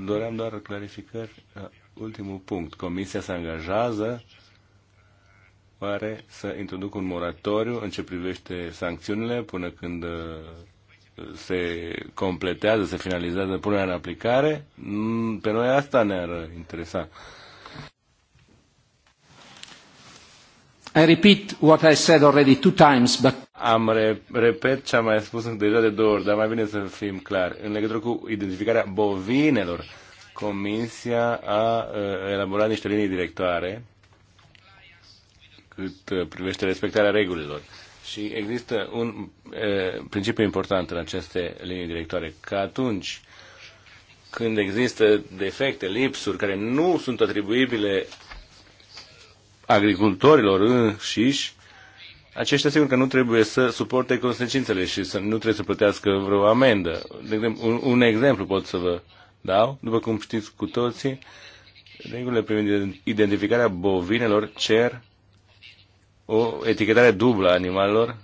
A: doream doar clarificări uh, ultimul punct. Comisia se angajează oare să introducă un moratoriu în ce privește sancțiunile până când uh, se completează, se finalizează punerea în aplicare. Mm, pe noi asta ne-ar interesa. I repeat what I said already two times, but... Am re- repet ce am mai spus deja de două ori, dar mai bine să fim clari. În legătură cu identificarea bovinelor, Comisia a uh, elaborat niște linii directoare cât uh, privește respectarea regulilor. Și există un e, uh, principiu important în aceste linii directoare, că atunci când există defecte, lipsuri care nu sunt atribuibile agricultorilor înșiși, aceștia sigur că nu trebuie să suporte consecințele și să nu trebuie să plătească vreo amendă. De exemplu, un, un exemplu pot să vă dau, după cum știți cu toții, regulile privind identificarea bovinelor cer o etichetare dublă a animalelor,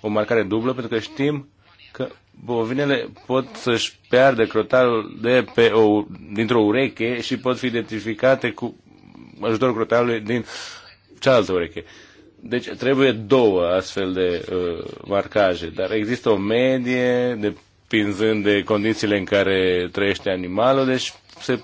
A: o marcare dublă, pentru că știm că bovinele pot să-și piardă crotalul de pe o, dintr-o ureche și pot fi identificate cu ajutorul crotalului din cealaltă ureche. deci trebuie două astfel de uh, marcaje, dar există o medie de depinzând de condițiile în care trăiește animalul, deci se,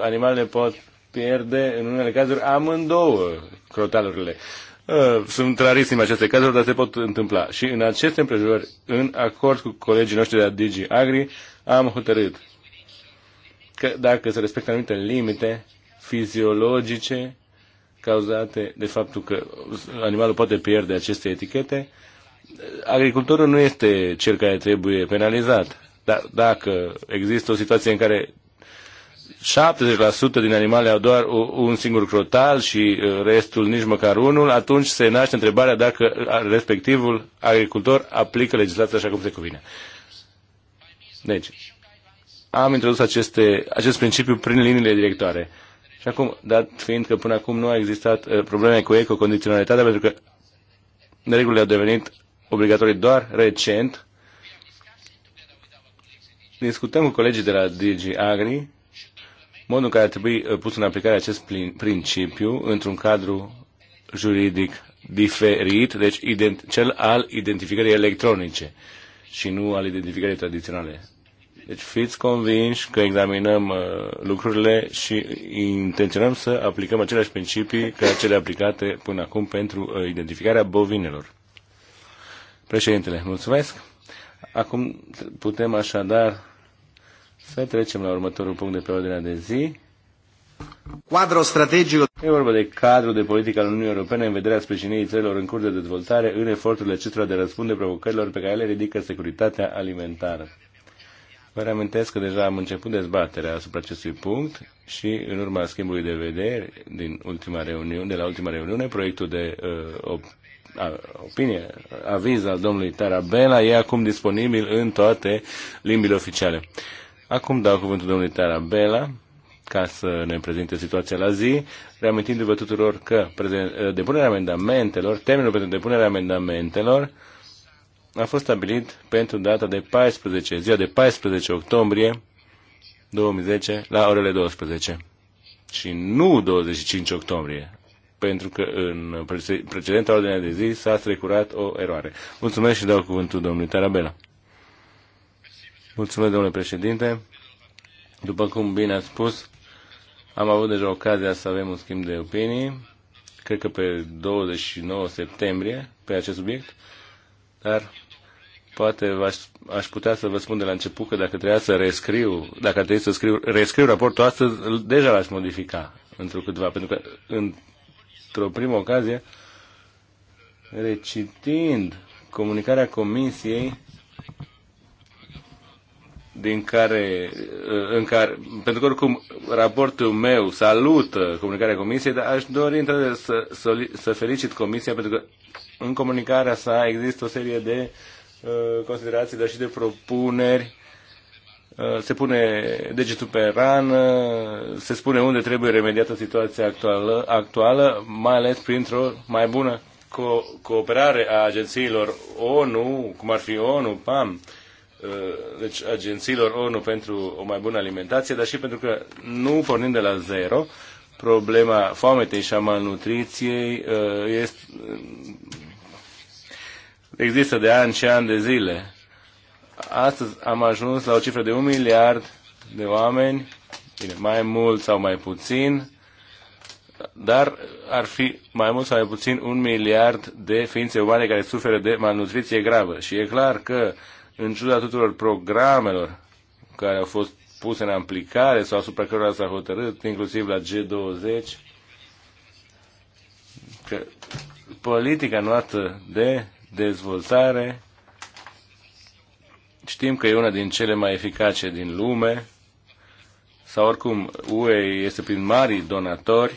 A: animalele pot pierde, în unele cazuri, amândouă crotalurile. Uh, sunt rarisime aceste cazuri, dar se pot întâmpla. Și în aceste împrejurări, în acord cu colegii noștri de la Digi Agri, am hotărât că dacă se respectă anumite limite fiziologice cauzate de faptul că animalul poate pierde aceste etichete, agricultorul nu este cel care trebuie penalizat. Dar dacă există o situație în care 70% din animale au doar un singur crotal și uh, restul nici măcar unul, atunci se naște întrebarea dacă respectivul agricultor aplică legislația așa cum se cuvine. Deci, am introdus aceste, acest principiu prin liniile directoare. Și acum, dat fiind că până acum nu a existat uh, probleme cu ecocondiționalitatea, pentru că regulile au devenit obligatorii doar recent. Discutăm cu colegii de la DG Agri modul în care ar trebui uh, pus în aplicare acest principiu într-un cadru juridic diferit, deci ident, cel al identificării electronice și nu al identificării tradiționale. Deci fiți convinși că examinăm uh, lucrurile și intenționăm să aplicăm aceleași principii ca cele aplicate până acum pentru uh, identificarea bovinelor. Președintele, mulțumesc. Acum putem așadar să trecem la următorul punct de pe ordinea de zi. Quadro strategic. E vorba de cadrul de politică al Uniunii Europene în vederea sprijinirii țărilor în curs de dezvoltare în eforturile acestora de răspunde provocărilor pe care le ridică securitatea alimentară. Vă reamintesc că deja am început dezbaterea asupra acestui punct și în urma schimbului de vedere din ultima reuniune, de la ultima reuniune, proiectul de uh, opinie, aviz al domnului Tarabella e acum disponibil în toate limbile oficiale. Acum dau cuvântul domnului Tarabella ca să ne prezinte situația la zi, reamintindu-vă tuturor că depunerea amendamentelor, termenul pentru depunerea amendamentelor a fost stabilit pentru data de 14, ziua de 14 octombrie 2010 la orele 12 și nu 25 octombrie, pentru că în precedenta ordine de zi s-a strecurat o eroare. Mulțumesc și dau cuvântul domnului Tarabela. Mulțumesc, domnule președinte. După cum bine a spus, am avut deja ocazia să avem un schimb de opinii, cred că pe 29 septembrie, pe acest subiect, dar poate aș, aș putea să vă spun de la început că dacă trebuia să rescriu, dacă trebuie să scriu, rescriu raportul astăzi, deja l-aș modifica într pentru că în într-o primă ocazie, recitind comunicarea Comisiei din care, în care, pentru că oricum raportul meu salută comunicarea Comisiei, dar aș dori să, să, să felicit Comisia pentru că în comunicarea sa există o serie de uh, considerații, dar și de propuneri Uh, se pune degetul pe rană, se spune unde trebuie remediată situația actuală, actuală mai ales printr-o mai bună co- cooperare a agențiilor ONU, cum ar fi ONU, PAM, uh, deci agențiilor ONU pentru o mai bună alimentație, dar și pentru că nu pornim de la zero, problema foametei și a malnutriției uh, este, există de ani și ani de zile. Astăzi am ajuns la o cifră de un miliard de oameni, bine, mai mult sau mai puțin, dar ar fi mai mult sau mai puțin un miliard de ființe umane care suferă de malnutriție gravă. Și e clar că, în ciuda tuturor programelor care au fost puse în aplicare sau asupra cărora s-a hotărât, inclusiv la G20, că politica noastră de dezvoltare Știm că e una din cele mai eficace din lume, sau oricum UE este prin mari donatori,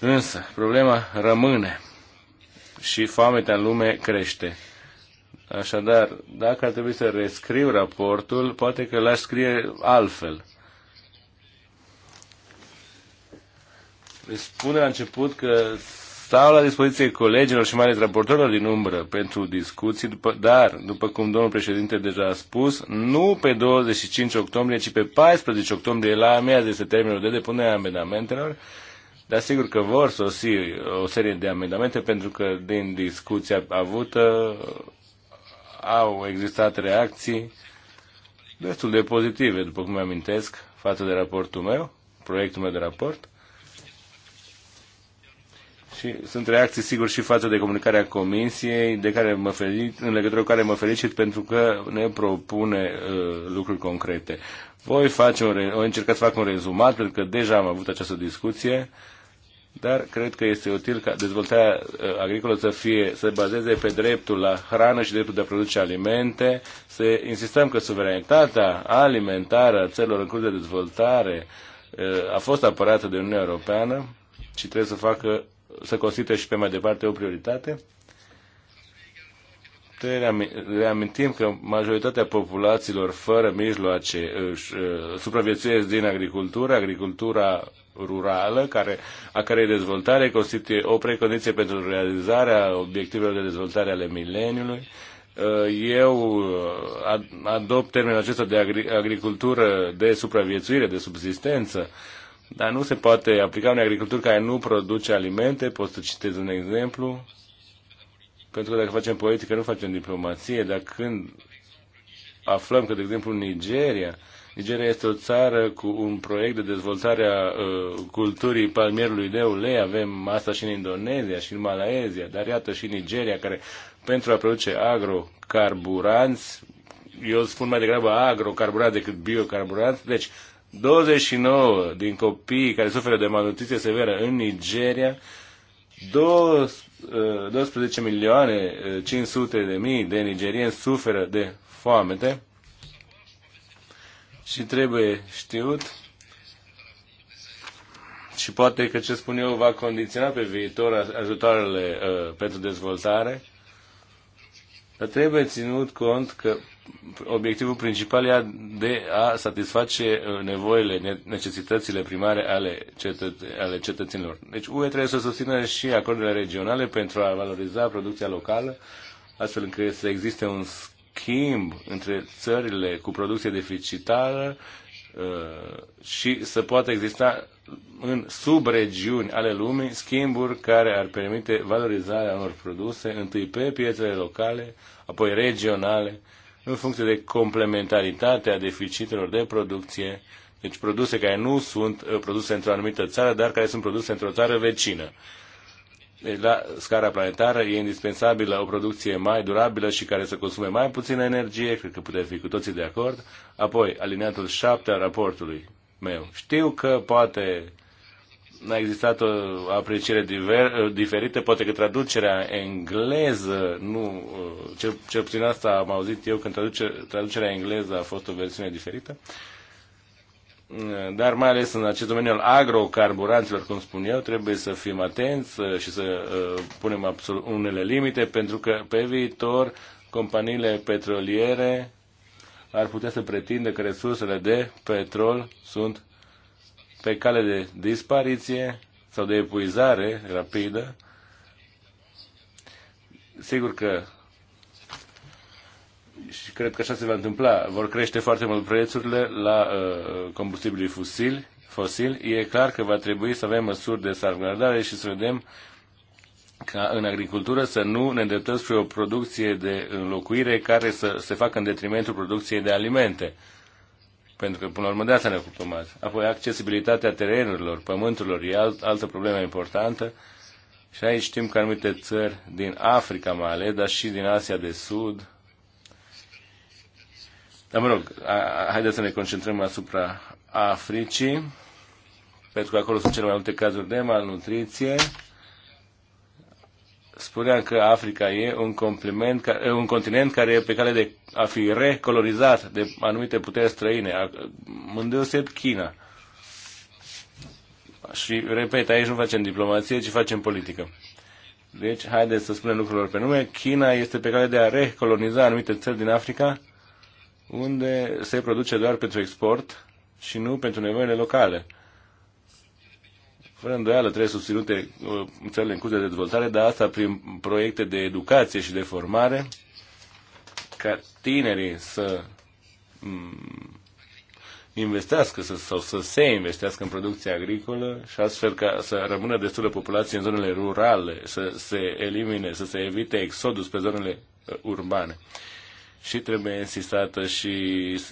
A: însă problema rămâne și foamea în lume crește. Așadar, dacă ar trebui să rescriu raportul, poate că l-aș scrie altfel. Le spune la început că Stau la dispoziție colegilor și mai ales raportorilor din umbră pentru discuții, după, dar, după cum domnul președinte deja a spus, nu pe 25 octombrie, ci pe 14 octombrie la amiază este termenul de depunere a amendamentelor. Dar sigur că vor sosi o serie de amendamente pentru că din discuția avută au existat reacții destul de pozitive, după cum mi amintesc, față de raportul meu, proiectul meu de raport. Și sunt reacții, sigur, și față de comunicarea Comisiei, de care mă felicit, în legătură cu care mă felicit pentru că ne propune uh, lucruri concrete. Voi face un, o încerca să fac un rezumat, pentru că deja am avut această discuție, dar cred că este util ca dezvoltarea uh, agricolă să fie, să bazeze pe dreptul la hrană și dreptul de a produce alimente, să insistăm că suveranitatea alimentară a țărilor în curs de dezvoltare uh, a fost apărată de Uniunea Europeană, și trebuie să facă să constituie și pe mai departe o prioritate. Te reamintim că majoritatea populațiilor fără mijloace își uh, supraviețuiesc din agricultură, agricultura rurală, care, a cărei dezvoltare constituie o precondiție pentru realizarea obiectivelor de dezvoltare ale mileniului. Uh, eu uh, adopt termenul acesta de agricultură de supraviețuire, de subsistență, dar nu se poate aplica unei agriculturi care nu produce alimente, pot să citez un exemplu, pentru că dacă facem politică, nu facem diplomație, dar când aflăm că, de exemplu, Nigeria, Nigeria este o țară cu un proiect de dezvoltare a uh, culturii palmierului de ulei, avem asta și în Indonezia și în Malaezia, dar iată și Nigeria care pentru a produce agrocarburanți, eu spun mai degrabă agrocarburanți decât biocarburanți, deci 29 din copii care suferă de malnutriție severă în Nigeria, 12 uh, milioane 500 uh, de mii de nigerieni suferă de foamete și trebuie știut și poate că ce spun eu va condiționa pe viitor ajutoarele uh, pentru dezvoltare, dar trebuie ținut cont că obiectivul principal e de a satisface uh, nevoile, necesitățile primare ale, cetăt- ale cetățenilor. Deci UE trebuie să susțină și acordurile regionale pentru a valoriza producția locală, astfel încât să existe un schimb între țările cu producție deficitară uh, și să poată exista în subregiuni ale lumii schimburi care ar permite valorizarea unor produse, întâi pe piețele locale, apoi regionale în funcție de complementaritatea deficitelor de producție, deci produse care nu sunt uh, produse într-o anumită țară, dar care sunt produse într-o țară vecină. Deci, la scara planetară e indispensabilă o producție mai durabilă și care să consume mai puțină energie, cred că putem fi cu toții de acord. Apoi, alineatul 7 al raportului meu. Știu că poate a existat o apreciere diver, diferită, poate că traducerea engleză, nu, cel, cel puțin asta am auzit eu, când traduce, traducerea engleză a fost o versiune diferită, dar mai ales în acest domeniu al agrocarburanților, cum spun eu, trebuie să fim atenți uh, și să uh, punem absolut unele limite, pentru că pe viitor companiile petroliere ar putea să pretindă că resursele de petrol sunt pe cale de dispariție sau de epuizare rapidă. Sigur că și cred că așa se va întâmpla. Vor crește foarte mult prețurile la uh, combustibilii fosili, fosili. E clar că va trebui să avem măsuri de salvgardare și să vedem ca în agricultură să nu ne îndreptăm spre o producție de înlocuire care să se facă în detrimentul producției de alimente. Pentru că, până la urmă, de asta ne ocupăm azi. Apoi, accesibilitatea terenurilor, pământurilor, e alt, altă problemă importantă. Și aici știm că anumite țări din Africa mai ales, dar și din Asia de Sud. Dar mă rog, a, haideți să ne concentrăm asupra Africii, pentru că acolo sunt cele mai multe cazuri de malnutriție spuneam că Africa e un, compliment, un continent care e pe cale de a fi recolorizat de anumite puteri străine, îndeoseb China. Și, repet, aici nu facem diplomație, ci facem politică. Deci, haideți să spunem lucrurilor pe nume. China este pe cale de a recoloniza anumite țări din Africa, unde se produce doar pentru export și nu pentru nevoile locale fără îndoială trebuie susținute uh, țările în curs de dezvoltare, dar asta prin proiecte de educație și de formare, ca tinerii să mm, investească să, sau să se investească în producția agricolă și astfel ca să rămână destulă populație în zonele rurale, să se elimine, să se evite exodus pe zonele uh, urbane. Uh, și trebuie insistată și,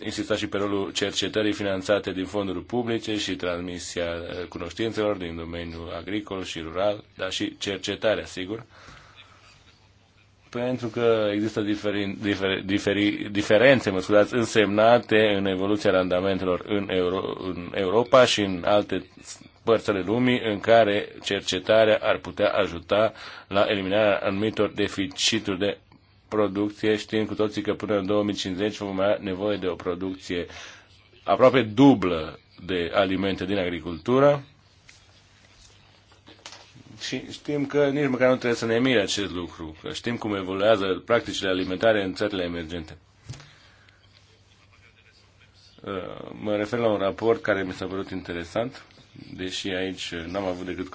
A: insistat și pe rolul cercetării finanțate din fonduri publice și transmisia uh, cunoștințelor din domeniul agricol și rural, dar și cercetarea, sigur, pentru că există diferi, difer, diferi, diferențe mă scuzați, însemnate în evoluția randamentelor în, Euro, în Europa și în alte părți ale lumii în care cercetarea ar putea ajuta la eliminarea anumitor deficituri de producție. Știm cu toții că până în 2050 vom avea nevoie de o producție aproape dublă de alimente din agricultură. Și știm că nici măcar nu trebuie să ne mire acest lucru, că știm cum evoluează practicile alimentare în țările emergente. Uh, mă refer la un raport care mi s-a părut interesant, deși aici n-am avut decât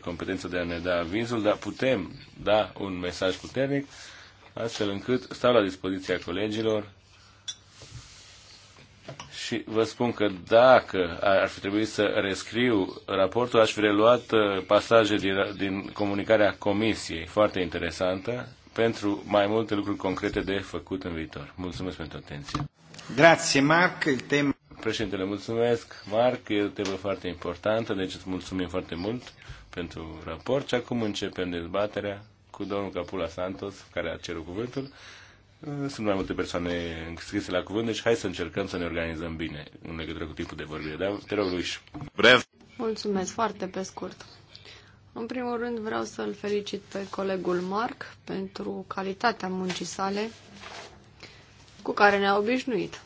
A: competența de a ne da avizul, dar putem da un mesaj puternic astfel încât stau la dispoziția colegilor și vă spun că dacă ar fi trebuit să rescriu raportul, aș fi reluat uh, pasaje din, din comunicarea comisiei, foarte interesantă, pentru mai multe lucruri concrete de făcut în viitor. Mulțumesc pentru atenție. Grazie, Marc. tema... Președintele, mulțumesc, Marc. E o temă foarte importantă, deci îți mulțumim foarte mult pentru raport și acum începem dezbaterea cu domnul Capula Santos, care a cerut cuvântul. Eh, sunt mai multe persoane înscrise la cuvânt, deci hai să încercăm să ne organizăm bine în legătură cu timpul de vorbire. Dar te rog, Luis. Brev.
C: Mulțumesc, foarte pe scurt. În primul rând vreau să-l felicit pe colegul Marc pentru calitatea muncii sale cu care ne-a obișnuit.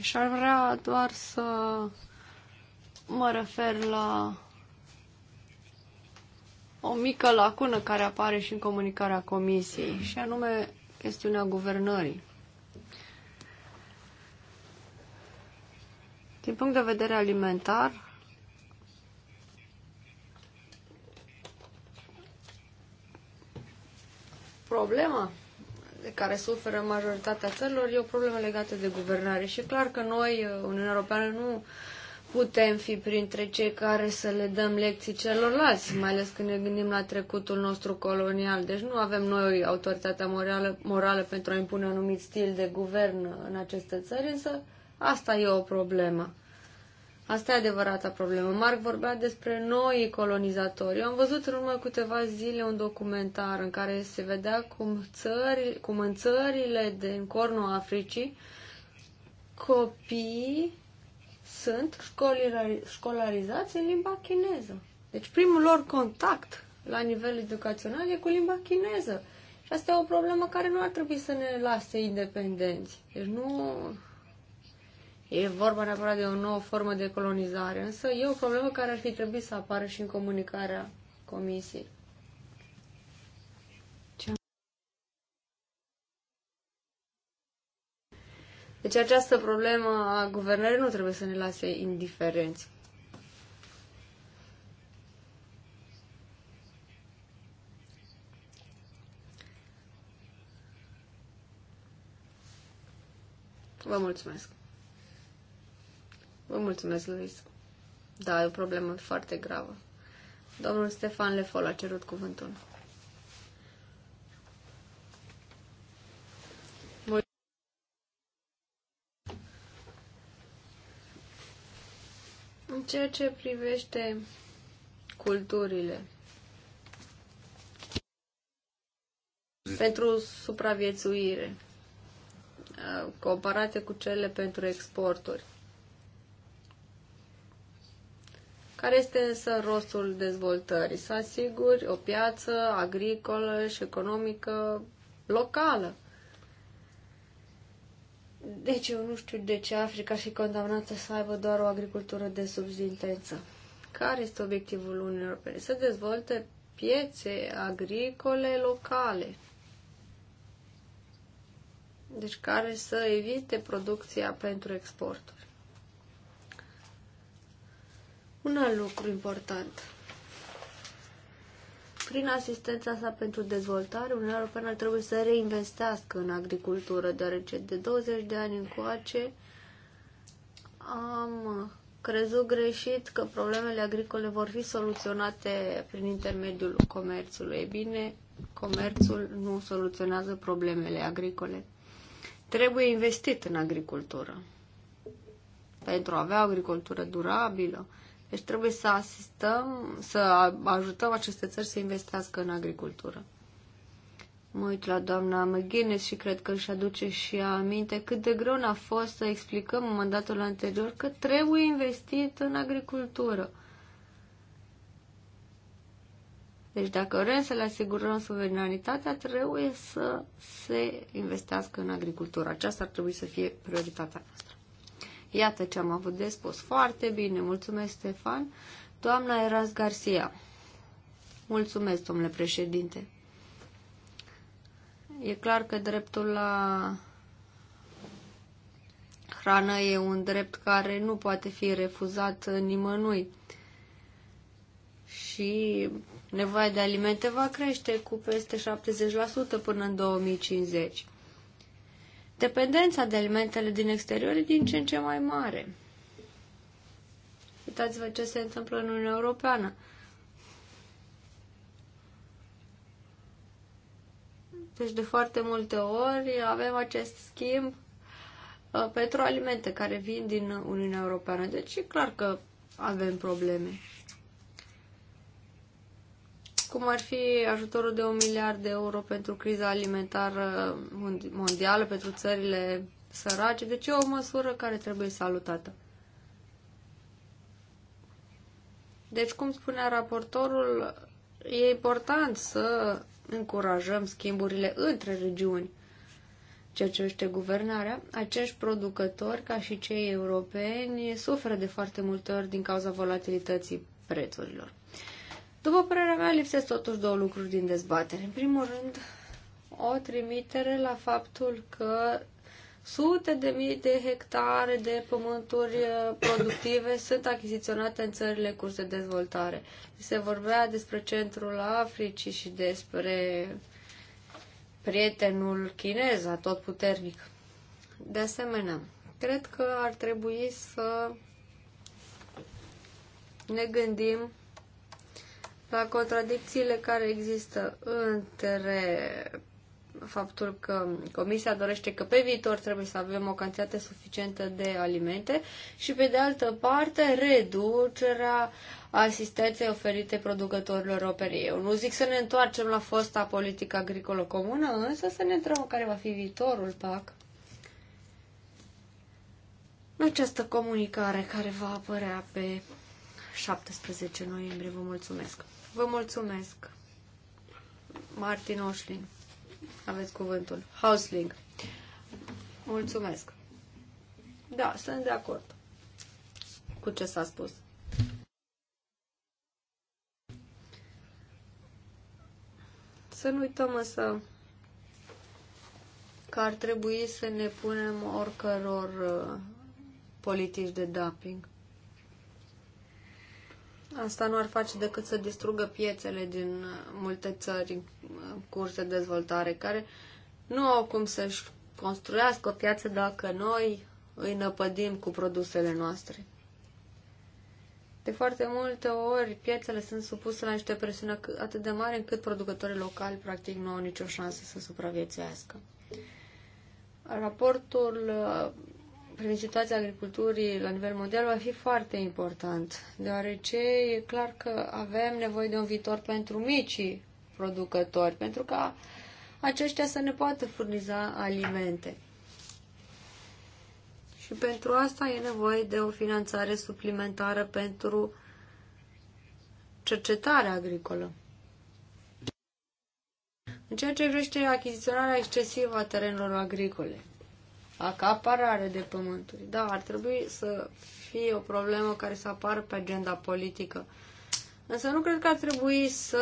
C: Și ar vrea doar să mă refer la o mică lacună care apare și în comunicarea Comisiei, și anume chestiunea guvernării. Din punct de vedere alimentar, problema de care suferă majoritatea țărilor e o problemă legată de guvernare și clar că noi, Uniunea Europeană, nu putem fi printre cei care să le dăm lecții celorlalți, mai ales când ne gândim la trecutul nostru colonial. Deci nu avem noi autoritatea morală, morală pentru a impune un anumit stil de guvern în aceste țări, însă asta e o problemă. Asta e adevărata problemă. Marc vorbea despre noi colonizatori. Eu am văzut în urmă câteva zile un documentar în care se vedea cum, țări, cum în țările din cornul Africii copiii sunt școlarizați în limba chineză. Deci primul lor contact la nivel educațional e cu limba chineză. Și asta e o problemă care nu ar trebui să ne lase independenți. Deci nu e vorba neapărat de o nouă formă de colonizare, însă e o problemă care ar fi trebuit să apară și în comunicarea comisiei. Deci această problemă a guvernării nu trebuie să ne lase indiferenți. Vă mulțumesc. Vă mulțumesc, Luis. Da, e o problemă foarte gravă. Domnul Stefan Lefol a cerut cuvântul. ceea ce privește culturile, pentru supraviețuire, uh, comparate cu cele pentru exporturi. Care este însă rostul dezvoltării? Să asiguri o piață agricolă și economică locală. Deci eu nu știu de ce Africa și condamnată să aibă doar o agricultură de subzintență. Care este obiectivul Uniunii Europene? Să dezvolte piețe agricole locale. Deci care să evite producția pentru exporturi. Un alt lucru important. Prin asistența sa pentru dezvoltare, Uniunea Europeană trebuie să reinvestească în agricultură, deoarece de 20 de ani încoace am crezut greșit că problemele agricole vor fi soluționate prin intermediul comerțului. E bine, comerțul nu soluționează problemele agricole. Trebuie investit în agricultură pentru a avea agricultură durabilă, deci trebuie să asistăm, să ajutăm aceste țări să investească în agricultură. Mă uit la doamna McGuinness și cred că își aduce și aminte cât de greu a fost să explicăm în mandatul anterior că trebuie investit în agricultură. Deci dacă vrem să le asigurăm suveranitatea, trebuie să se investească în agricultură. Aceasta ar trebui să fie prioritatea noastră. Iată ce am avut de spus. Foarte bine, mulțumesc, Stefan. Doamna Eras Garcia. Mulțumesc, domnule președinte. E clar că dreptul la hrană e un drept care nu poate fi refuzat nimănui. Și nevoia de alimente va crește cu peste 70% până în 2050 dependența de alimentele din exterior e din ce în ce mai mare. Uitați-vă ce se întâmplă în Uniunea Europeană. Deci de foarte multe ori avem acest schimb uh, pentru alimente care vin din Uniunea Europeană. Deci e clar că avem probleme cum ar fi ajutorul de un miliard de euro pentru criza alimentară mondială, pentru țările sărace. Deci e o măsură care trebuie salutată. Deci, cum spunea raportorul, e important să încurajăm schimburile între regiuni. Ceea ce este guvernarea, acești producători, ca și cei europeni, suferă de foarte multe ori din cauza volatilității prețurilor. După părerea mea, lipsesc totuși două lucruri din dezbatere. În primul rând, o trimitere la faptul că sute de mii de hectare de pământuri uh, productive sunt achiziționate în țările curs de dezvoltare. Se vorbea despre centrul Africii și despre prietenul chinez, tot puternic. De asemenea, cred că ar trebui să ne gândim la contradicțiile care există între faptul că Comisia dorește că pe viitor trebuie să avem o cantitate suficientă de alimente și, pe de altă parte, reducerea asistenței oferite producătorilor europeni. Eu nu zic să ne întoarcem la fosta politică agricolă comună, însă să ne întrebăm care va fi viitorul PAC. În această comunicare care va apărea pe 17 noiembrie, vă mulțumesc! Vă mulțumesc. Martin Oșlin. Aveți cuvântul. Hausling. Mulțumesc. Da, sunt de acord cu ce s-a spus. Să nu uităm însă că ar trebui să ne punem oricăror uh, politici de dumping. Asta nu ar face decât să distrugă piețele din uh, multe țări în uh, curs de dezvoltare, care nu au cum să-și construiască o piață dacă noi îi năpădim cu produsele noastre. De foarte multe ori, piețele sunt supuse la niște presiuni atât de mari încât producătorii locali practic nu au nicio șansă să supraviețuiască. Raportul uh, privind situația agriculturii la nivel mondial va fi foarte important, deoarece e clar că avem nevoie de un viitor pentru micii producători, pentru ca aceștia să ne poată furniza alimente. Și pentru asta e nevoie de o finanțare suplimentară pentru cercetarea agricolă. În ceea ce privește achiziționarea excesivă a terenurilor agricole, acaparare de pământuri. Da, ar trebui să fie o problemă care să apară pe agenda politică. Însă nu cred că ar trebui să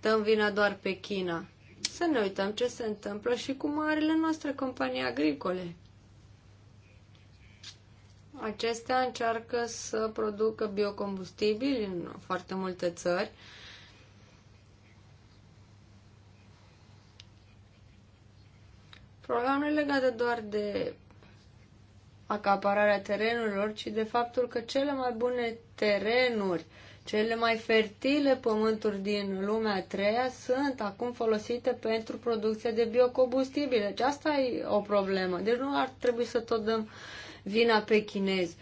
C: dăm vina doar pe China. Să ne uităm ce se întâmplă și cu marile noastre companii agricole. Acestea încearcă să producă biocombustibili în foarte multe țări Problema nu e legată doar de acapararea terenurilor, ci de faptul că cele mai bune terenuri, cele mai fertile pământuri din lumea a treia sunt acum folosite pentru producția de biocombustibile. Deci asta e o problemă. Deci nu ar trebui să tot dăm vina pe chinezi.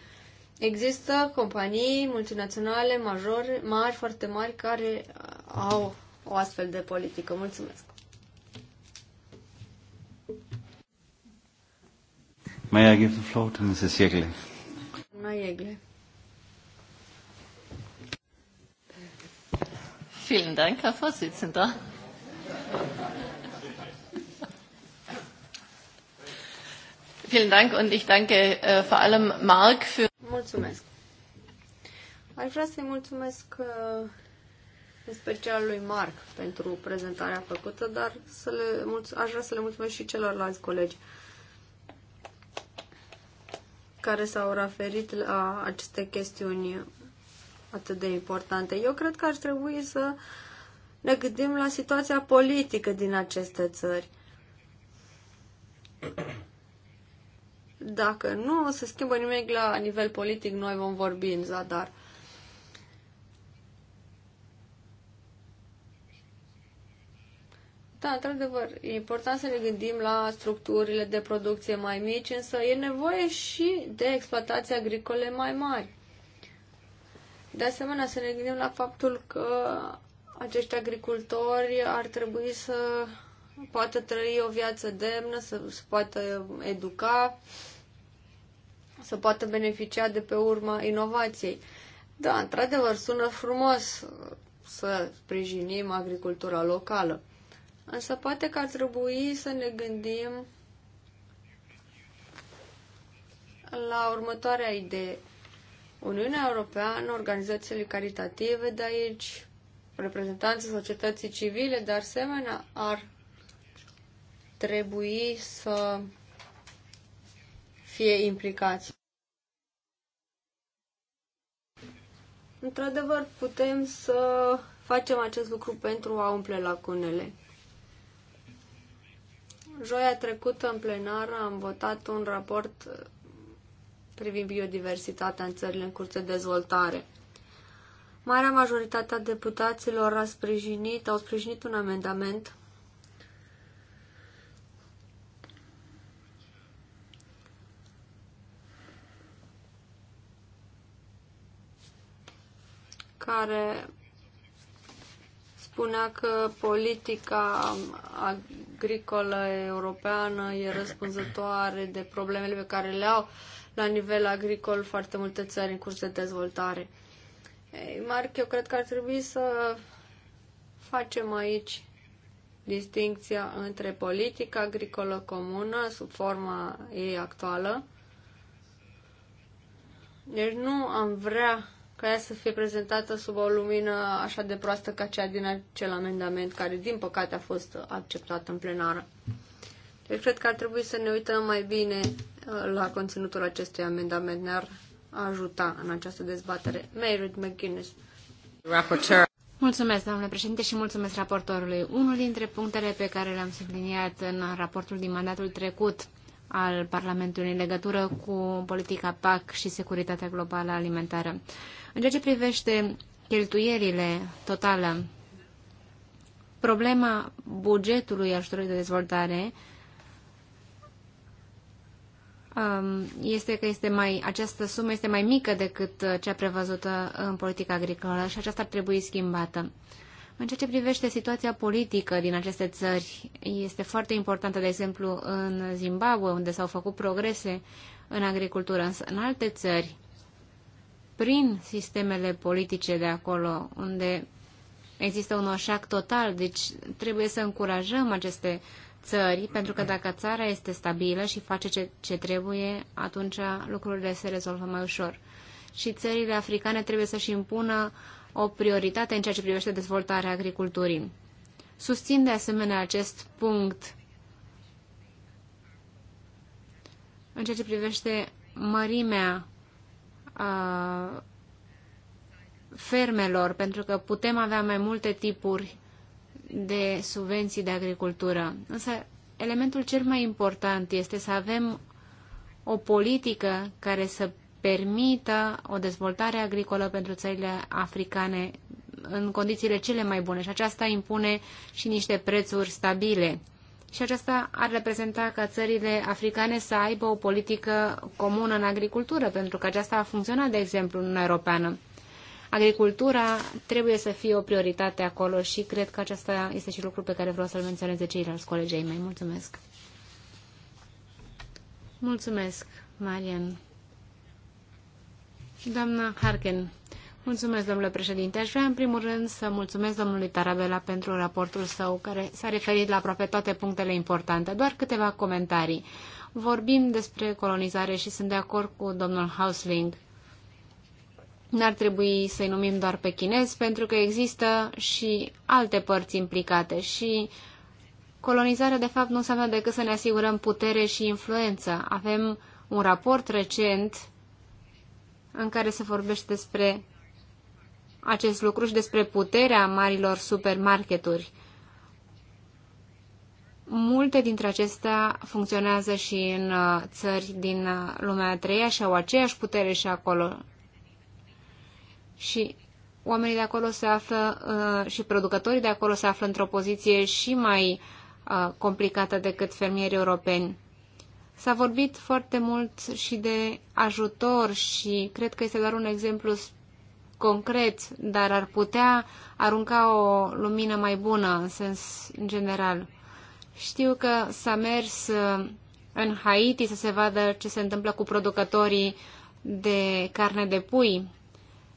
C: Există companii multinaționale majore, mari, foarte mari, care au o astfel de politică. Mulțumesc!
B: May I give the floor to Mrs. Yegle? Vielen Dank, Herr Vorsitzender. Vielen Dank und ich danke äh, vor allem Marc für.
C: Mulțumesc. Aș vrea să-i mulțumesc uh, în special lui Marc pentru prezentarea făcută, dar să le, aș vrea să le mulțumesc și celorlalți colegi. Uh, care s-au referit la aceste chestiuni atât de importante. Eu cred că ar trebui să ne gândim la situația politică din aceste țări. Dacă nu se schimbă nimic la nivel politic, noi vom vorbi în zadar. Da, într-adevăr, e important să ne gândim la structurile de producție mai mici, însă e nevoie și de exploatații agricole mai mari. De asemenea, să ne gândim la faptul că acești agricultori ar trebui să poată trăi o viață demnă, să se poată educa, să poată beneficia de pe urma inovației. Da, într-adevăr, sună frumos să sprijinim agricultura locală. Însă poate că ar trebui să ne gândim la următoarea idee. Uniunea Europeană, organizațiile caritative de aici, reprezentanții societății civile, dar asemenea, ar trebui să fie implicați. Într-adevăr, putem să facem acest lucru pentru a umple lacunele. Joia trecută în plenar am votat un raport uh, privind biodiversitatea în țările în curs de dezvoltare. Marea majoritate a deputaților a sprijinit, au sprijinit un amendament care spunea că politica agricolă europeană e răspunzătoare de problemele pe care le au la nivel agricol foarte multe țări în curs de dezvoltare. Ei, Marc, eu cred că ar trebui să facem aici distinția între politica agricolă comună sub forma ei actuală. Deci nu am vrea ca să fie prezentată sub o lumină așa de proastă ca cea din acel amendament, care din păcate a fost acceptat în plenară. Deci cred că ar trebui să ne uităm mai bine uh, la conținutul acestui amendament. Ne-ar ajuta în această dezbatere. Merit McGuinness. Rapporteur.
D: Mulțumesc, doamne președinte, și mulțumesc raportorului. Unul dintre punctele pe care le-am subliniat în raportul din mandatul trecut al Parlamentului în legătură cu politica PAC și securitatea globală alimentară. În ceea ce privește cheltuierile totală, problema bugetului ajutorului de dezvoltare um, este că este mai, această sumă este mai mică decât cea prevăzută în politica agricolă și aceasta ar trebui schimbată. În ceea ce privește situația politică din aceste țări, este foarte importantă, de exemplu, în Zimbabwe, unde s-au făcut progrese în agricultură, însă în alte țări, prin sistemele politice de acolo, unde există un oșac total, deci trebuie să încurajăm aceste țări, pentru că dacă țara este stabilă și face ce, ce trebuie, atunci lucrurile se rezolvă mai ușor. Și țările africane trebuie să-și impună uh, o prioritate în ceea ce privește dezvoltarea agriculturii. Susțin de asemenea acest punct în ceea ce privește mărimea a, fermelor, pentru că putem avea mai multe tipuri de subvenții de agricultură. Însă elementul cel mai important este să avem o politică care să permită o dezvoltare agricolă pentru țările africane în condițiile cele mai bune și aceasta impune și niște prețuri stabile. Și aceasta ar reprezenta ca țările africane să aibă o politică comună în agricultură, pentru că aceasta a funcționat, de exemplu, în Europeană. Agricultura trebuie să fie o prioritate acolo și cred că acesta este și lucru pe care vreau să-l menționez de ceilalți colegei mei. Mulțumesc! Mulțumesc, Marian! Doamna Harken, mulțumesc, domnule președinte. Aș vrea, în primul rând, să mulțumesc domnului Tarabela pentru raportul său, care s-a referit la aproape toate punctele importante. Doar câteva comentarii. Vorbim despre colonizare și sunt de acord cu domnul Hausling n-ar trebui să-i numim doar pe chinezi, pentru că există și alte părți implicate și colonizarea, de fapt, nu înseamnă decât să ne asigurăm putere și influență. Avem un raport recent în care se vorbește despre acest lucru și despre puterea marilor supermarketuri. Multe dintre acestea funcționează și în uh, țări din uh, lumea a treia și au aceeași putere și acolo. Și oamenii de acolo se află uh, și producătorii de acolo se află într-o poziție și mai complicată decât fermierii europeni. S-a vorbit foarte mult și de ajutor și cred că este doar un exemplu concret, dar ar putea arunca o lumină mai bună în sens general. Știu că s-a mers uh, în Haiti să se vadă ce se întâmplă cu producătorii de carne de pui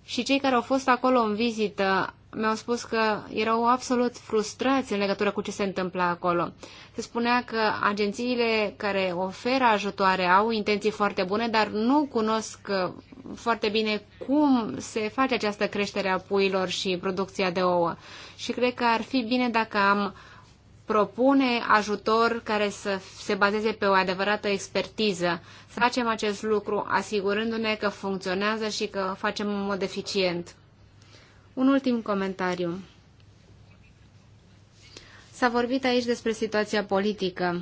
D: și cei care au fost acolo în vizită mi-au spus că erau absolut frustrați în legătură cu ce se întâmpla acolo. Se spunea că agențiile care oferă ajutoare au intenții foarte bune, dar nu cunosc uh, foarte bine cum se face această creștere a puilor și producția de ouă. Și cred că ar fi bine dacă am propune ajutor care să se bazeze pe o adevărată expertiză. Să facem acest lucru asigurându-ne că funcționează și că facem în mod eficient. Un ultim comentariu. S-a vorbit aici despre situația politică.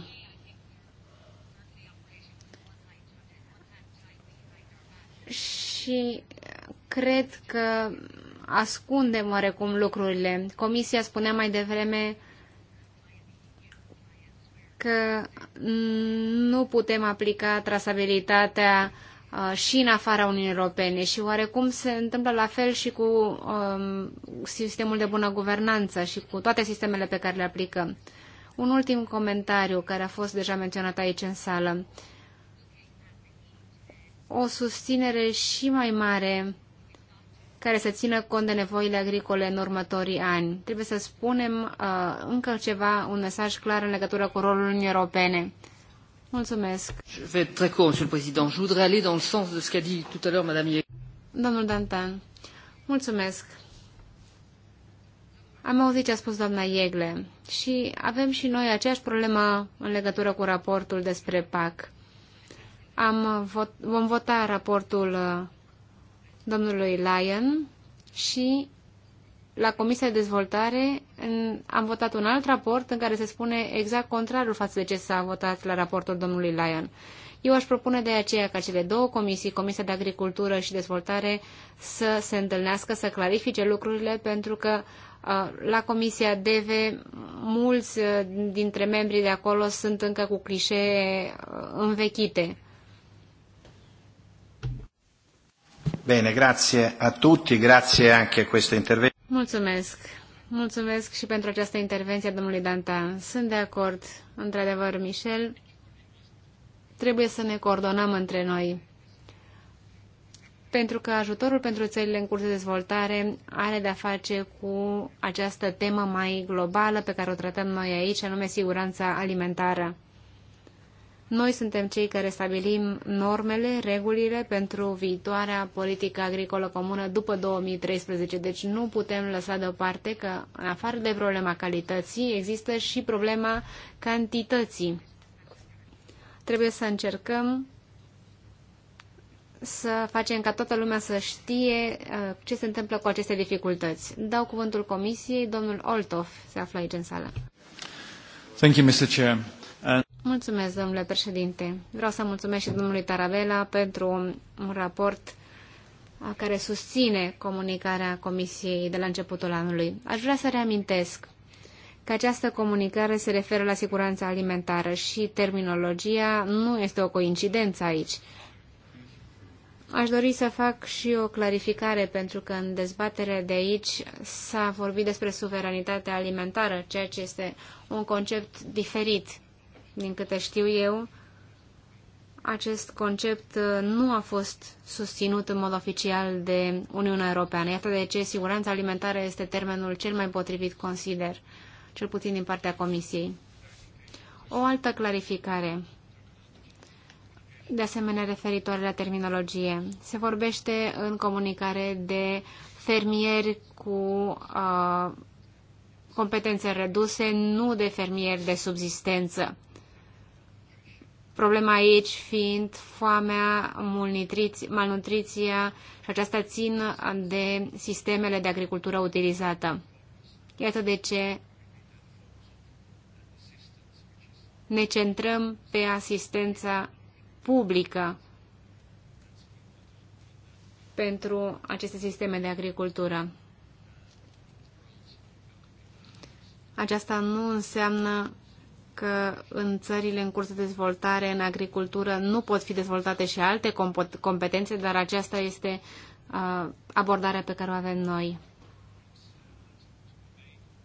D: Și cred că ascundem oarecum lucrurile. Comisia spunea mai devreme că nu putem aplica trasabilitatea Uh, și în afara Uniunii Europene și oarecum se întâmplă la fel și cu um, sistemul de bună guvernanță și cu toate sistemele pe care le aplicăm. Un ultim comentariu care a fost deja menționat aici în sală. O susținere și mai mare care să țină cont de nevoile agricole în următorii ani. Trebuie să spunem uh, încă ceva, un mesaj clar în legătură cu rolul Uniunii Europene. Mulțumesc.
B: Je vais être très court, monsieur le président. Je voudrais aller dans le sens de ce qu'a dit tout à l'heure madame
D: Domnul Dantan. Mulțumesc. Am auzit ce a spus doamna Iegle și avem și noi aceeași problemă în legătură cu raportul despre PAC. Am vot, vom vota raportul uh, domnului Lyon și la Comisia de Dezvoltare în, am votat un alt raport în care se spune exact contrarul față de ce s-a votat la raportul domnului Lyon. Eu aș propune de aceea ca cele două comisii, Comisia de Agricultură și Dezvoltare, să se întâlnească, să clarifice lucrurile, pentru că uh, la Comisia DEVE mulți uh, dintre membrii de acolo sunt încă cu clișee uh, învechite.
B: Bine, grazie a tutti, grazie anche a questo intervento.
D: Mulțumesc. Mulțumesc și pentru această intervenție domnului Danta. Sunt de acord, într-adevăr, Michel. Trebuie să ne coordonăm între noi. Pentru că ajutorul pentru țările în curs de dezvoltare are de-a face cu această temă mai globală pe care o tratăm noi aici, anume siguranța alimentară. Noi suntem cei care stabilim normele, regulile pentru viitoarea politică agricolă comună după 2013, deci nu putem lăsa deoparte că, în afară de problema calității, există și problema cantității. Trebuie să încercăm să facem ca toată lumea să știe uh, ce se întâmplă cu aceste dificultăți. Dau cuvântul Comisiei, domnul Oltov se află aici în sală.
B: Thank you, Mr. Chair.
D: Mulțumesc, domnule președinte. Vreau să mulțumesc și domnului Tarabela pentru un, un raport care susține comunicarea Comisiei de la începutul anului. Aș vrea să reamintesc că această comunicare se referă la siguranța alimentară și terminologia nu este o coincidență aici. Aș dori să fac și o clarificare, pentru că în dezbaterea de aici s-a vorbit despre suveranitatea alimentară, ceea ce este un concept diferit din câte știu eu, acest concept uh, nu a fost susținut în mod oficial de Uniunea Europeană. Iată de ce siguranța alimentară este termenul cel mai potrivit, consider, cel puțin din partea Comisiei. O altă clarificare, de asemenea referitoare la terminologie. Se vorbește în comunicare de fermieri cu uh, competențe reduse, nu de fermieri de subsistență. Problema aici fiind foamea, malnutriția și aceasta țin de sistemele de agricultură utilizată. Iată de ce ne centrăm pe asistența publică pentru aceste sisteme de agricultură. Aceasta nu înseamnă că în țările în curs de dezvoltare, în agricultură, nu pot fi dezvoltate și alte competențe, dar aceasta este abordarea pe care o avem noi.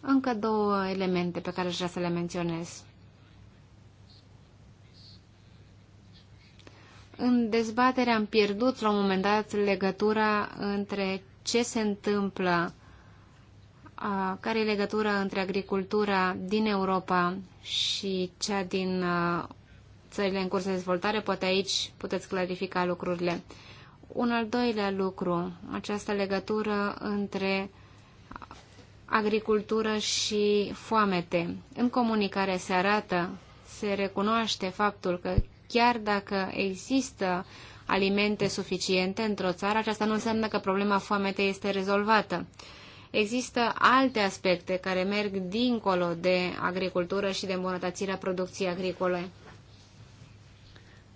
D: Încă două elemente pe care aș vrea să le menționez. În dezbatere am pierdut la un moment dat legătura între ce se întâmplă care e legătura între agricultura din Europa și cea din țările în curs de dezvoltare. Poate aici puteți clarifica lucrurile. Un al doilea lucru, această legătură între agricultură și foamete. În comunicare se arată, se recunoaște faptul că chiar dacă există alimente suficiente într-o țară, aceasta nu înseamnă că problema foametei este rezolvată există alte aspecte care merg dincolo de agricultură și de îmbunătățirea producției agricole.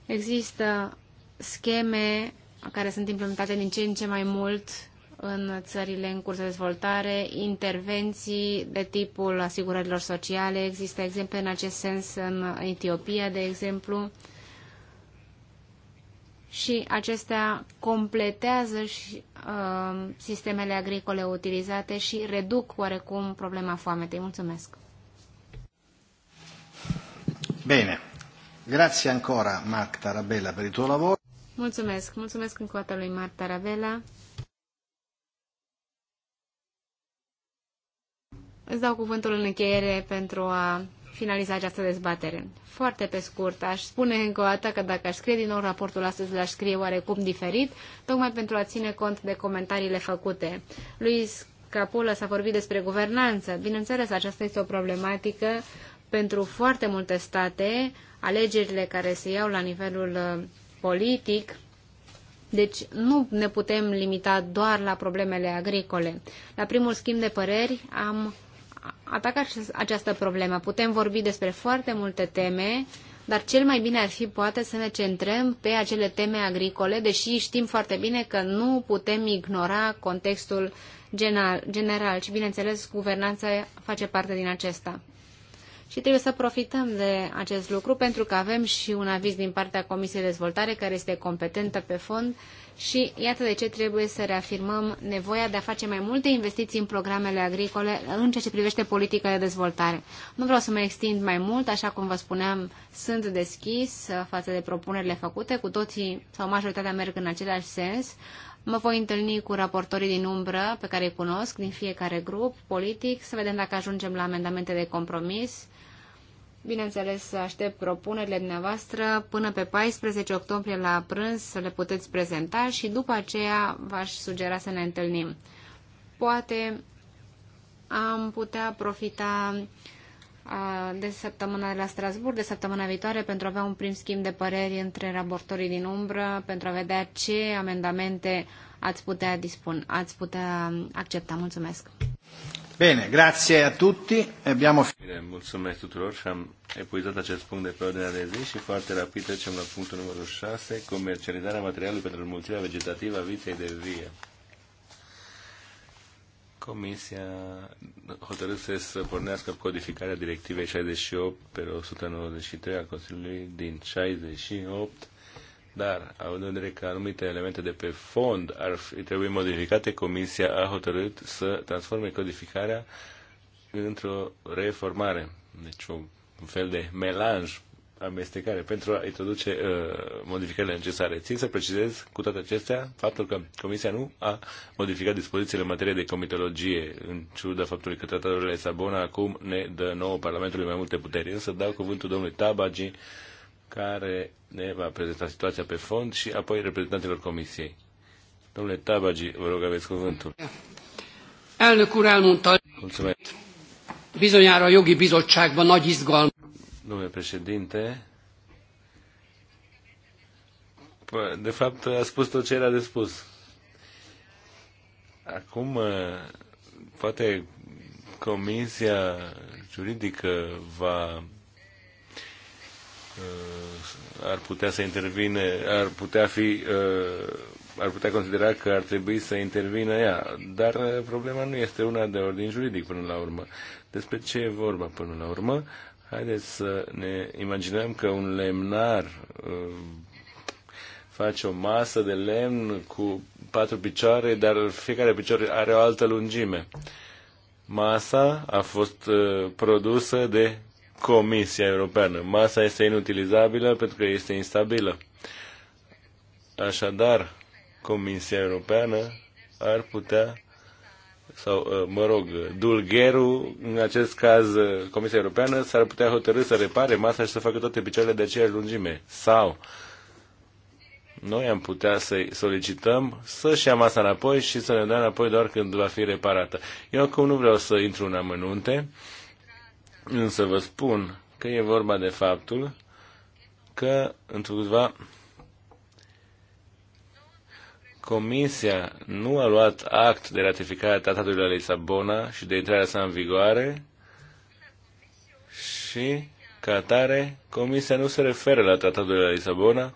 D: Există scheme care sunt implementate din ce în ce mai mult în țările în curs de dezvoltare, intervenții de tipul asigurărilor sociale. Există exemple în acest sens în Etiopia, de exemplu, și acestea completează și, uh, sistemele agricole utilizate și reduc oarecum problema foametei. Mulțumesc!
B: Bine. Grazie ancora, Marc Tarabella, per il tuo lavoro.
D: Mulțumesc. Mulțumesc încă o dată lui Marc Tarabella. Îți dau cuvântul în încheiere pentru a finaliza această dezbatere. Foarte pe scurt, aș spune încă o dată că dacă aș scrie din nou raportul astăzi, l-aș scrie oarecum diferit, tocmai pentru a ține cont de comentariile făcute. Luis Capula s-a vorbit despre guvernanță. Bineînțeles, aceasta este o problematică pentru foarte multe state, alegerile care se iau la nivelul uh, politic, deci nu ne putem limita doar la problemele agricole. La primul schimb de păreri am atacă această problemă. Putem vorbi despre foarte multe teme, dar cel mai bine ar fi poate să ne centrăm pe acele teme agricole, deși știm foarte bine că nu putem ignora contextul general, general și, bineînțeles, guvernanța face parte din acesta și trebuie să profităm de acest lucru pentru că avem și un aviz din partea Comisiei de Dezvoltare care este competentă pe fond și iată de ce trebuie să reafirmăm nevoia de a face mai multe investiții în programele agricole în ceea ce privește politica de dezvoltare. Nu vreau să mă extind mai mult, așa cum vă spuneam, sunt deschis față de propunerile făcute, cu toții sau majoritatea merg în același sens. Mă voi întâlni cu raportorii din umbră pe care îi cunosc din fiecare grup politic, să vedem dacă ajungem la amendamente de compromis Bineînțeles, aștept propunerile dumneavoastră până pe 14 octombrie la prânz să le puteți prezenta și după aceea v-aș sugera să ne întâlnim. Poate am putea profita de săptămâna de la Strasburg, de săptămâna viitoare, pentru a avea un prim schimb de păreri între raportorii din umbră, pentru a vedea ce amendamente ați putea, dispun, ați putea accepta. Mulțumesc!
A: Bine, grazie a tutti. Abbiamo... Bine, mulțumesc tuturor și am epuizat acest punct de pe ordinea de zi și foarte rapid trecem la punctul numărul 6, comercializarea materialului pentru înmulțirea vegetativă a viței de vie. Comisia hotărâse să pornească codificarea directivei 68 pe 193 a Consiliului din 68 dar, având în vedere că anumite elemente de pe fond ar fi, trebui modificate, Comisia a hotărât să transforme codificarea într-o reformare, deci un fel de melanj, amestecare, pentru a introduce uh, modificările necesare. Țin să precizez cu toate acestea faptul că Comisia nu a modificat dispozițiile în materie de comitologie, în ciuda faptului că tratatul de Sabona acum ne dă nouă Parlamentului mai multe puteri. Însă dau cuvântul domnului Tabagi, care ne va prezenta situația pe fond și apoi reprezentantelor Comisiei. Domnule Tabagi, vă rog, aveți cuvântul.
B: Elnök úr elmondta, Mulțumesc. bizonyára a jogi bizottságban nagy izgalom.
A: Domnule președinte, de fapt a spus tot ce era de spus. Acum, ă, poate Comisia Juridică va Uh, ar putea să intervine, ar putea fi, uh, ar putea considera că ar trebui să intervină ea. Dar uh, problema nu este una de ordin juridic până la urmă. Despre ce e vorba până la urmă? Haideți să ne imaginăm că un lemnar face o masă de lemn cu patru picioare, dar fiecare picior are o altă lungime. Masa a fost produsă de Comisia Europeană. Masa este inutilizabilă pentru că este instabilă. Așadar, Comisia Europeană ar putea sau, uh, mă rog, Dulgheru, în acest caz uh, Comisia Europeană, s-ar putea hotărâ să repare masa și să facă toate picioarele de aceeași lungime. Sau noi am putea să solicităm să-și ia masa înapoi și să ne dea înapoi doar când va fi reparată. Eu acum nu vreau să intru în amănunte, Însă vă spun că e vorba de faptul că, într câteva, Comisia nu a luat act de ratificare a tratatului la Lisabona și de intrarea sa în vigoare și, ca atare, Comisia nu se referă la tratatul de la Lisabona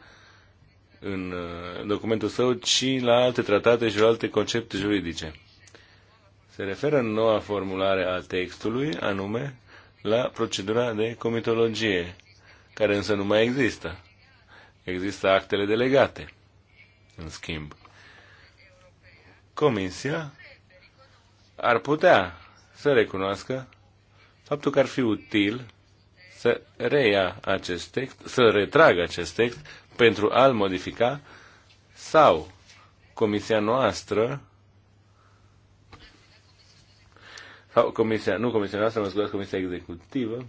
A: în uh, documentul său, ci la alte tratate și la alte concepte juridice. Se referă în noua formulare a textului, anume la procedura de comitologie, care însă nu mai există. Există actele delegate, în schimb. Comisia ar putea să recunoască faptul că ar fi util să reia acest text, să retragă acest text pentru a-l modifica sau Comisia noastră sau comisia, nu comisia noastră, mă scuzați, comisia executivă,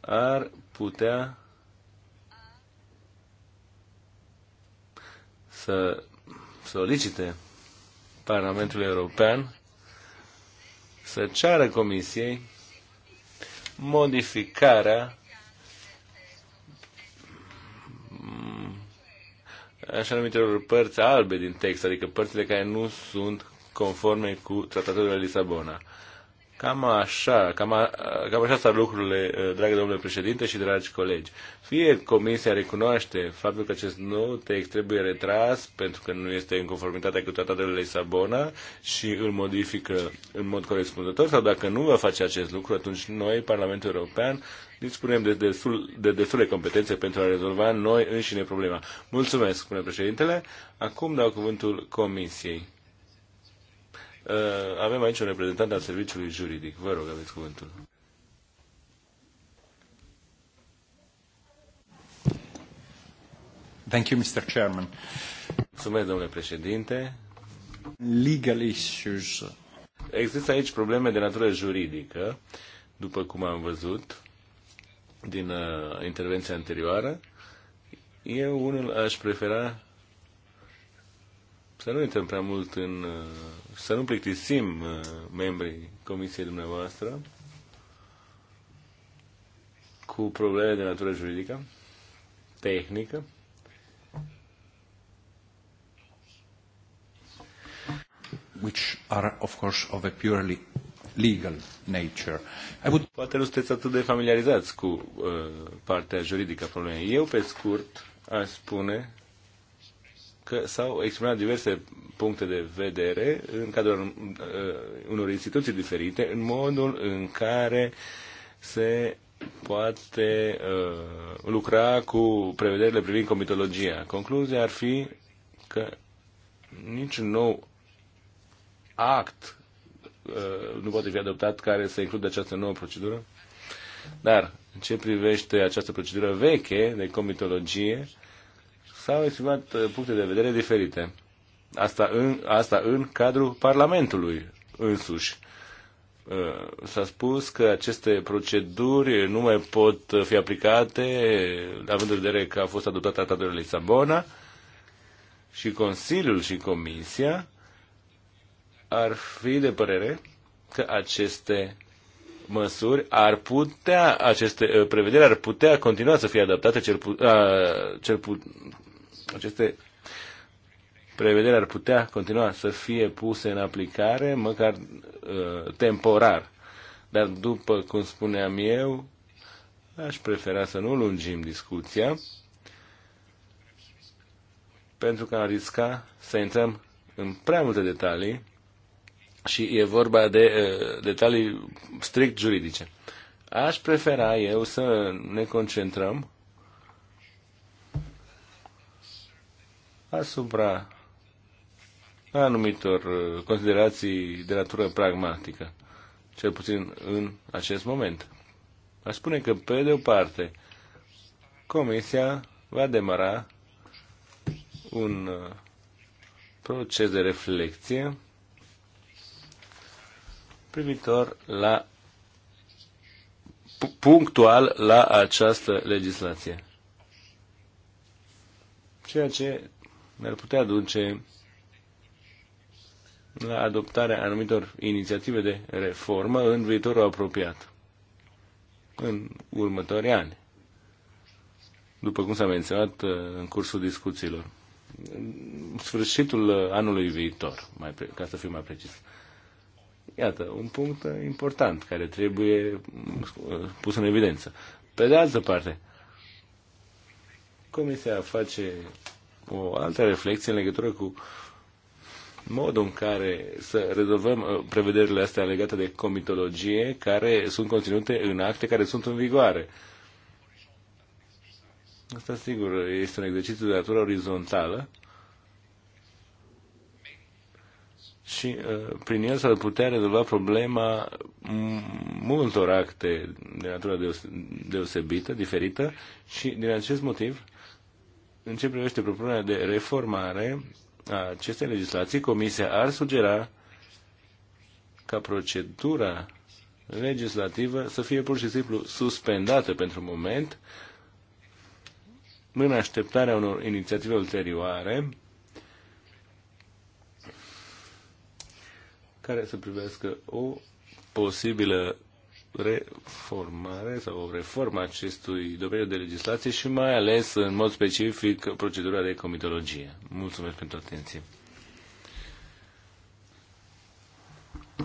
A: ar putea să solicite Parlamentul European să ceară Comisiei modificarea așa numitelor părți albe din text, adică părțile care nu sunt conforme cu Tratatul de Lisabona. Cam așa, cam, a, cam așa sunt lucrurile, eh, dragă domnule președinte și dragi colegi. Fie comisia recunoaște faptul că acest nou text trebuie retras pentru că nu este în conformitate cu tratatul de Lisabona și îl modifică în mod corespunzător, sau dacă nu va face acest lucru, atunci noi, Parlamentul European, dispunem de, destul, de destule competențe pentru a rezolva noi înșine problema. Mulțumesc, spune președintele. Acum dau cuvântul comisiei. Uh, avem aici un reprezentant al serviciului juridic. Vă rog, aveți cuvântul. Thank you, Mr. Chairman. Mulțumesc, domnule președinte. Legal issues. Există aici probleme de natură juridică, după cum am văzut din uh, intervenția anterioară. Eu unul aș prefera să nu intrăm prea mult în uh, să nu plictisim uh, membrii comisiei dumneavoastră cu probleme de natură juridică, tehnică.
B: Which are, of course, of a purely legal nature.
A: I would... Poate nu sunteți atât de familiarizați cu uh, partea juridică a problemei. Eu, pe scurt, aș spune că s-au exprimat diverse puncte de vedere în cadrul uh, unor instituții diferite în modul în care se poate uh, lucra cu prevederile privind comitologia. Concluzia ar fi că niciun nou act uh, nu poate fi adoptat care să includă această nouă procedură, dar în ce privește această procedură veche de comitologie, s-au exprimat uh, puncte de vedere diferite. Asta în, asta în cadrul Parlamentului însuși. Uh, s-a spus că aceste proceduri nu mai pot fi aplicate, având în vedere că a fost adoptat tratatul de Lisabona și Consiliul și Comisia ar fi de părere că aceste măsuri ar putea, aceste uh, prevederi ar putea continua să fie adaptate, cel, pu, a, cel pu, aceste prevederi ar putea continua să fie puse în aplicare, măcar uh, temporar. Dar după cum spuneam eu, aș prefera să nu lungim discuția, pentru că am risca să intrăm în prea multe detalii și e vorba de uh, detalii strict juridice. Aș prefera eu să ne concentrăm asupra anumitor uh, considerații de natură pragmatică, cel puțin în acest moment. Aș spune că, pe de o parte, Comisia va demara un uh, proces de reflexie privitor la punctual la această legislație. Ceea ce ne-ar putea duce la adoptarea anumitor inițiative de reformă în viitorul apropiat, în următorii ani, după cum s-a menționat uh, în cursul discuțiilor. sfârșitul uh, anului viitor, mai pre- ca să fiu mai precis. Iată, un punct uh, important care trebuie pus în evidență. Pe de altă parte, Comisia face o altă reflexie în legătură cu modul în care să rezolvăm uh, prevederile astea legate de comitologie care sunt conținute în acte care sunt în vigoare. Asta, sigur, este un exercițiu de natură orizontală și uh, prin el s-ar putea rezolva problema multor acte de natură deosebită, diferită și din acest motiv în ce privește propunerea de reformare a acestei legislații, Comisia ar sugera ca procedura legislativă să fie pur și simplu suspendată pentru moment în așteptarea unor inițiative ulterioare care să privească o posibilă reformare sau o reformă acestui domeniu de legislație și mai ales, în mod specific, procedura de comitologie. Mulțumesc pentru atenție.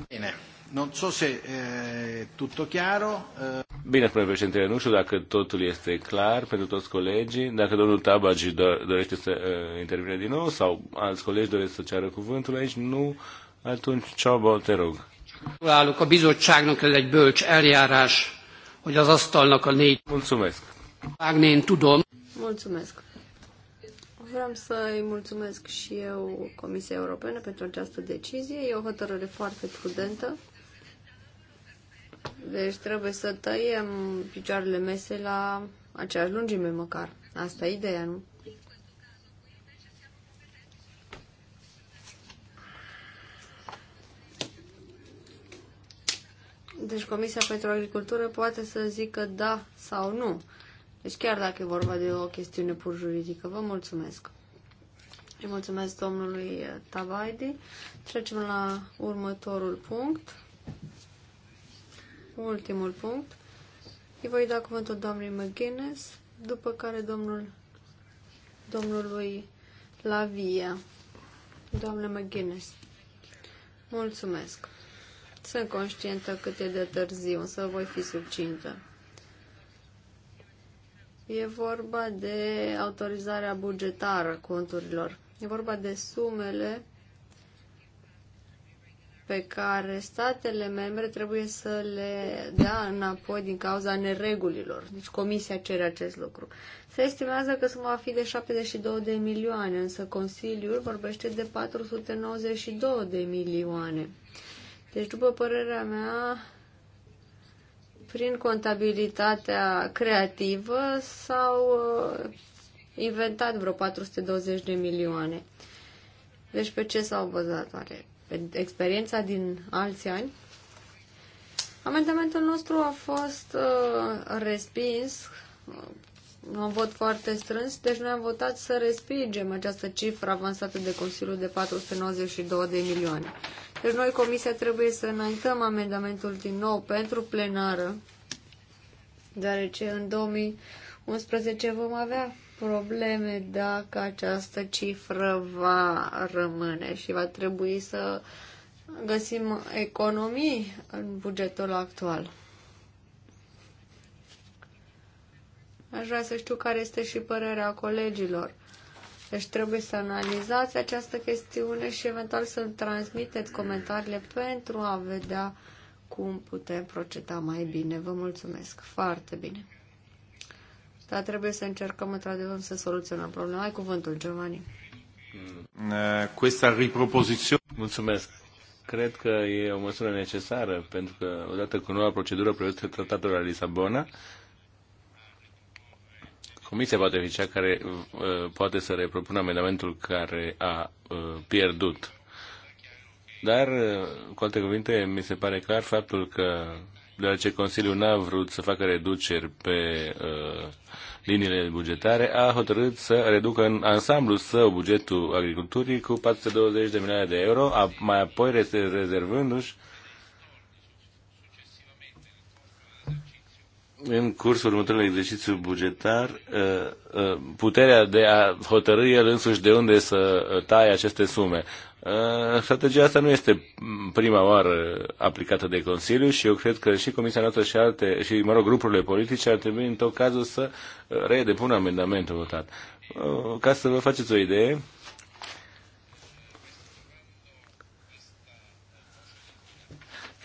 B: Bine. Non so se e, eh,
A: tutto chiaro. E... Eh. Bine, spune președintele, nu știu dacă totul este clar pentru toți colegii. Dacă domnul Tabagi dorește să e, eh, intervine din nou sau alți colegi doresc să ceară cuvântul aici, nu, atunci, ceau, te rog.
B: Gratulálok a bizottságnak, ez egy bölcs eljárás, hogy az asztalnak a négy... Mulțumesc. Vágnén tudom.
C: Mulțumesc. Vreau să îi mulțumesc și eu Comisiei Europene pentru această decizie. E o hotărâre foarte prudentă. Deci trebuie să tăiem picioarele mese la aceeași lungime măcar. Asta e ideea, nu? Deci Comisia pentru Agricultură poate să zică da sau nu. Deci chiar dacă e vorba de o chestiune pur juridică. Vă mulțumesc. Îi mulțumesc domnului Tavaidi. Trecem la următorul punct. Ultimul punct. Îi voi da cuvântul doamnei McGuinness, după care domnul, domnului Lavia. Doamne McGuinness. Mulțumesc. Sunt conștientă cât e de târziu, însă voi fi subcintă. E vorba de autorizarea bugetară conturilor. E vorba de sumele pe care statele membre trebuie să le dea înapoi din cauza neregulilor. Deci comisia cere acest lucru. Se estimează că suma va fi de 72 de milioane, însă Consiliul vorbește de 492 de milioane. Deci, după părerea mea, prin contabilitatea creativă s-au uh, inventat vreo 420 de milioane. Deci pe ce s-au bazat oare? Pe experiența din alți ani? Amendamentul nostru a fost uh, respins, un uh, vot foarte strâns, deci noi am votat să respingem această cifră avansată de Consiliul de 492 de milioane. Deci noi, Comisia, trebuie să înaintăm amendamentul din nou pentru plenară, deoarece în 2011 vom avea probleme dacă această cifră va rămâne și va trebui să găsim economii în bugetul actual. Aș vrea să știu care este și părerea colegilor. Deci trebuie să analizați această chestiune și eventual să transmiteți comentariile pentru a vedea cum putem proceda mai bine. Vă mulțumesc foarte bine. Dar trebuie să încercăm într-adevăr să soluționăm problema. Ai cuvântul, Giovanni.
A: Questa riproposizione. Mulțumesc. Cred că e o măsură necesară, pentru că odată cu noua procedură prevăzută tratatul la Lisabona, Comisia poate fi cea care uh, poate să repropună amendamentul care a uh, pierdut. Dar, uh, cu alte cuvinte, mi se pare clar faptul că, deoarece Consiliul n-a vrut să facă reduceri pe uh, liniile bugetare, a hotărât să reducă în ansamblu său bugetul agriculturii cu 420 de milioane de euro, a, mai apoi rezervându-și uh, în cursul următorului exercițiu bugetar uh, uh, puterea de a hotărâi el însuși de unde să uh, taie aceste sume. Strategia asta nu este prima oară aplicată de Consiliu și eu cred că și Comisia noastră și alte, și, mă rog, grupurile politice ar trebui în tot cazul să redepună amendamentul votat. Ca să vă faceți o idee,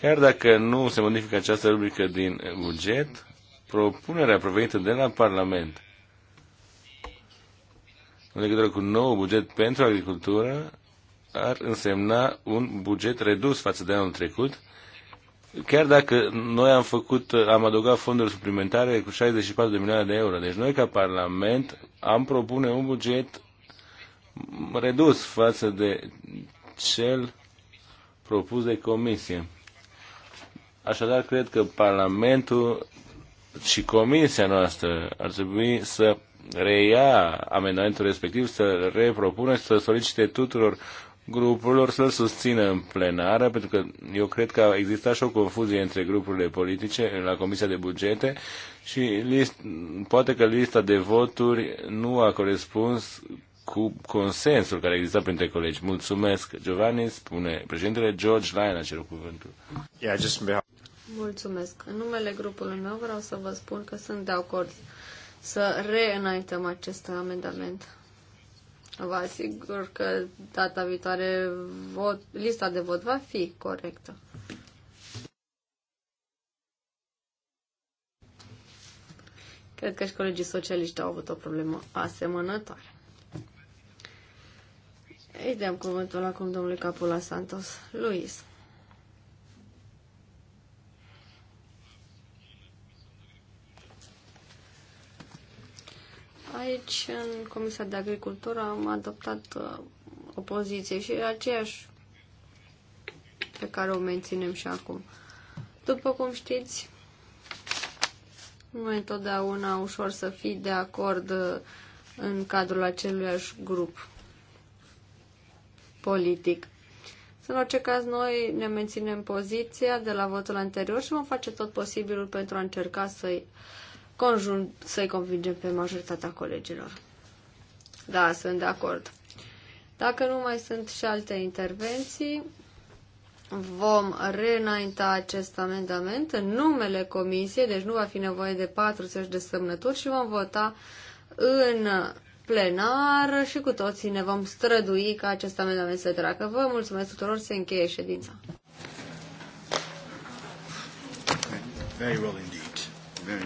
A: chiar dacă nu se modifică această rubrică din buget, propunerea provenită de la Parlament în legătură cu un nou buget pentru agricultură ar însemna un buget redus față de anul trecut, chiar dacă noi am făcut, am adăugat fonduri suplimentare cu 64 de milioane de euro. Deci noi ca Parlament am propune un buget redus față de cel propus de Comisie. Așadar, cred că Parlamentul și comisia noastră ar trebui să reia amendamentul respectiv, să repropună și să solicite tuturor grupurilor să-l susțină în plenară, pentru că eu cred că exista și o confuzie între grupurile politice la Comisia de Bugete și list, poate că lista de voturi nu a corespuns cu consensul care exista printre colegi. Mulțumesc, Giovanni, spune președintele George Lyon a cerut cuvântul. Yeah, just
C: Mulțumesc. În numele grupului meu vreau să vă spun că sunt de acord să reînaintăm acest amendament. Vă asigur că data viitoare vot, lista de vot va fi corectă. Cred că și colegii socialiști au avut o problemă asemănătoare. Îi dăm cuvântul acum domnului Capula Santos. Luis. Aici, în Comisia de Agricultură, am adoptat uh, o poziție și aceeași pe care o menținem și acum. După cum știți, nu e întotdeauna ușor să fii de acord uh, în cadrul aceluiași grup politic. În orice caz, noi ne menținem poziția de la votul anterior și vom face tot posibilul pentru a încerca să-i uh, conjunt să-i convingem pe majoritatea colegilor. Da, sunt de acord. Dacă nu mai sunt și alte intervenții, vom reînainta acest amendament în numele comisiei, deci nu va fi nevoie de 40 de semnături și vom vota în plenar și cu toții ne vom strădui ca acest amendament să treacă. Vă mulțumesc tuturor, se încheie ședința.
B: Very well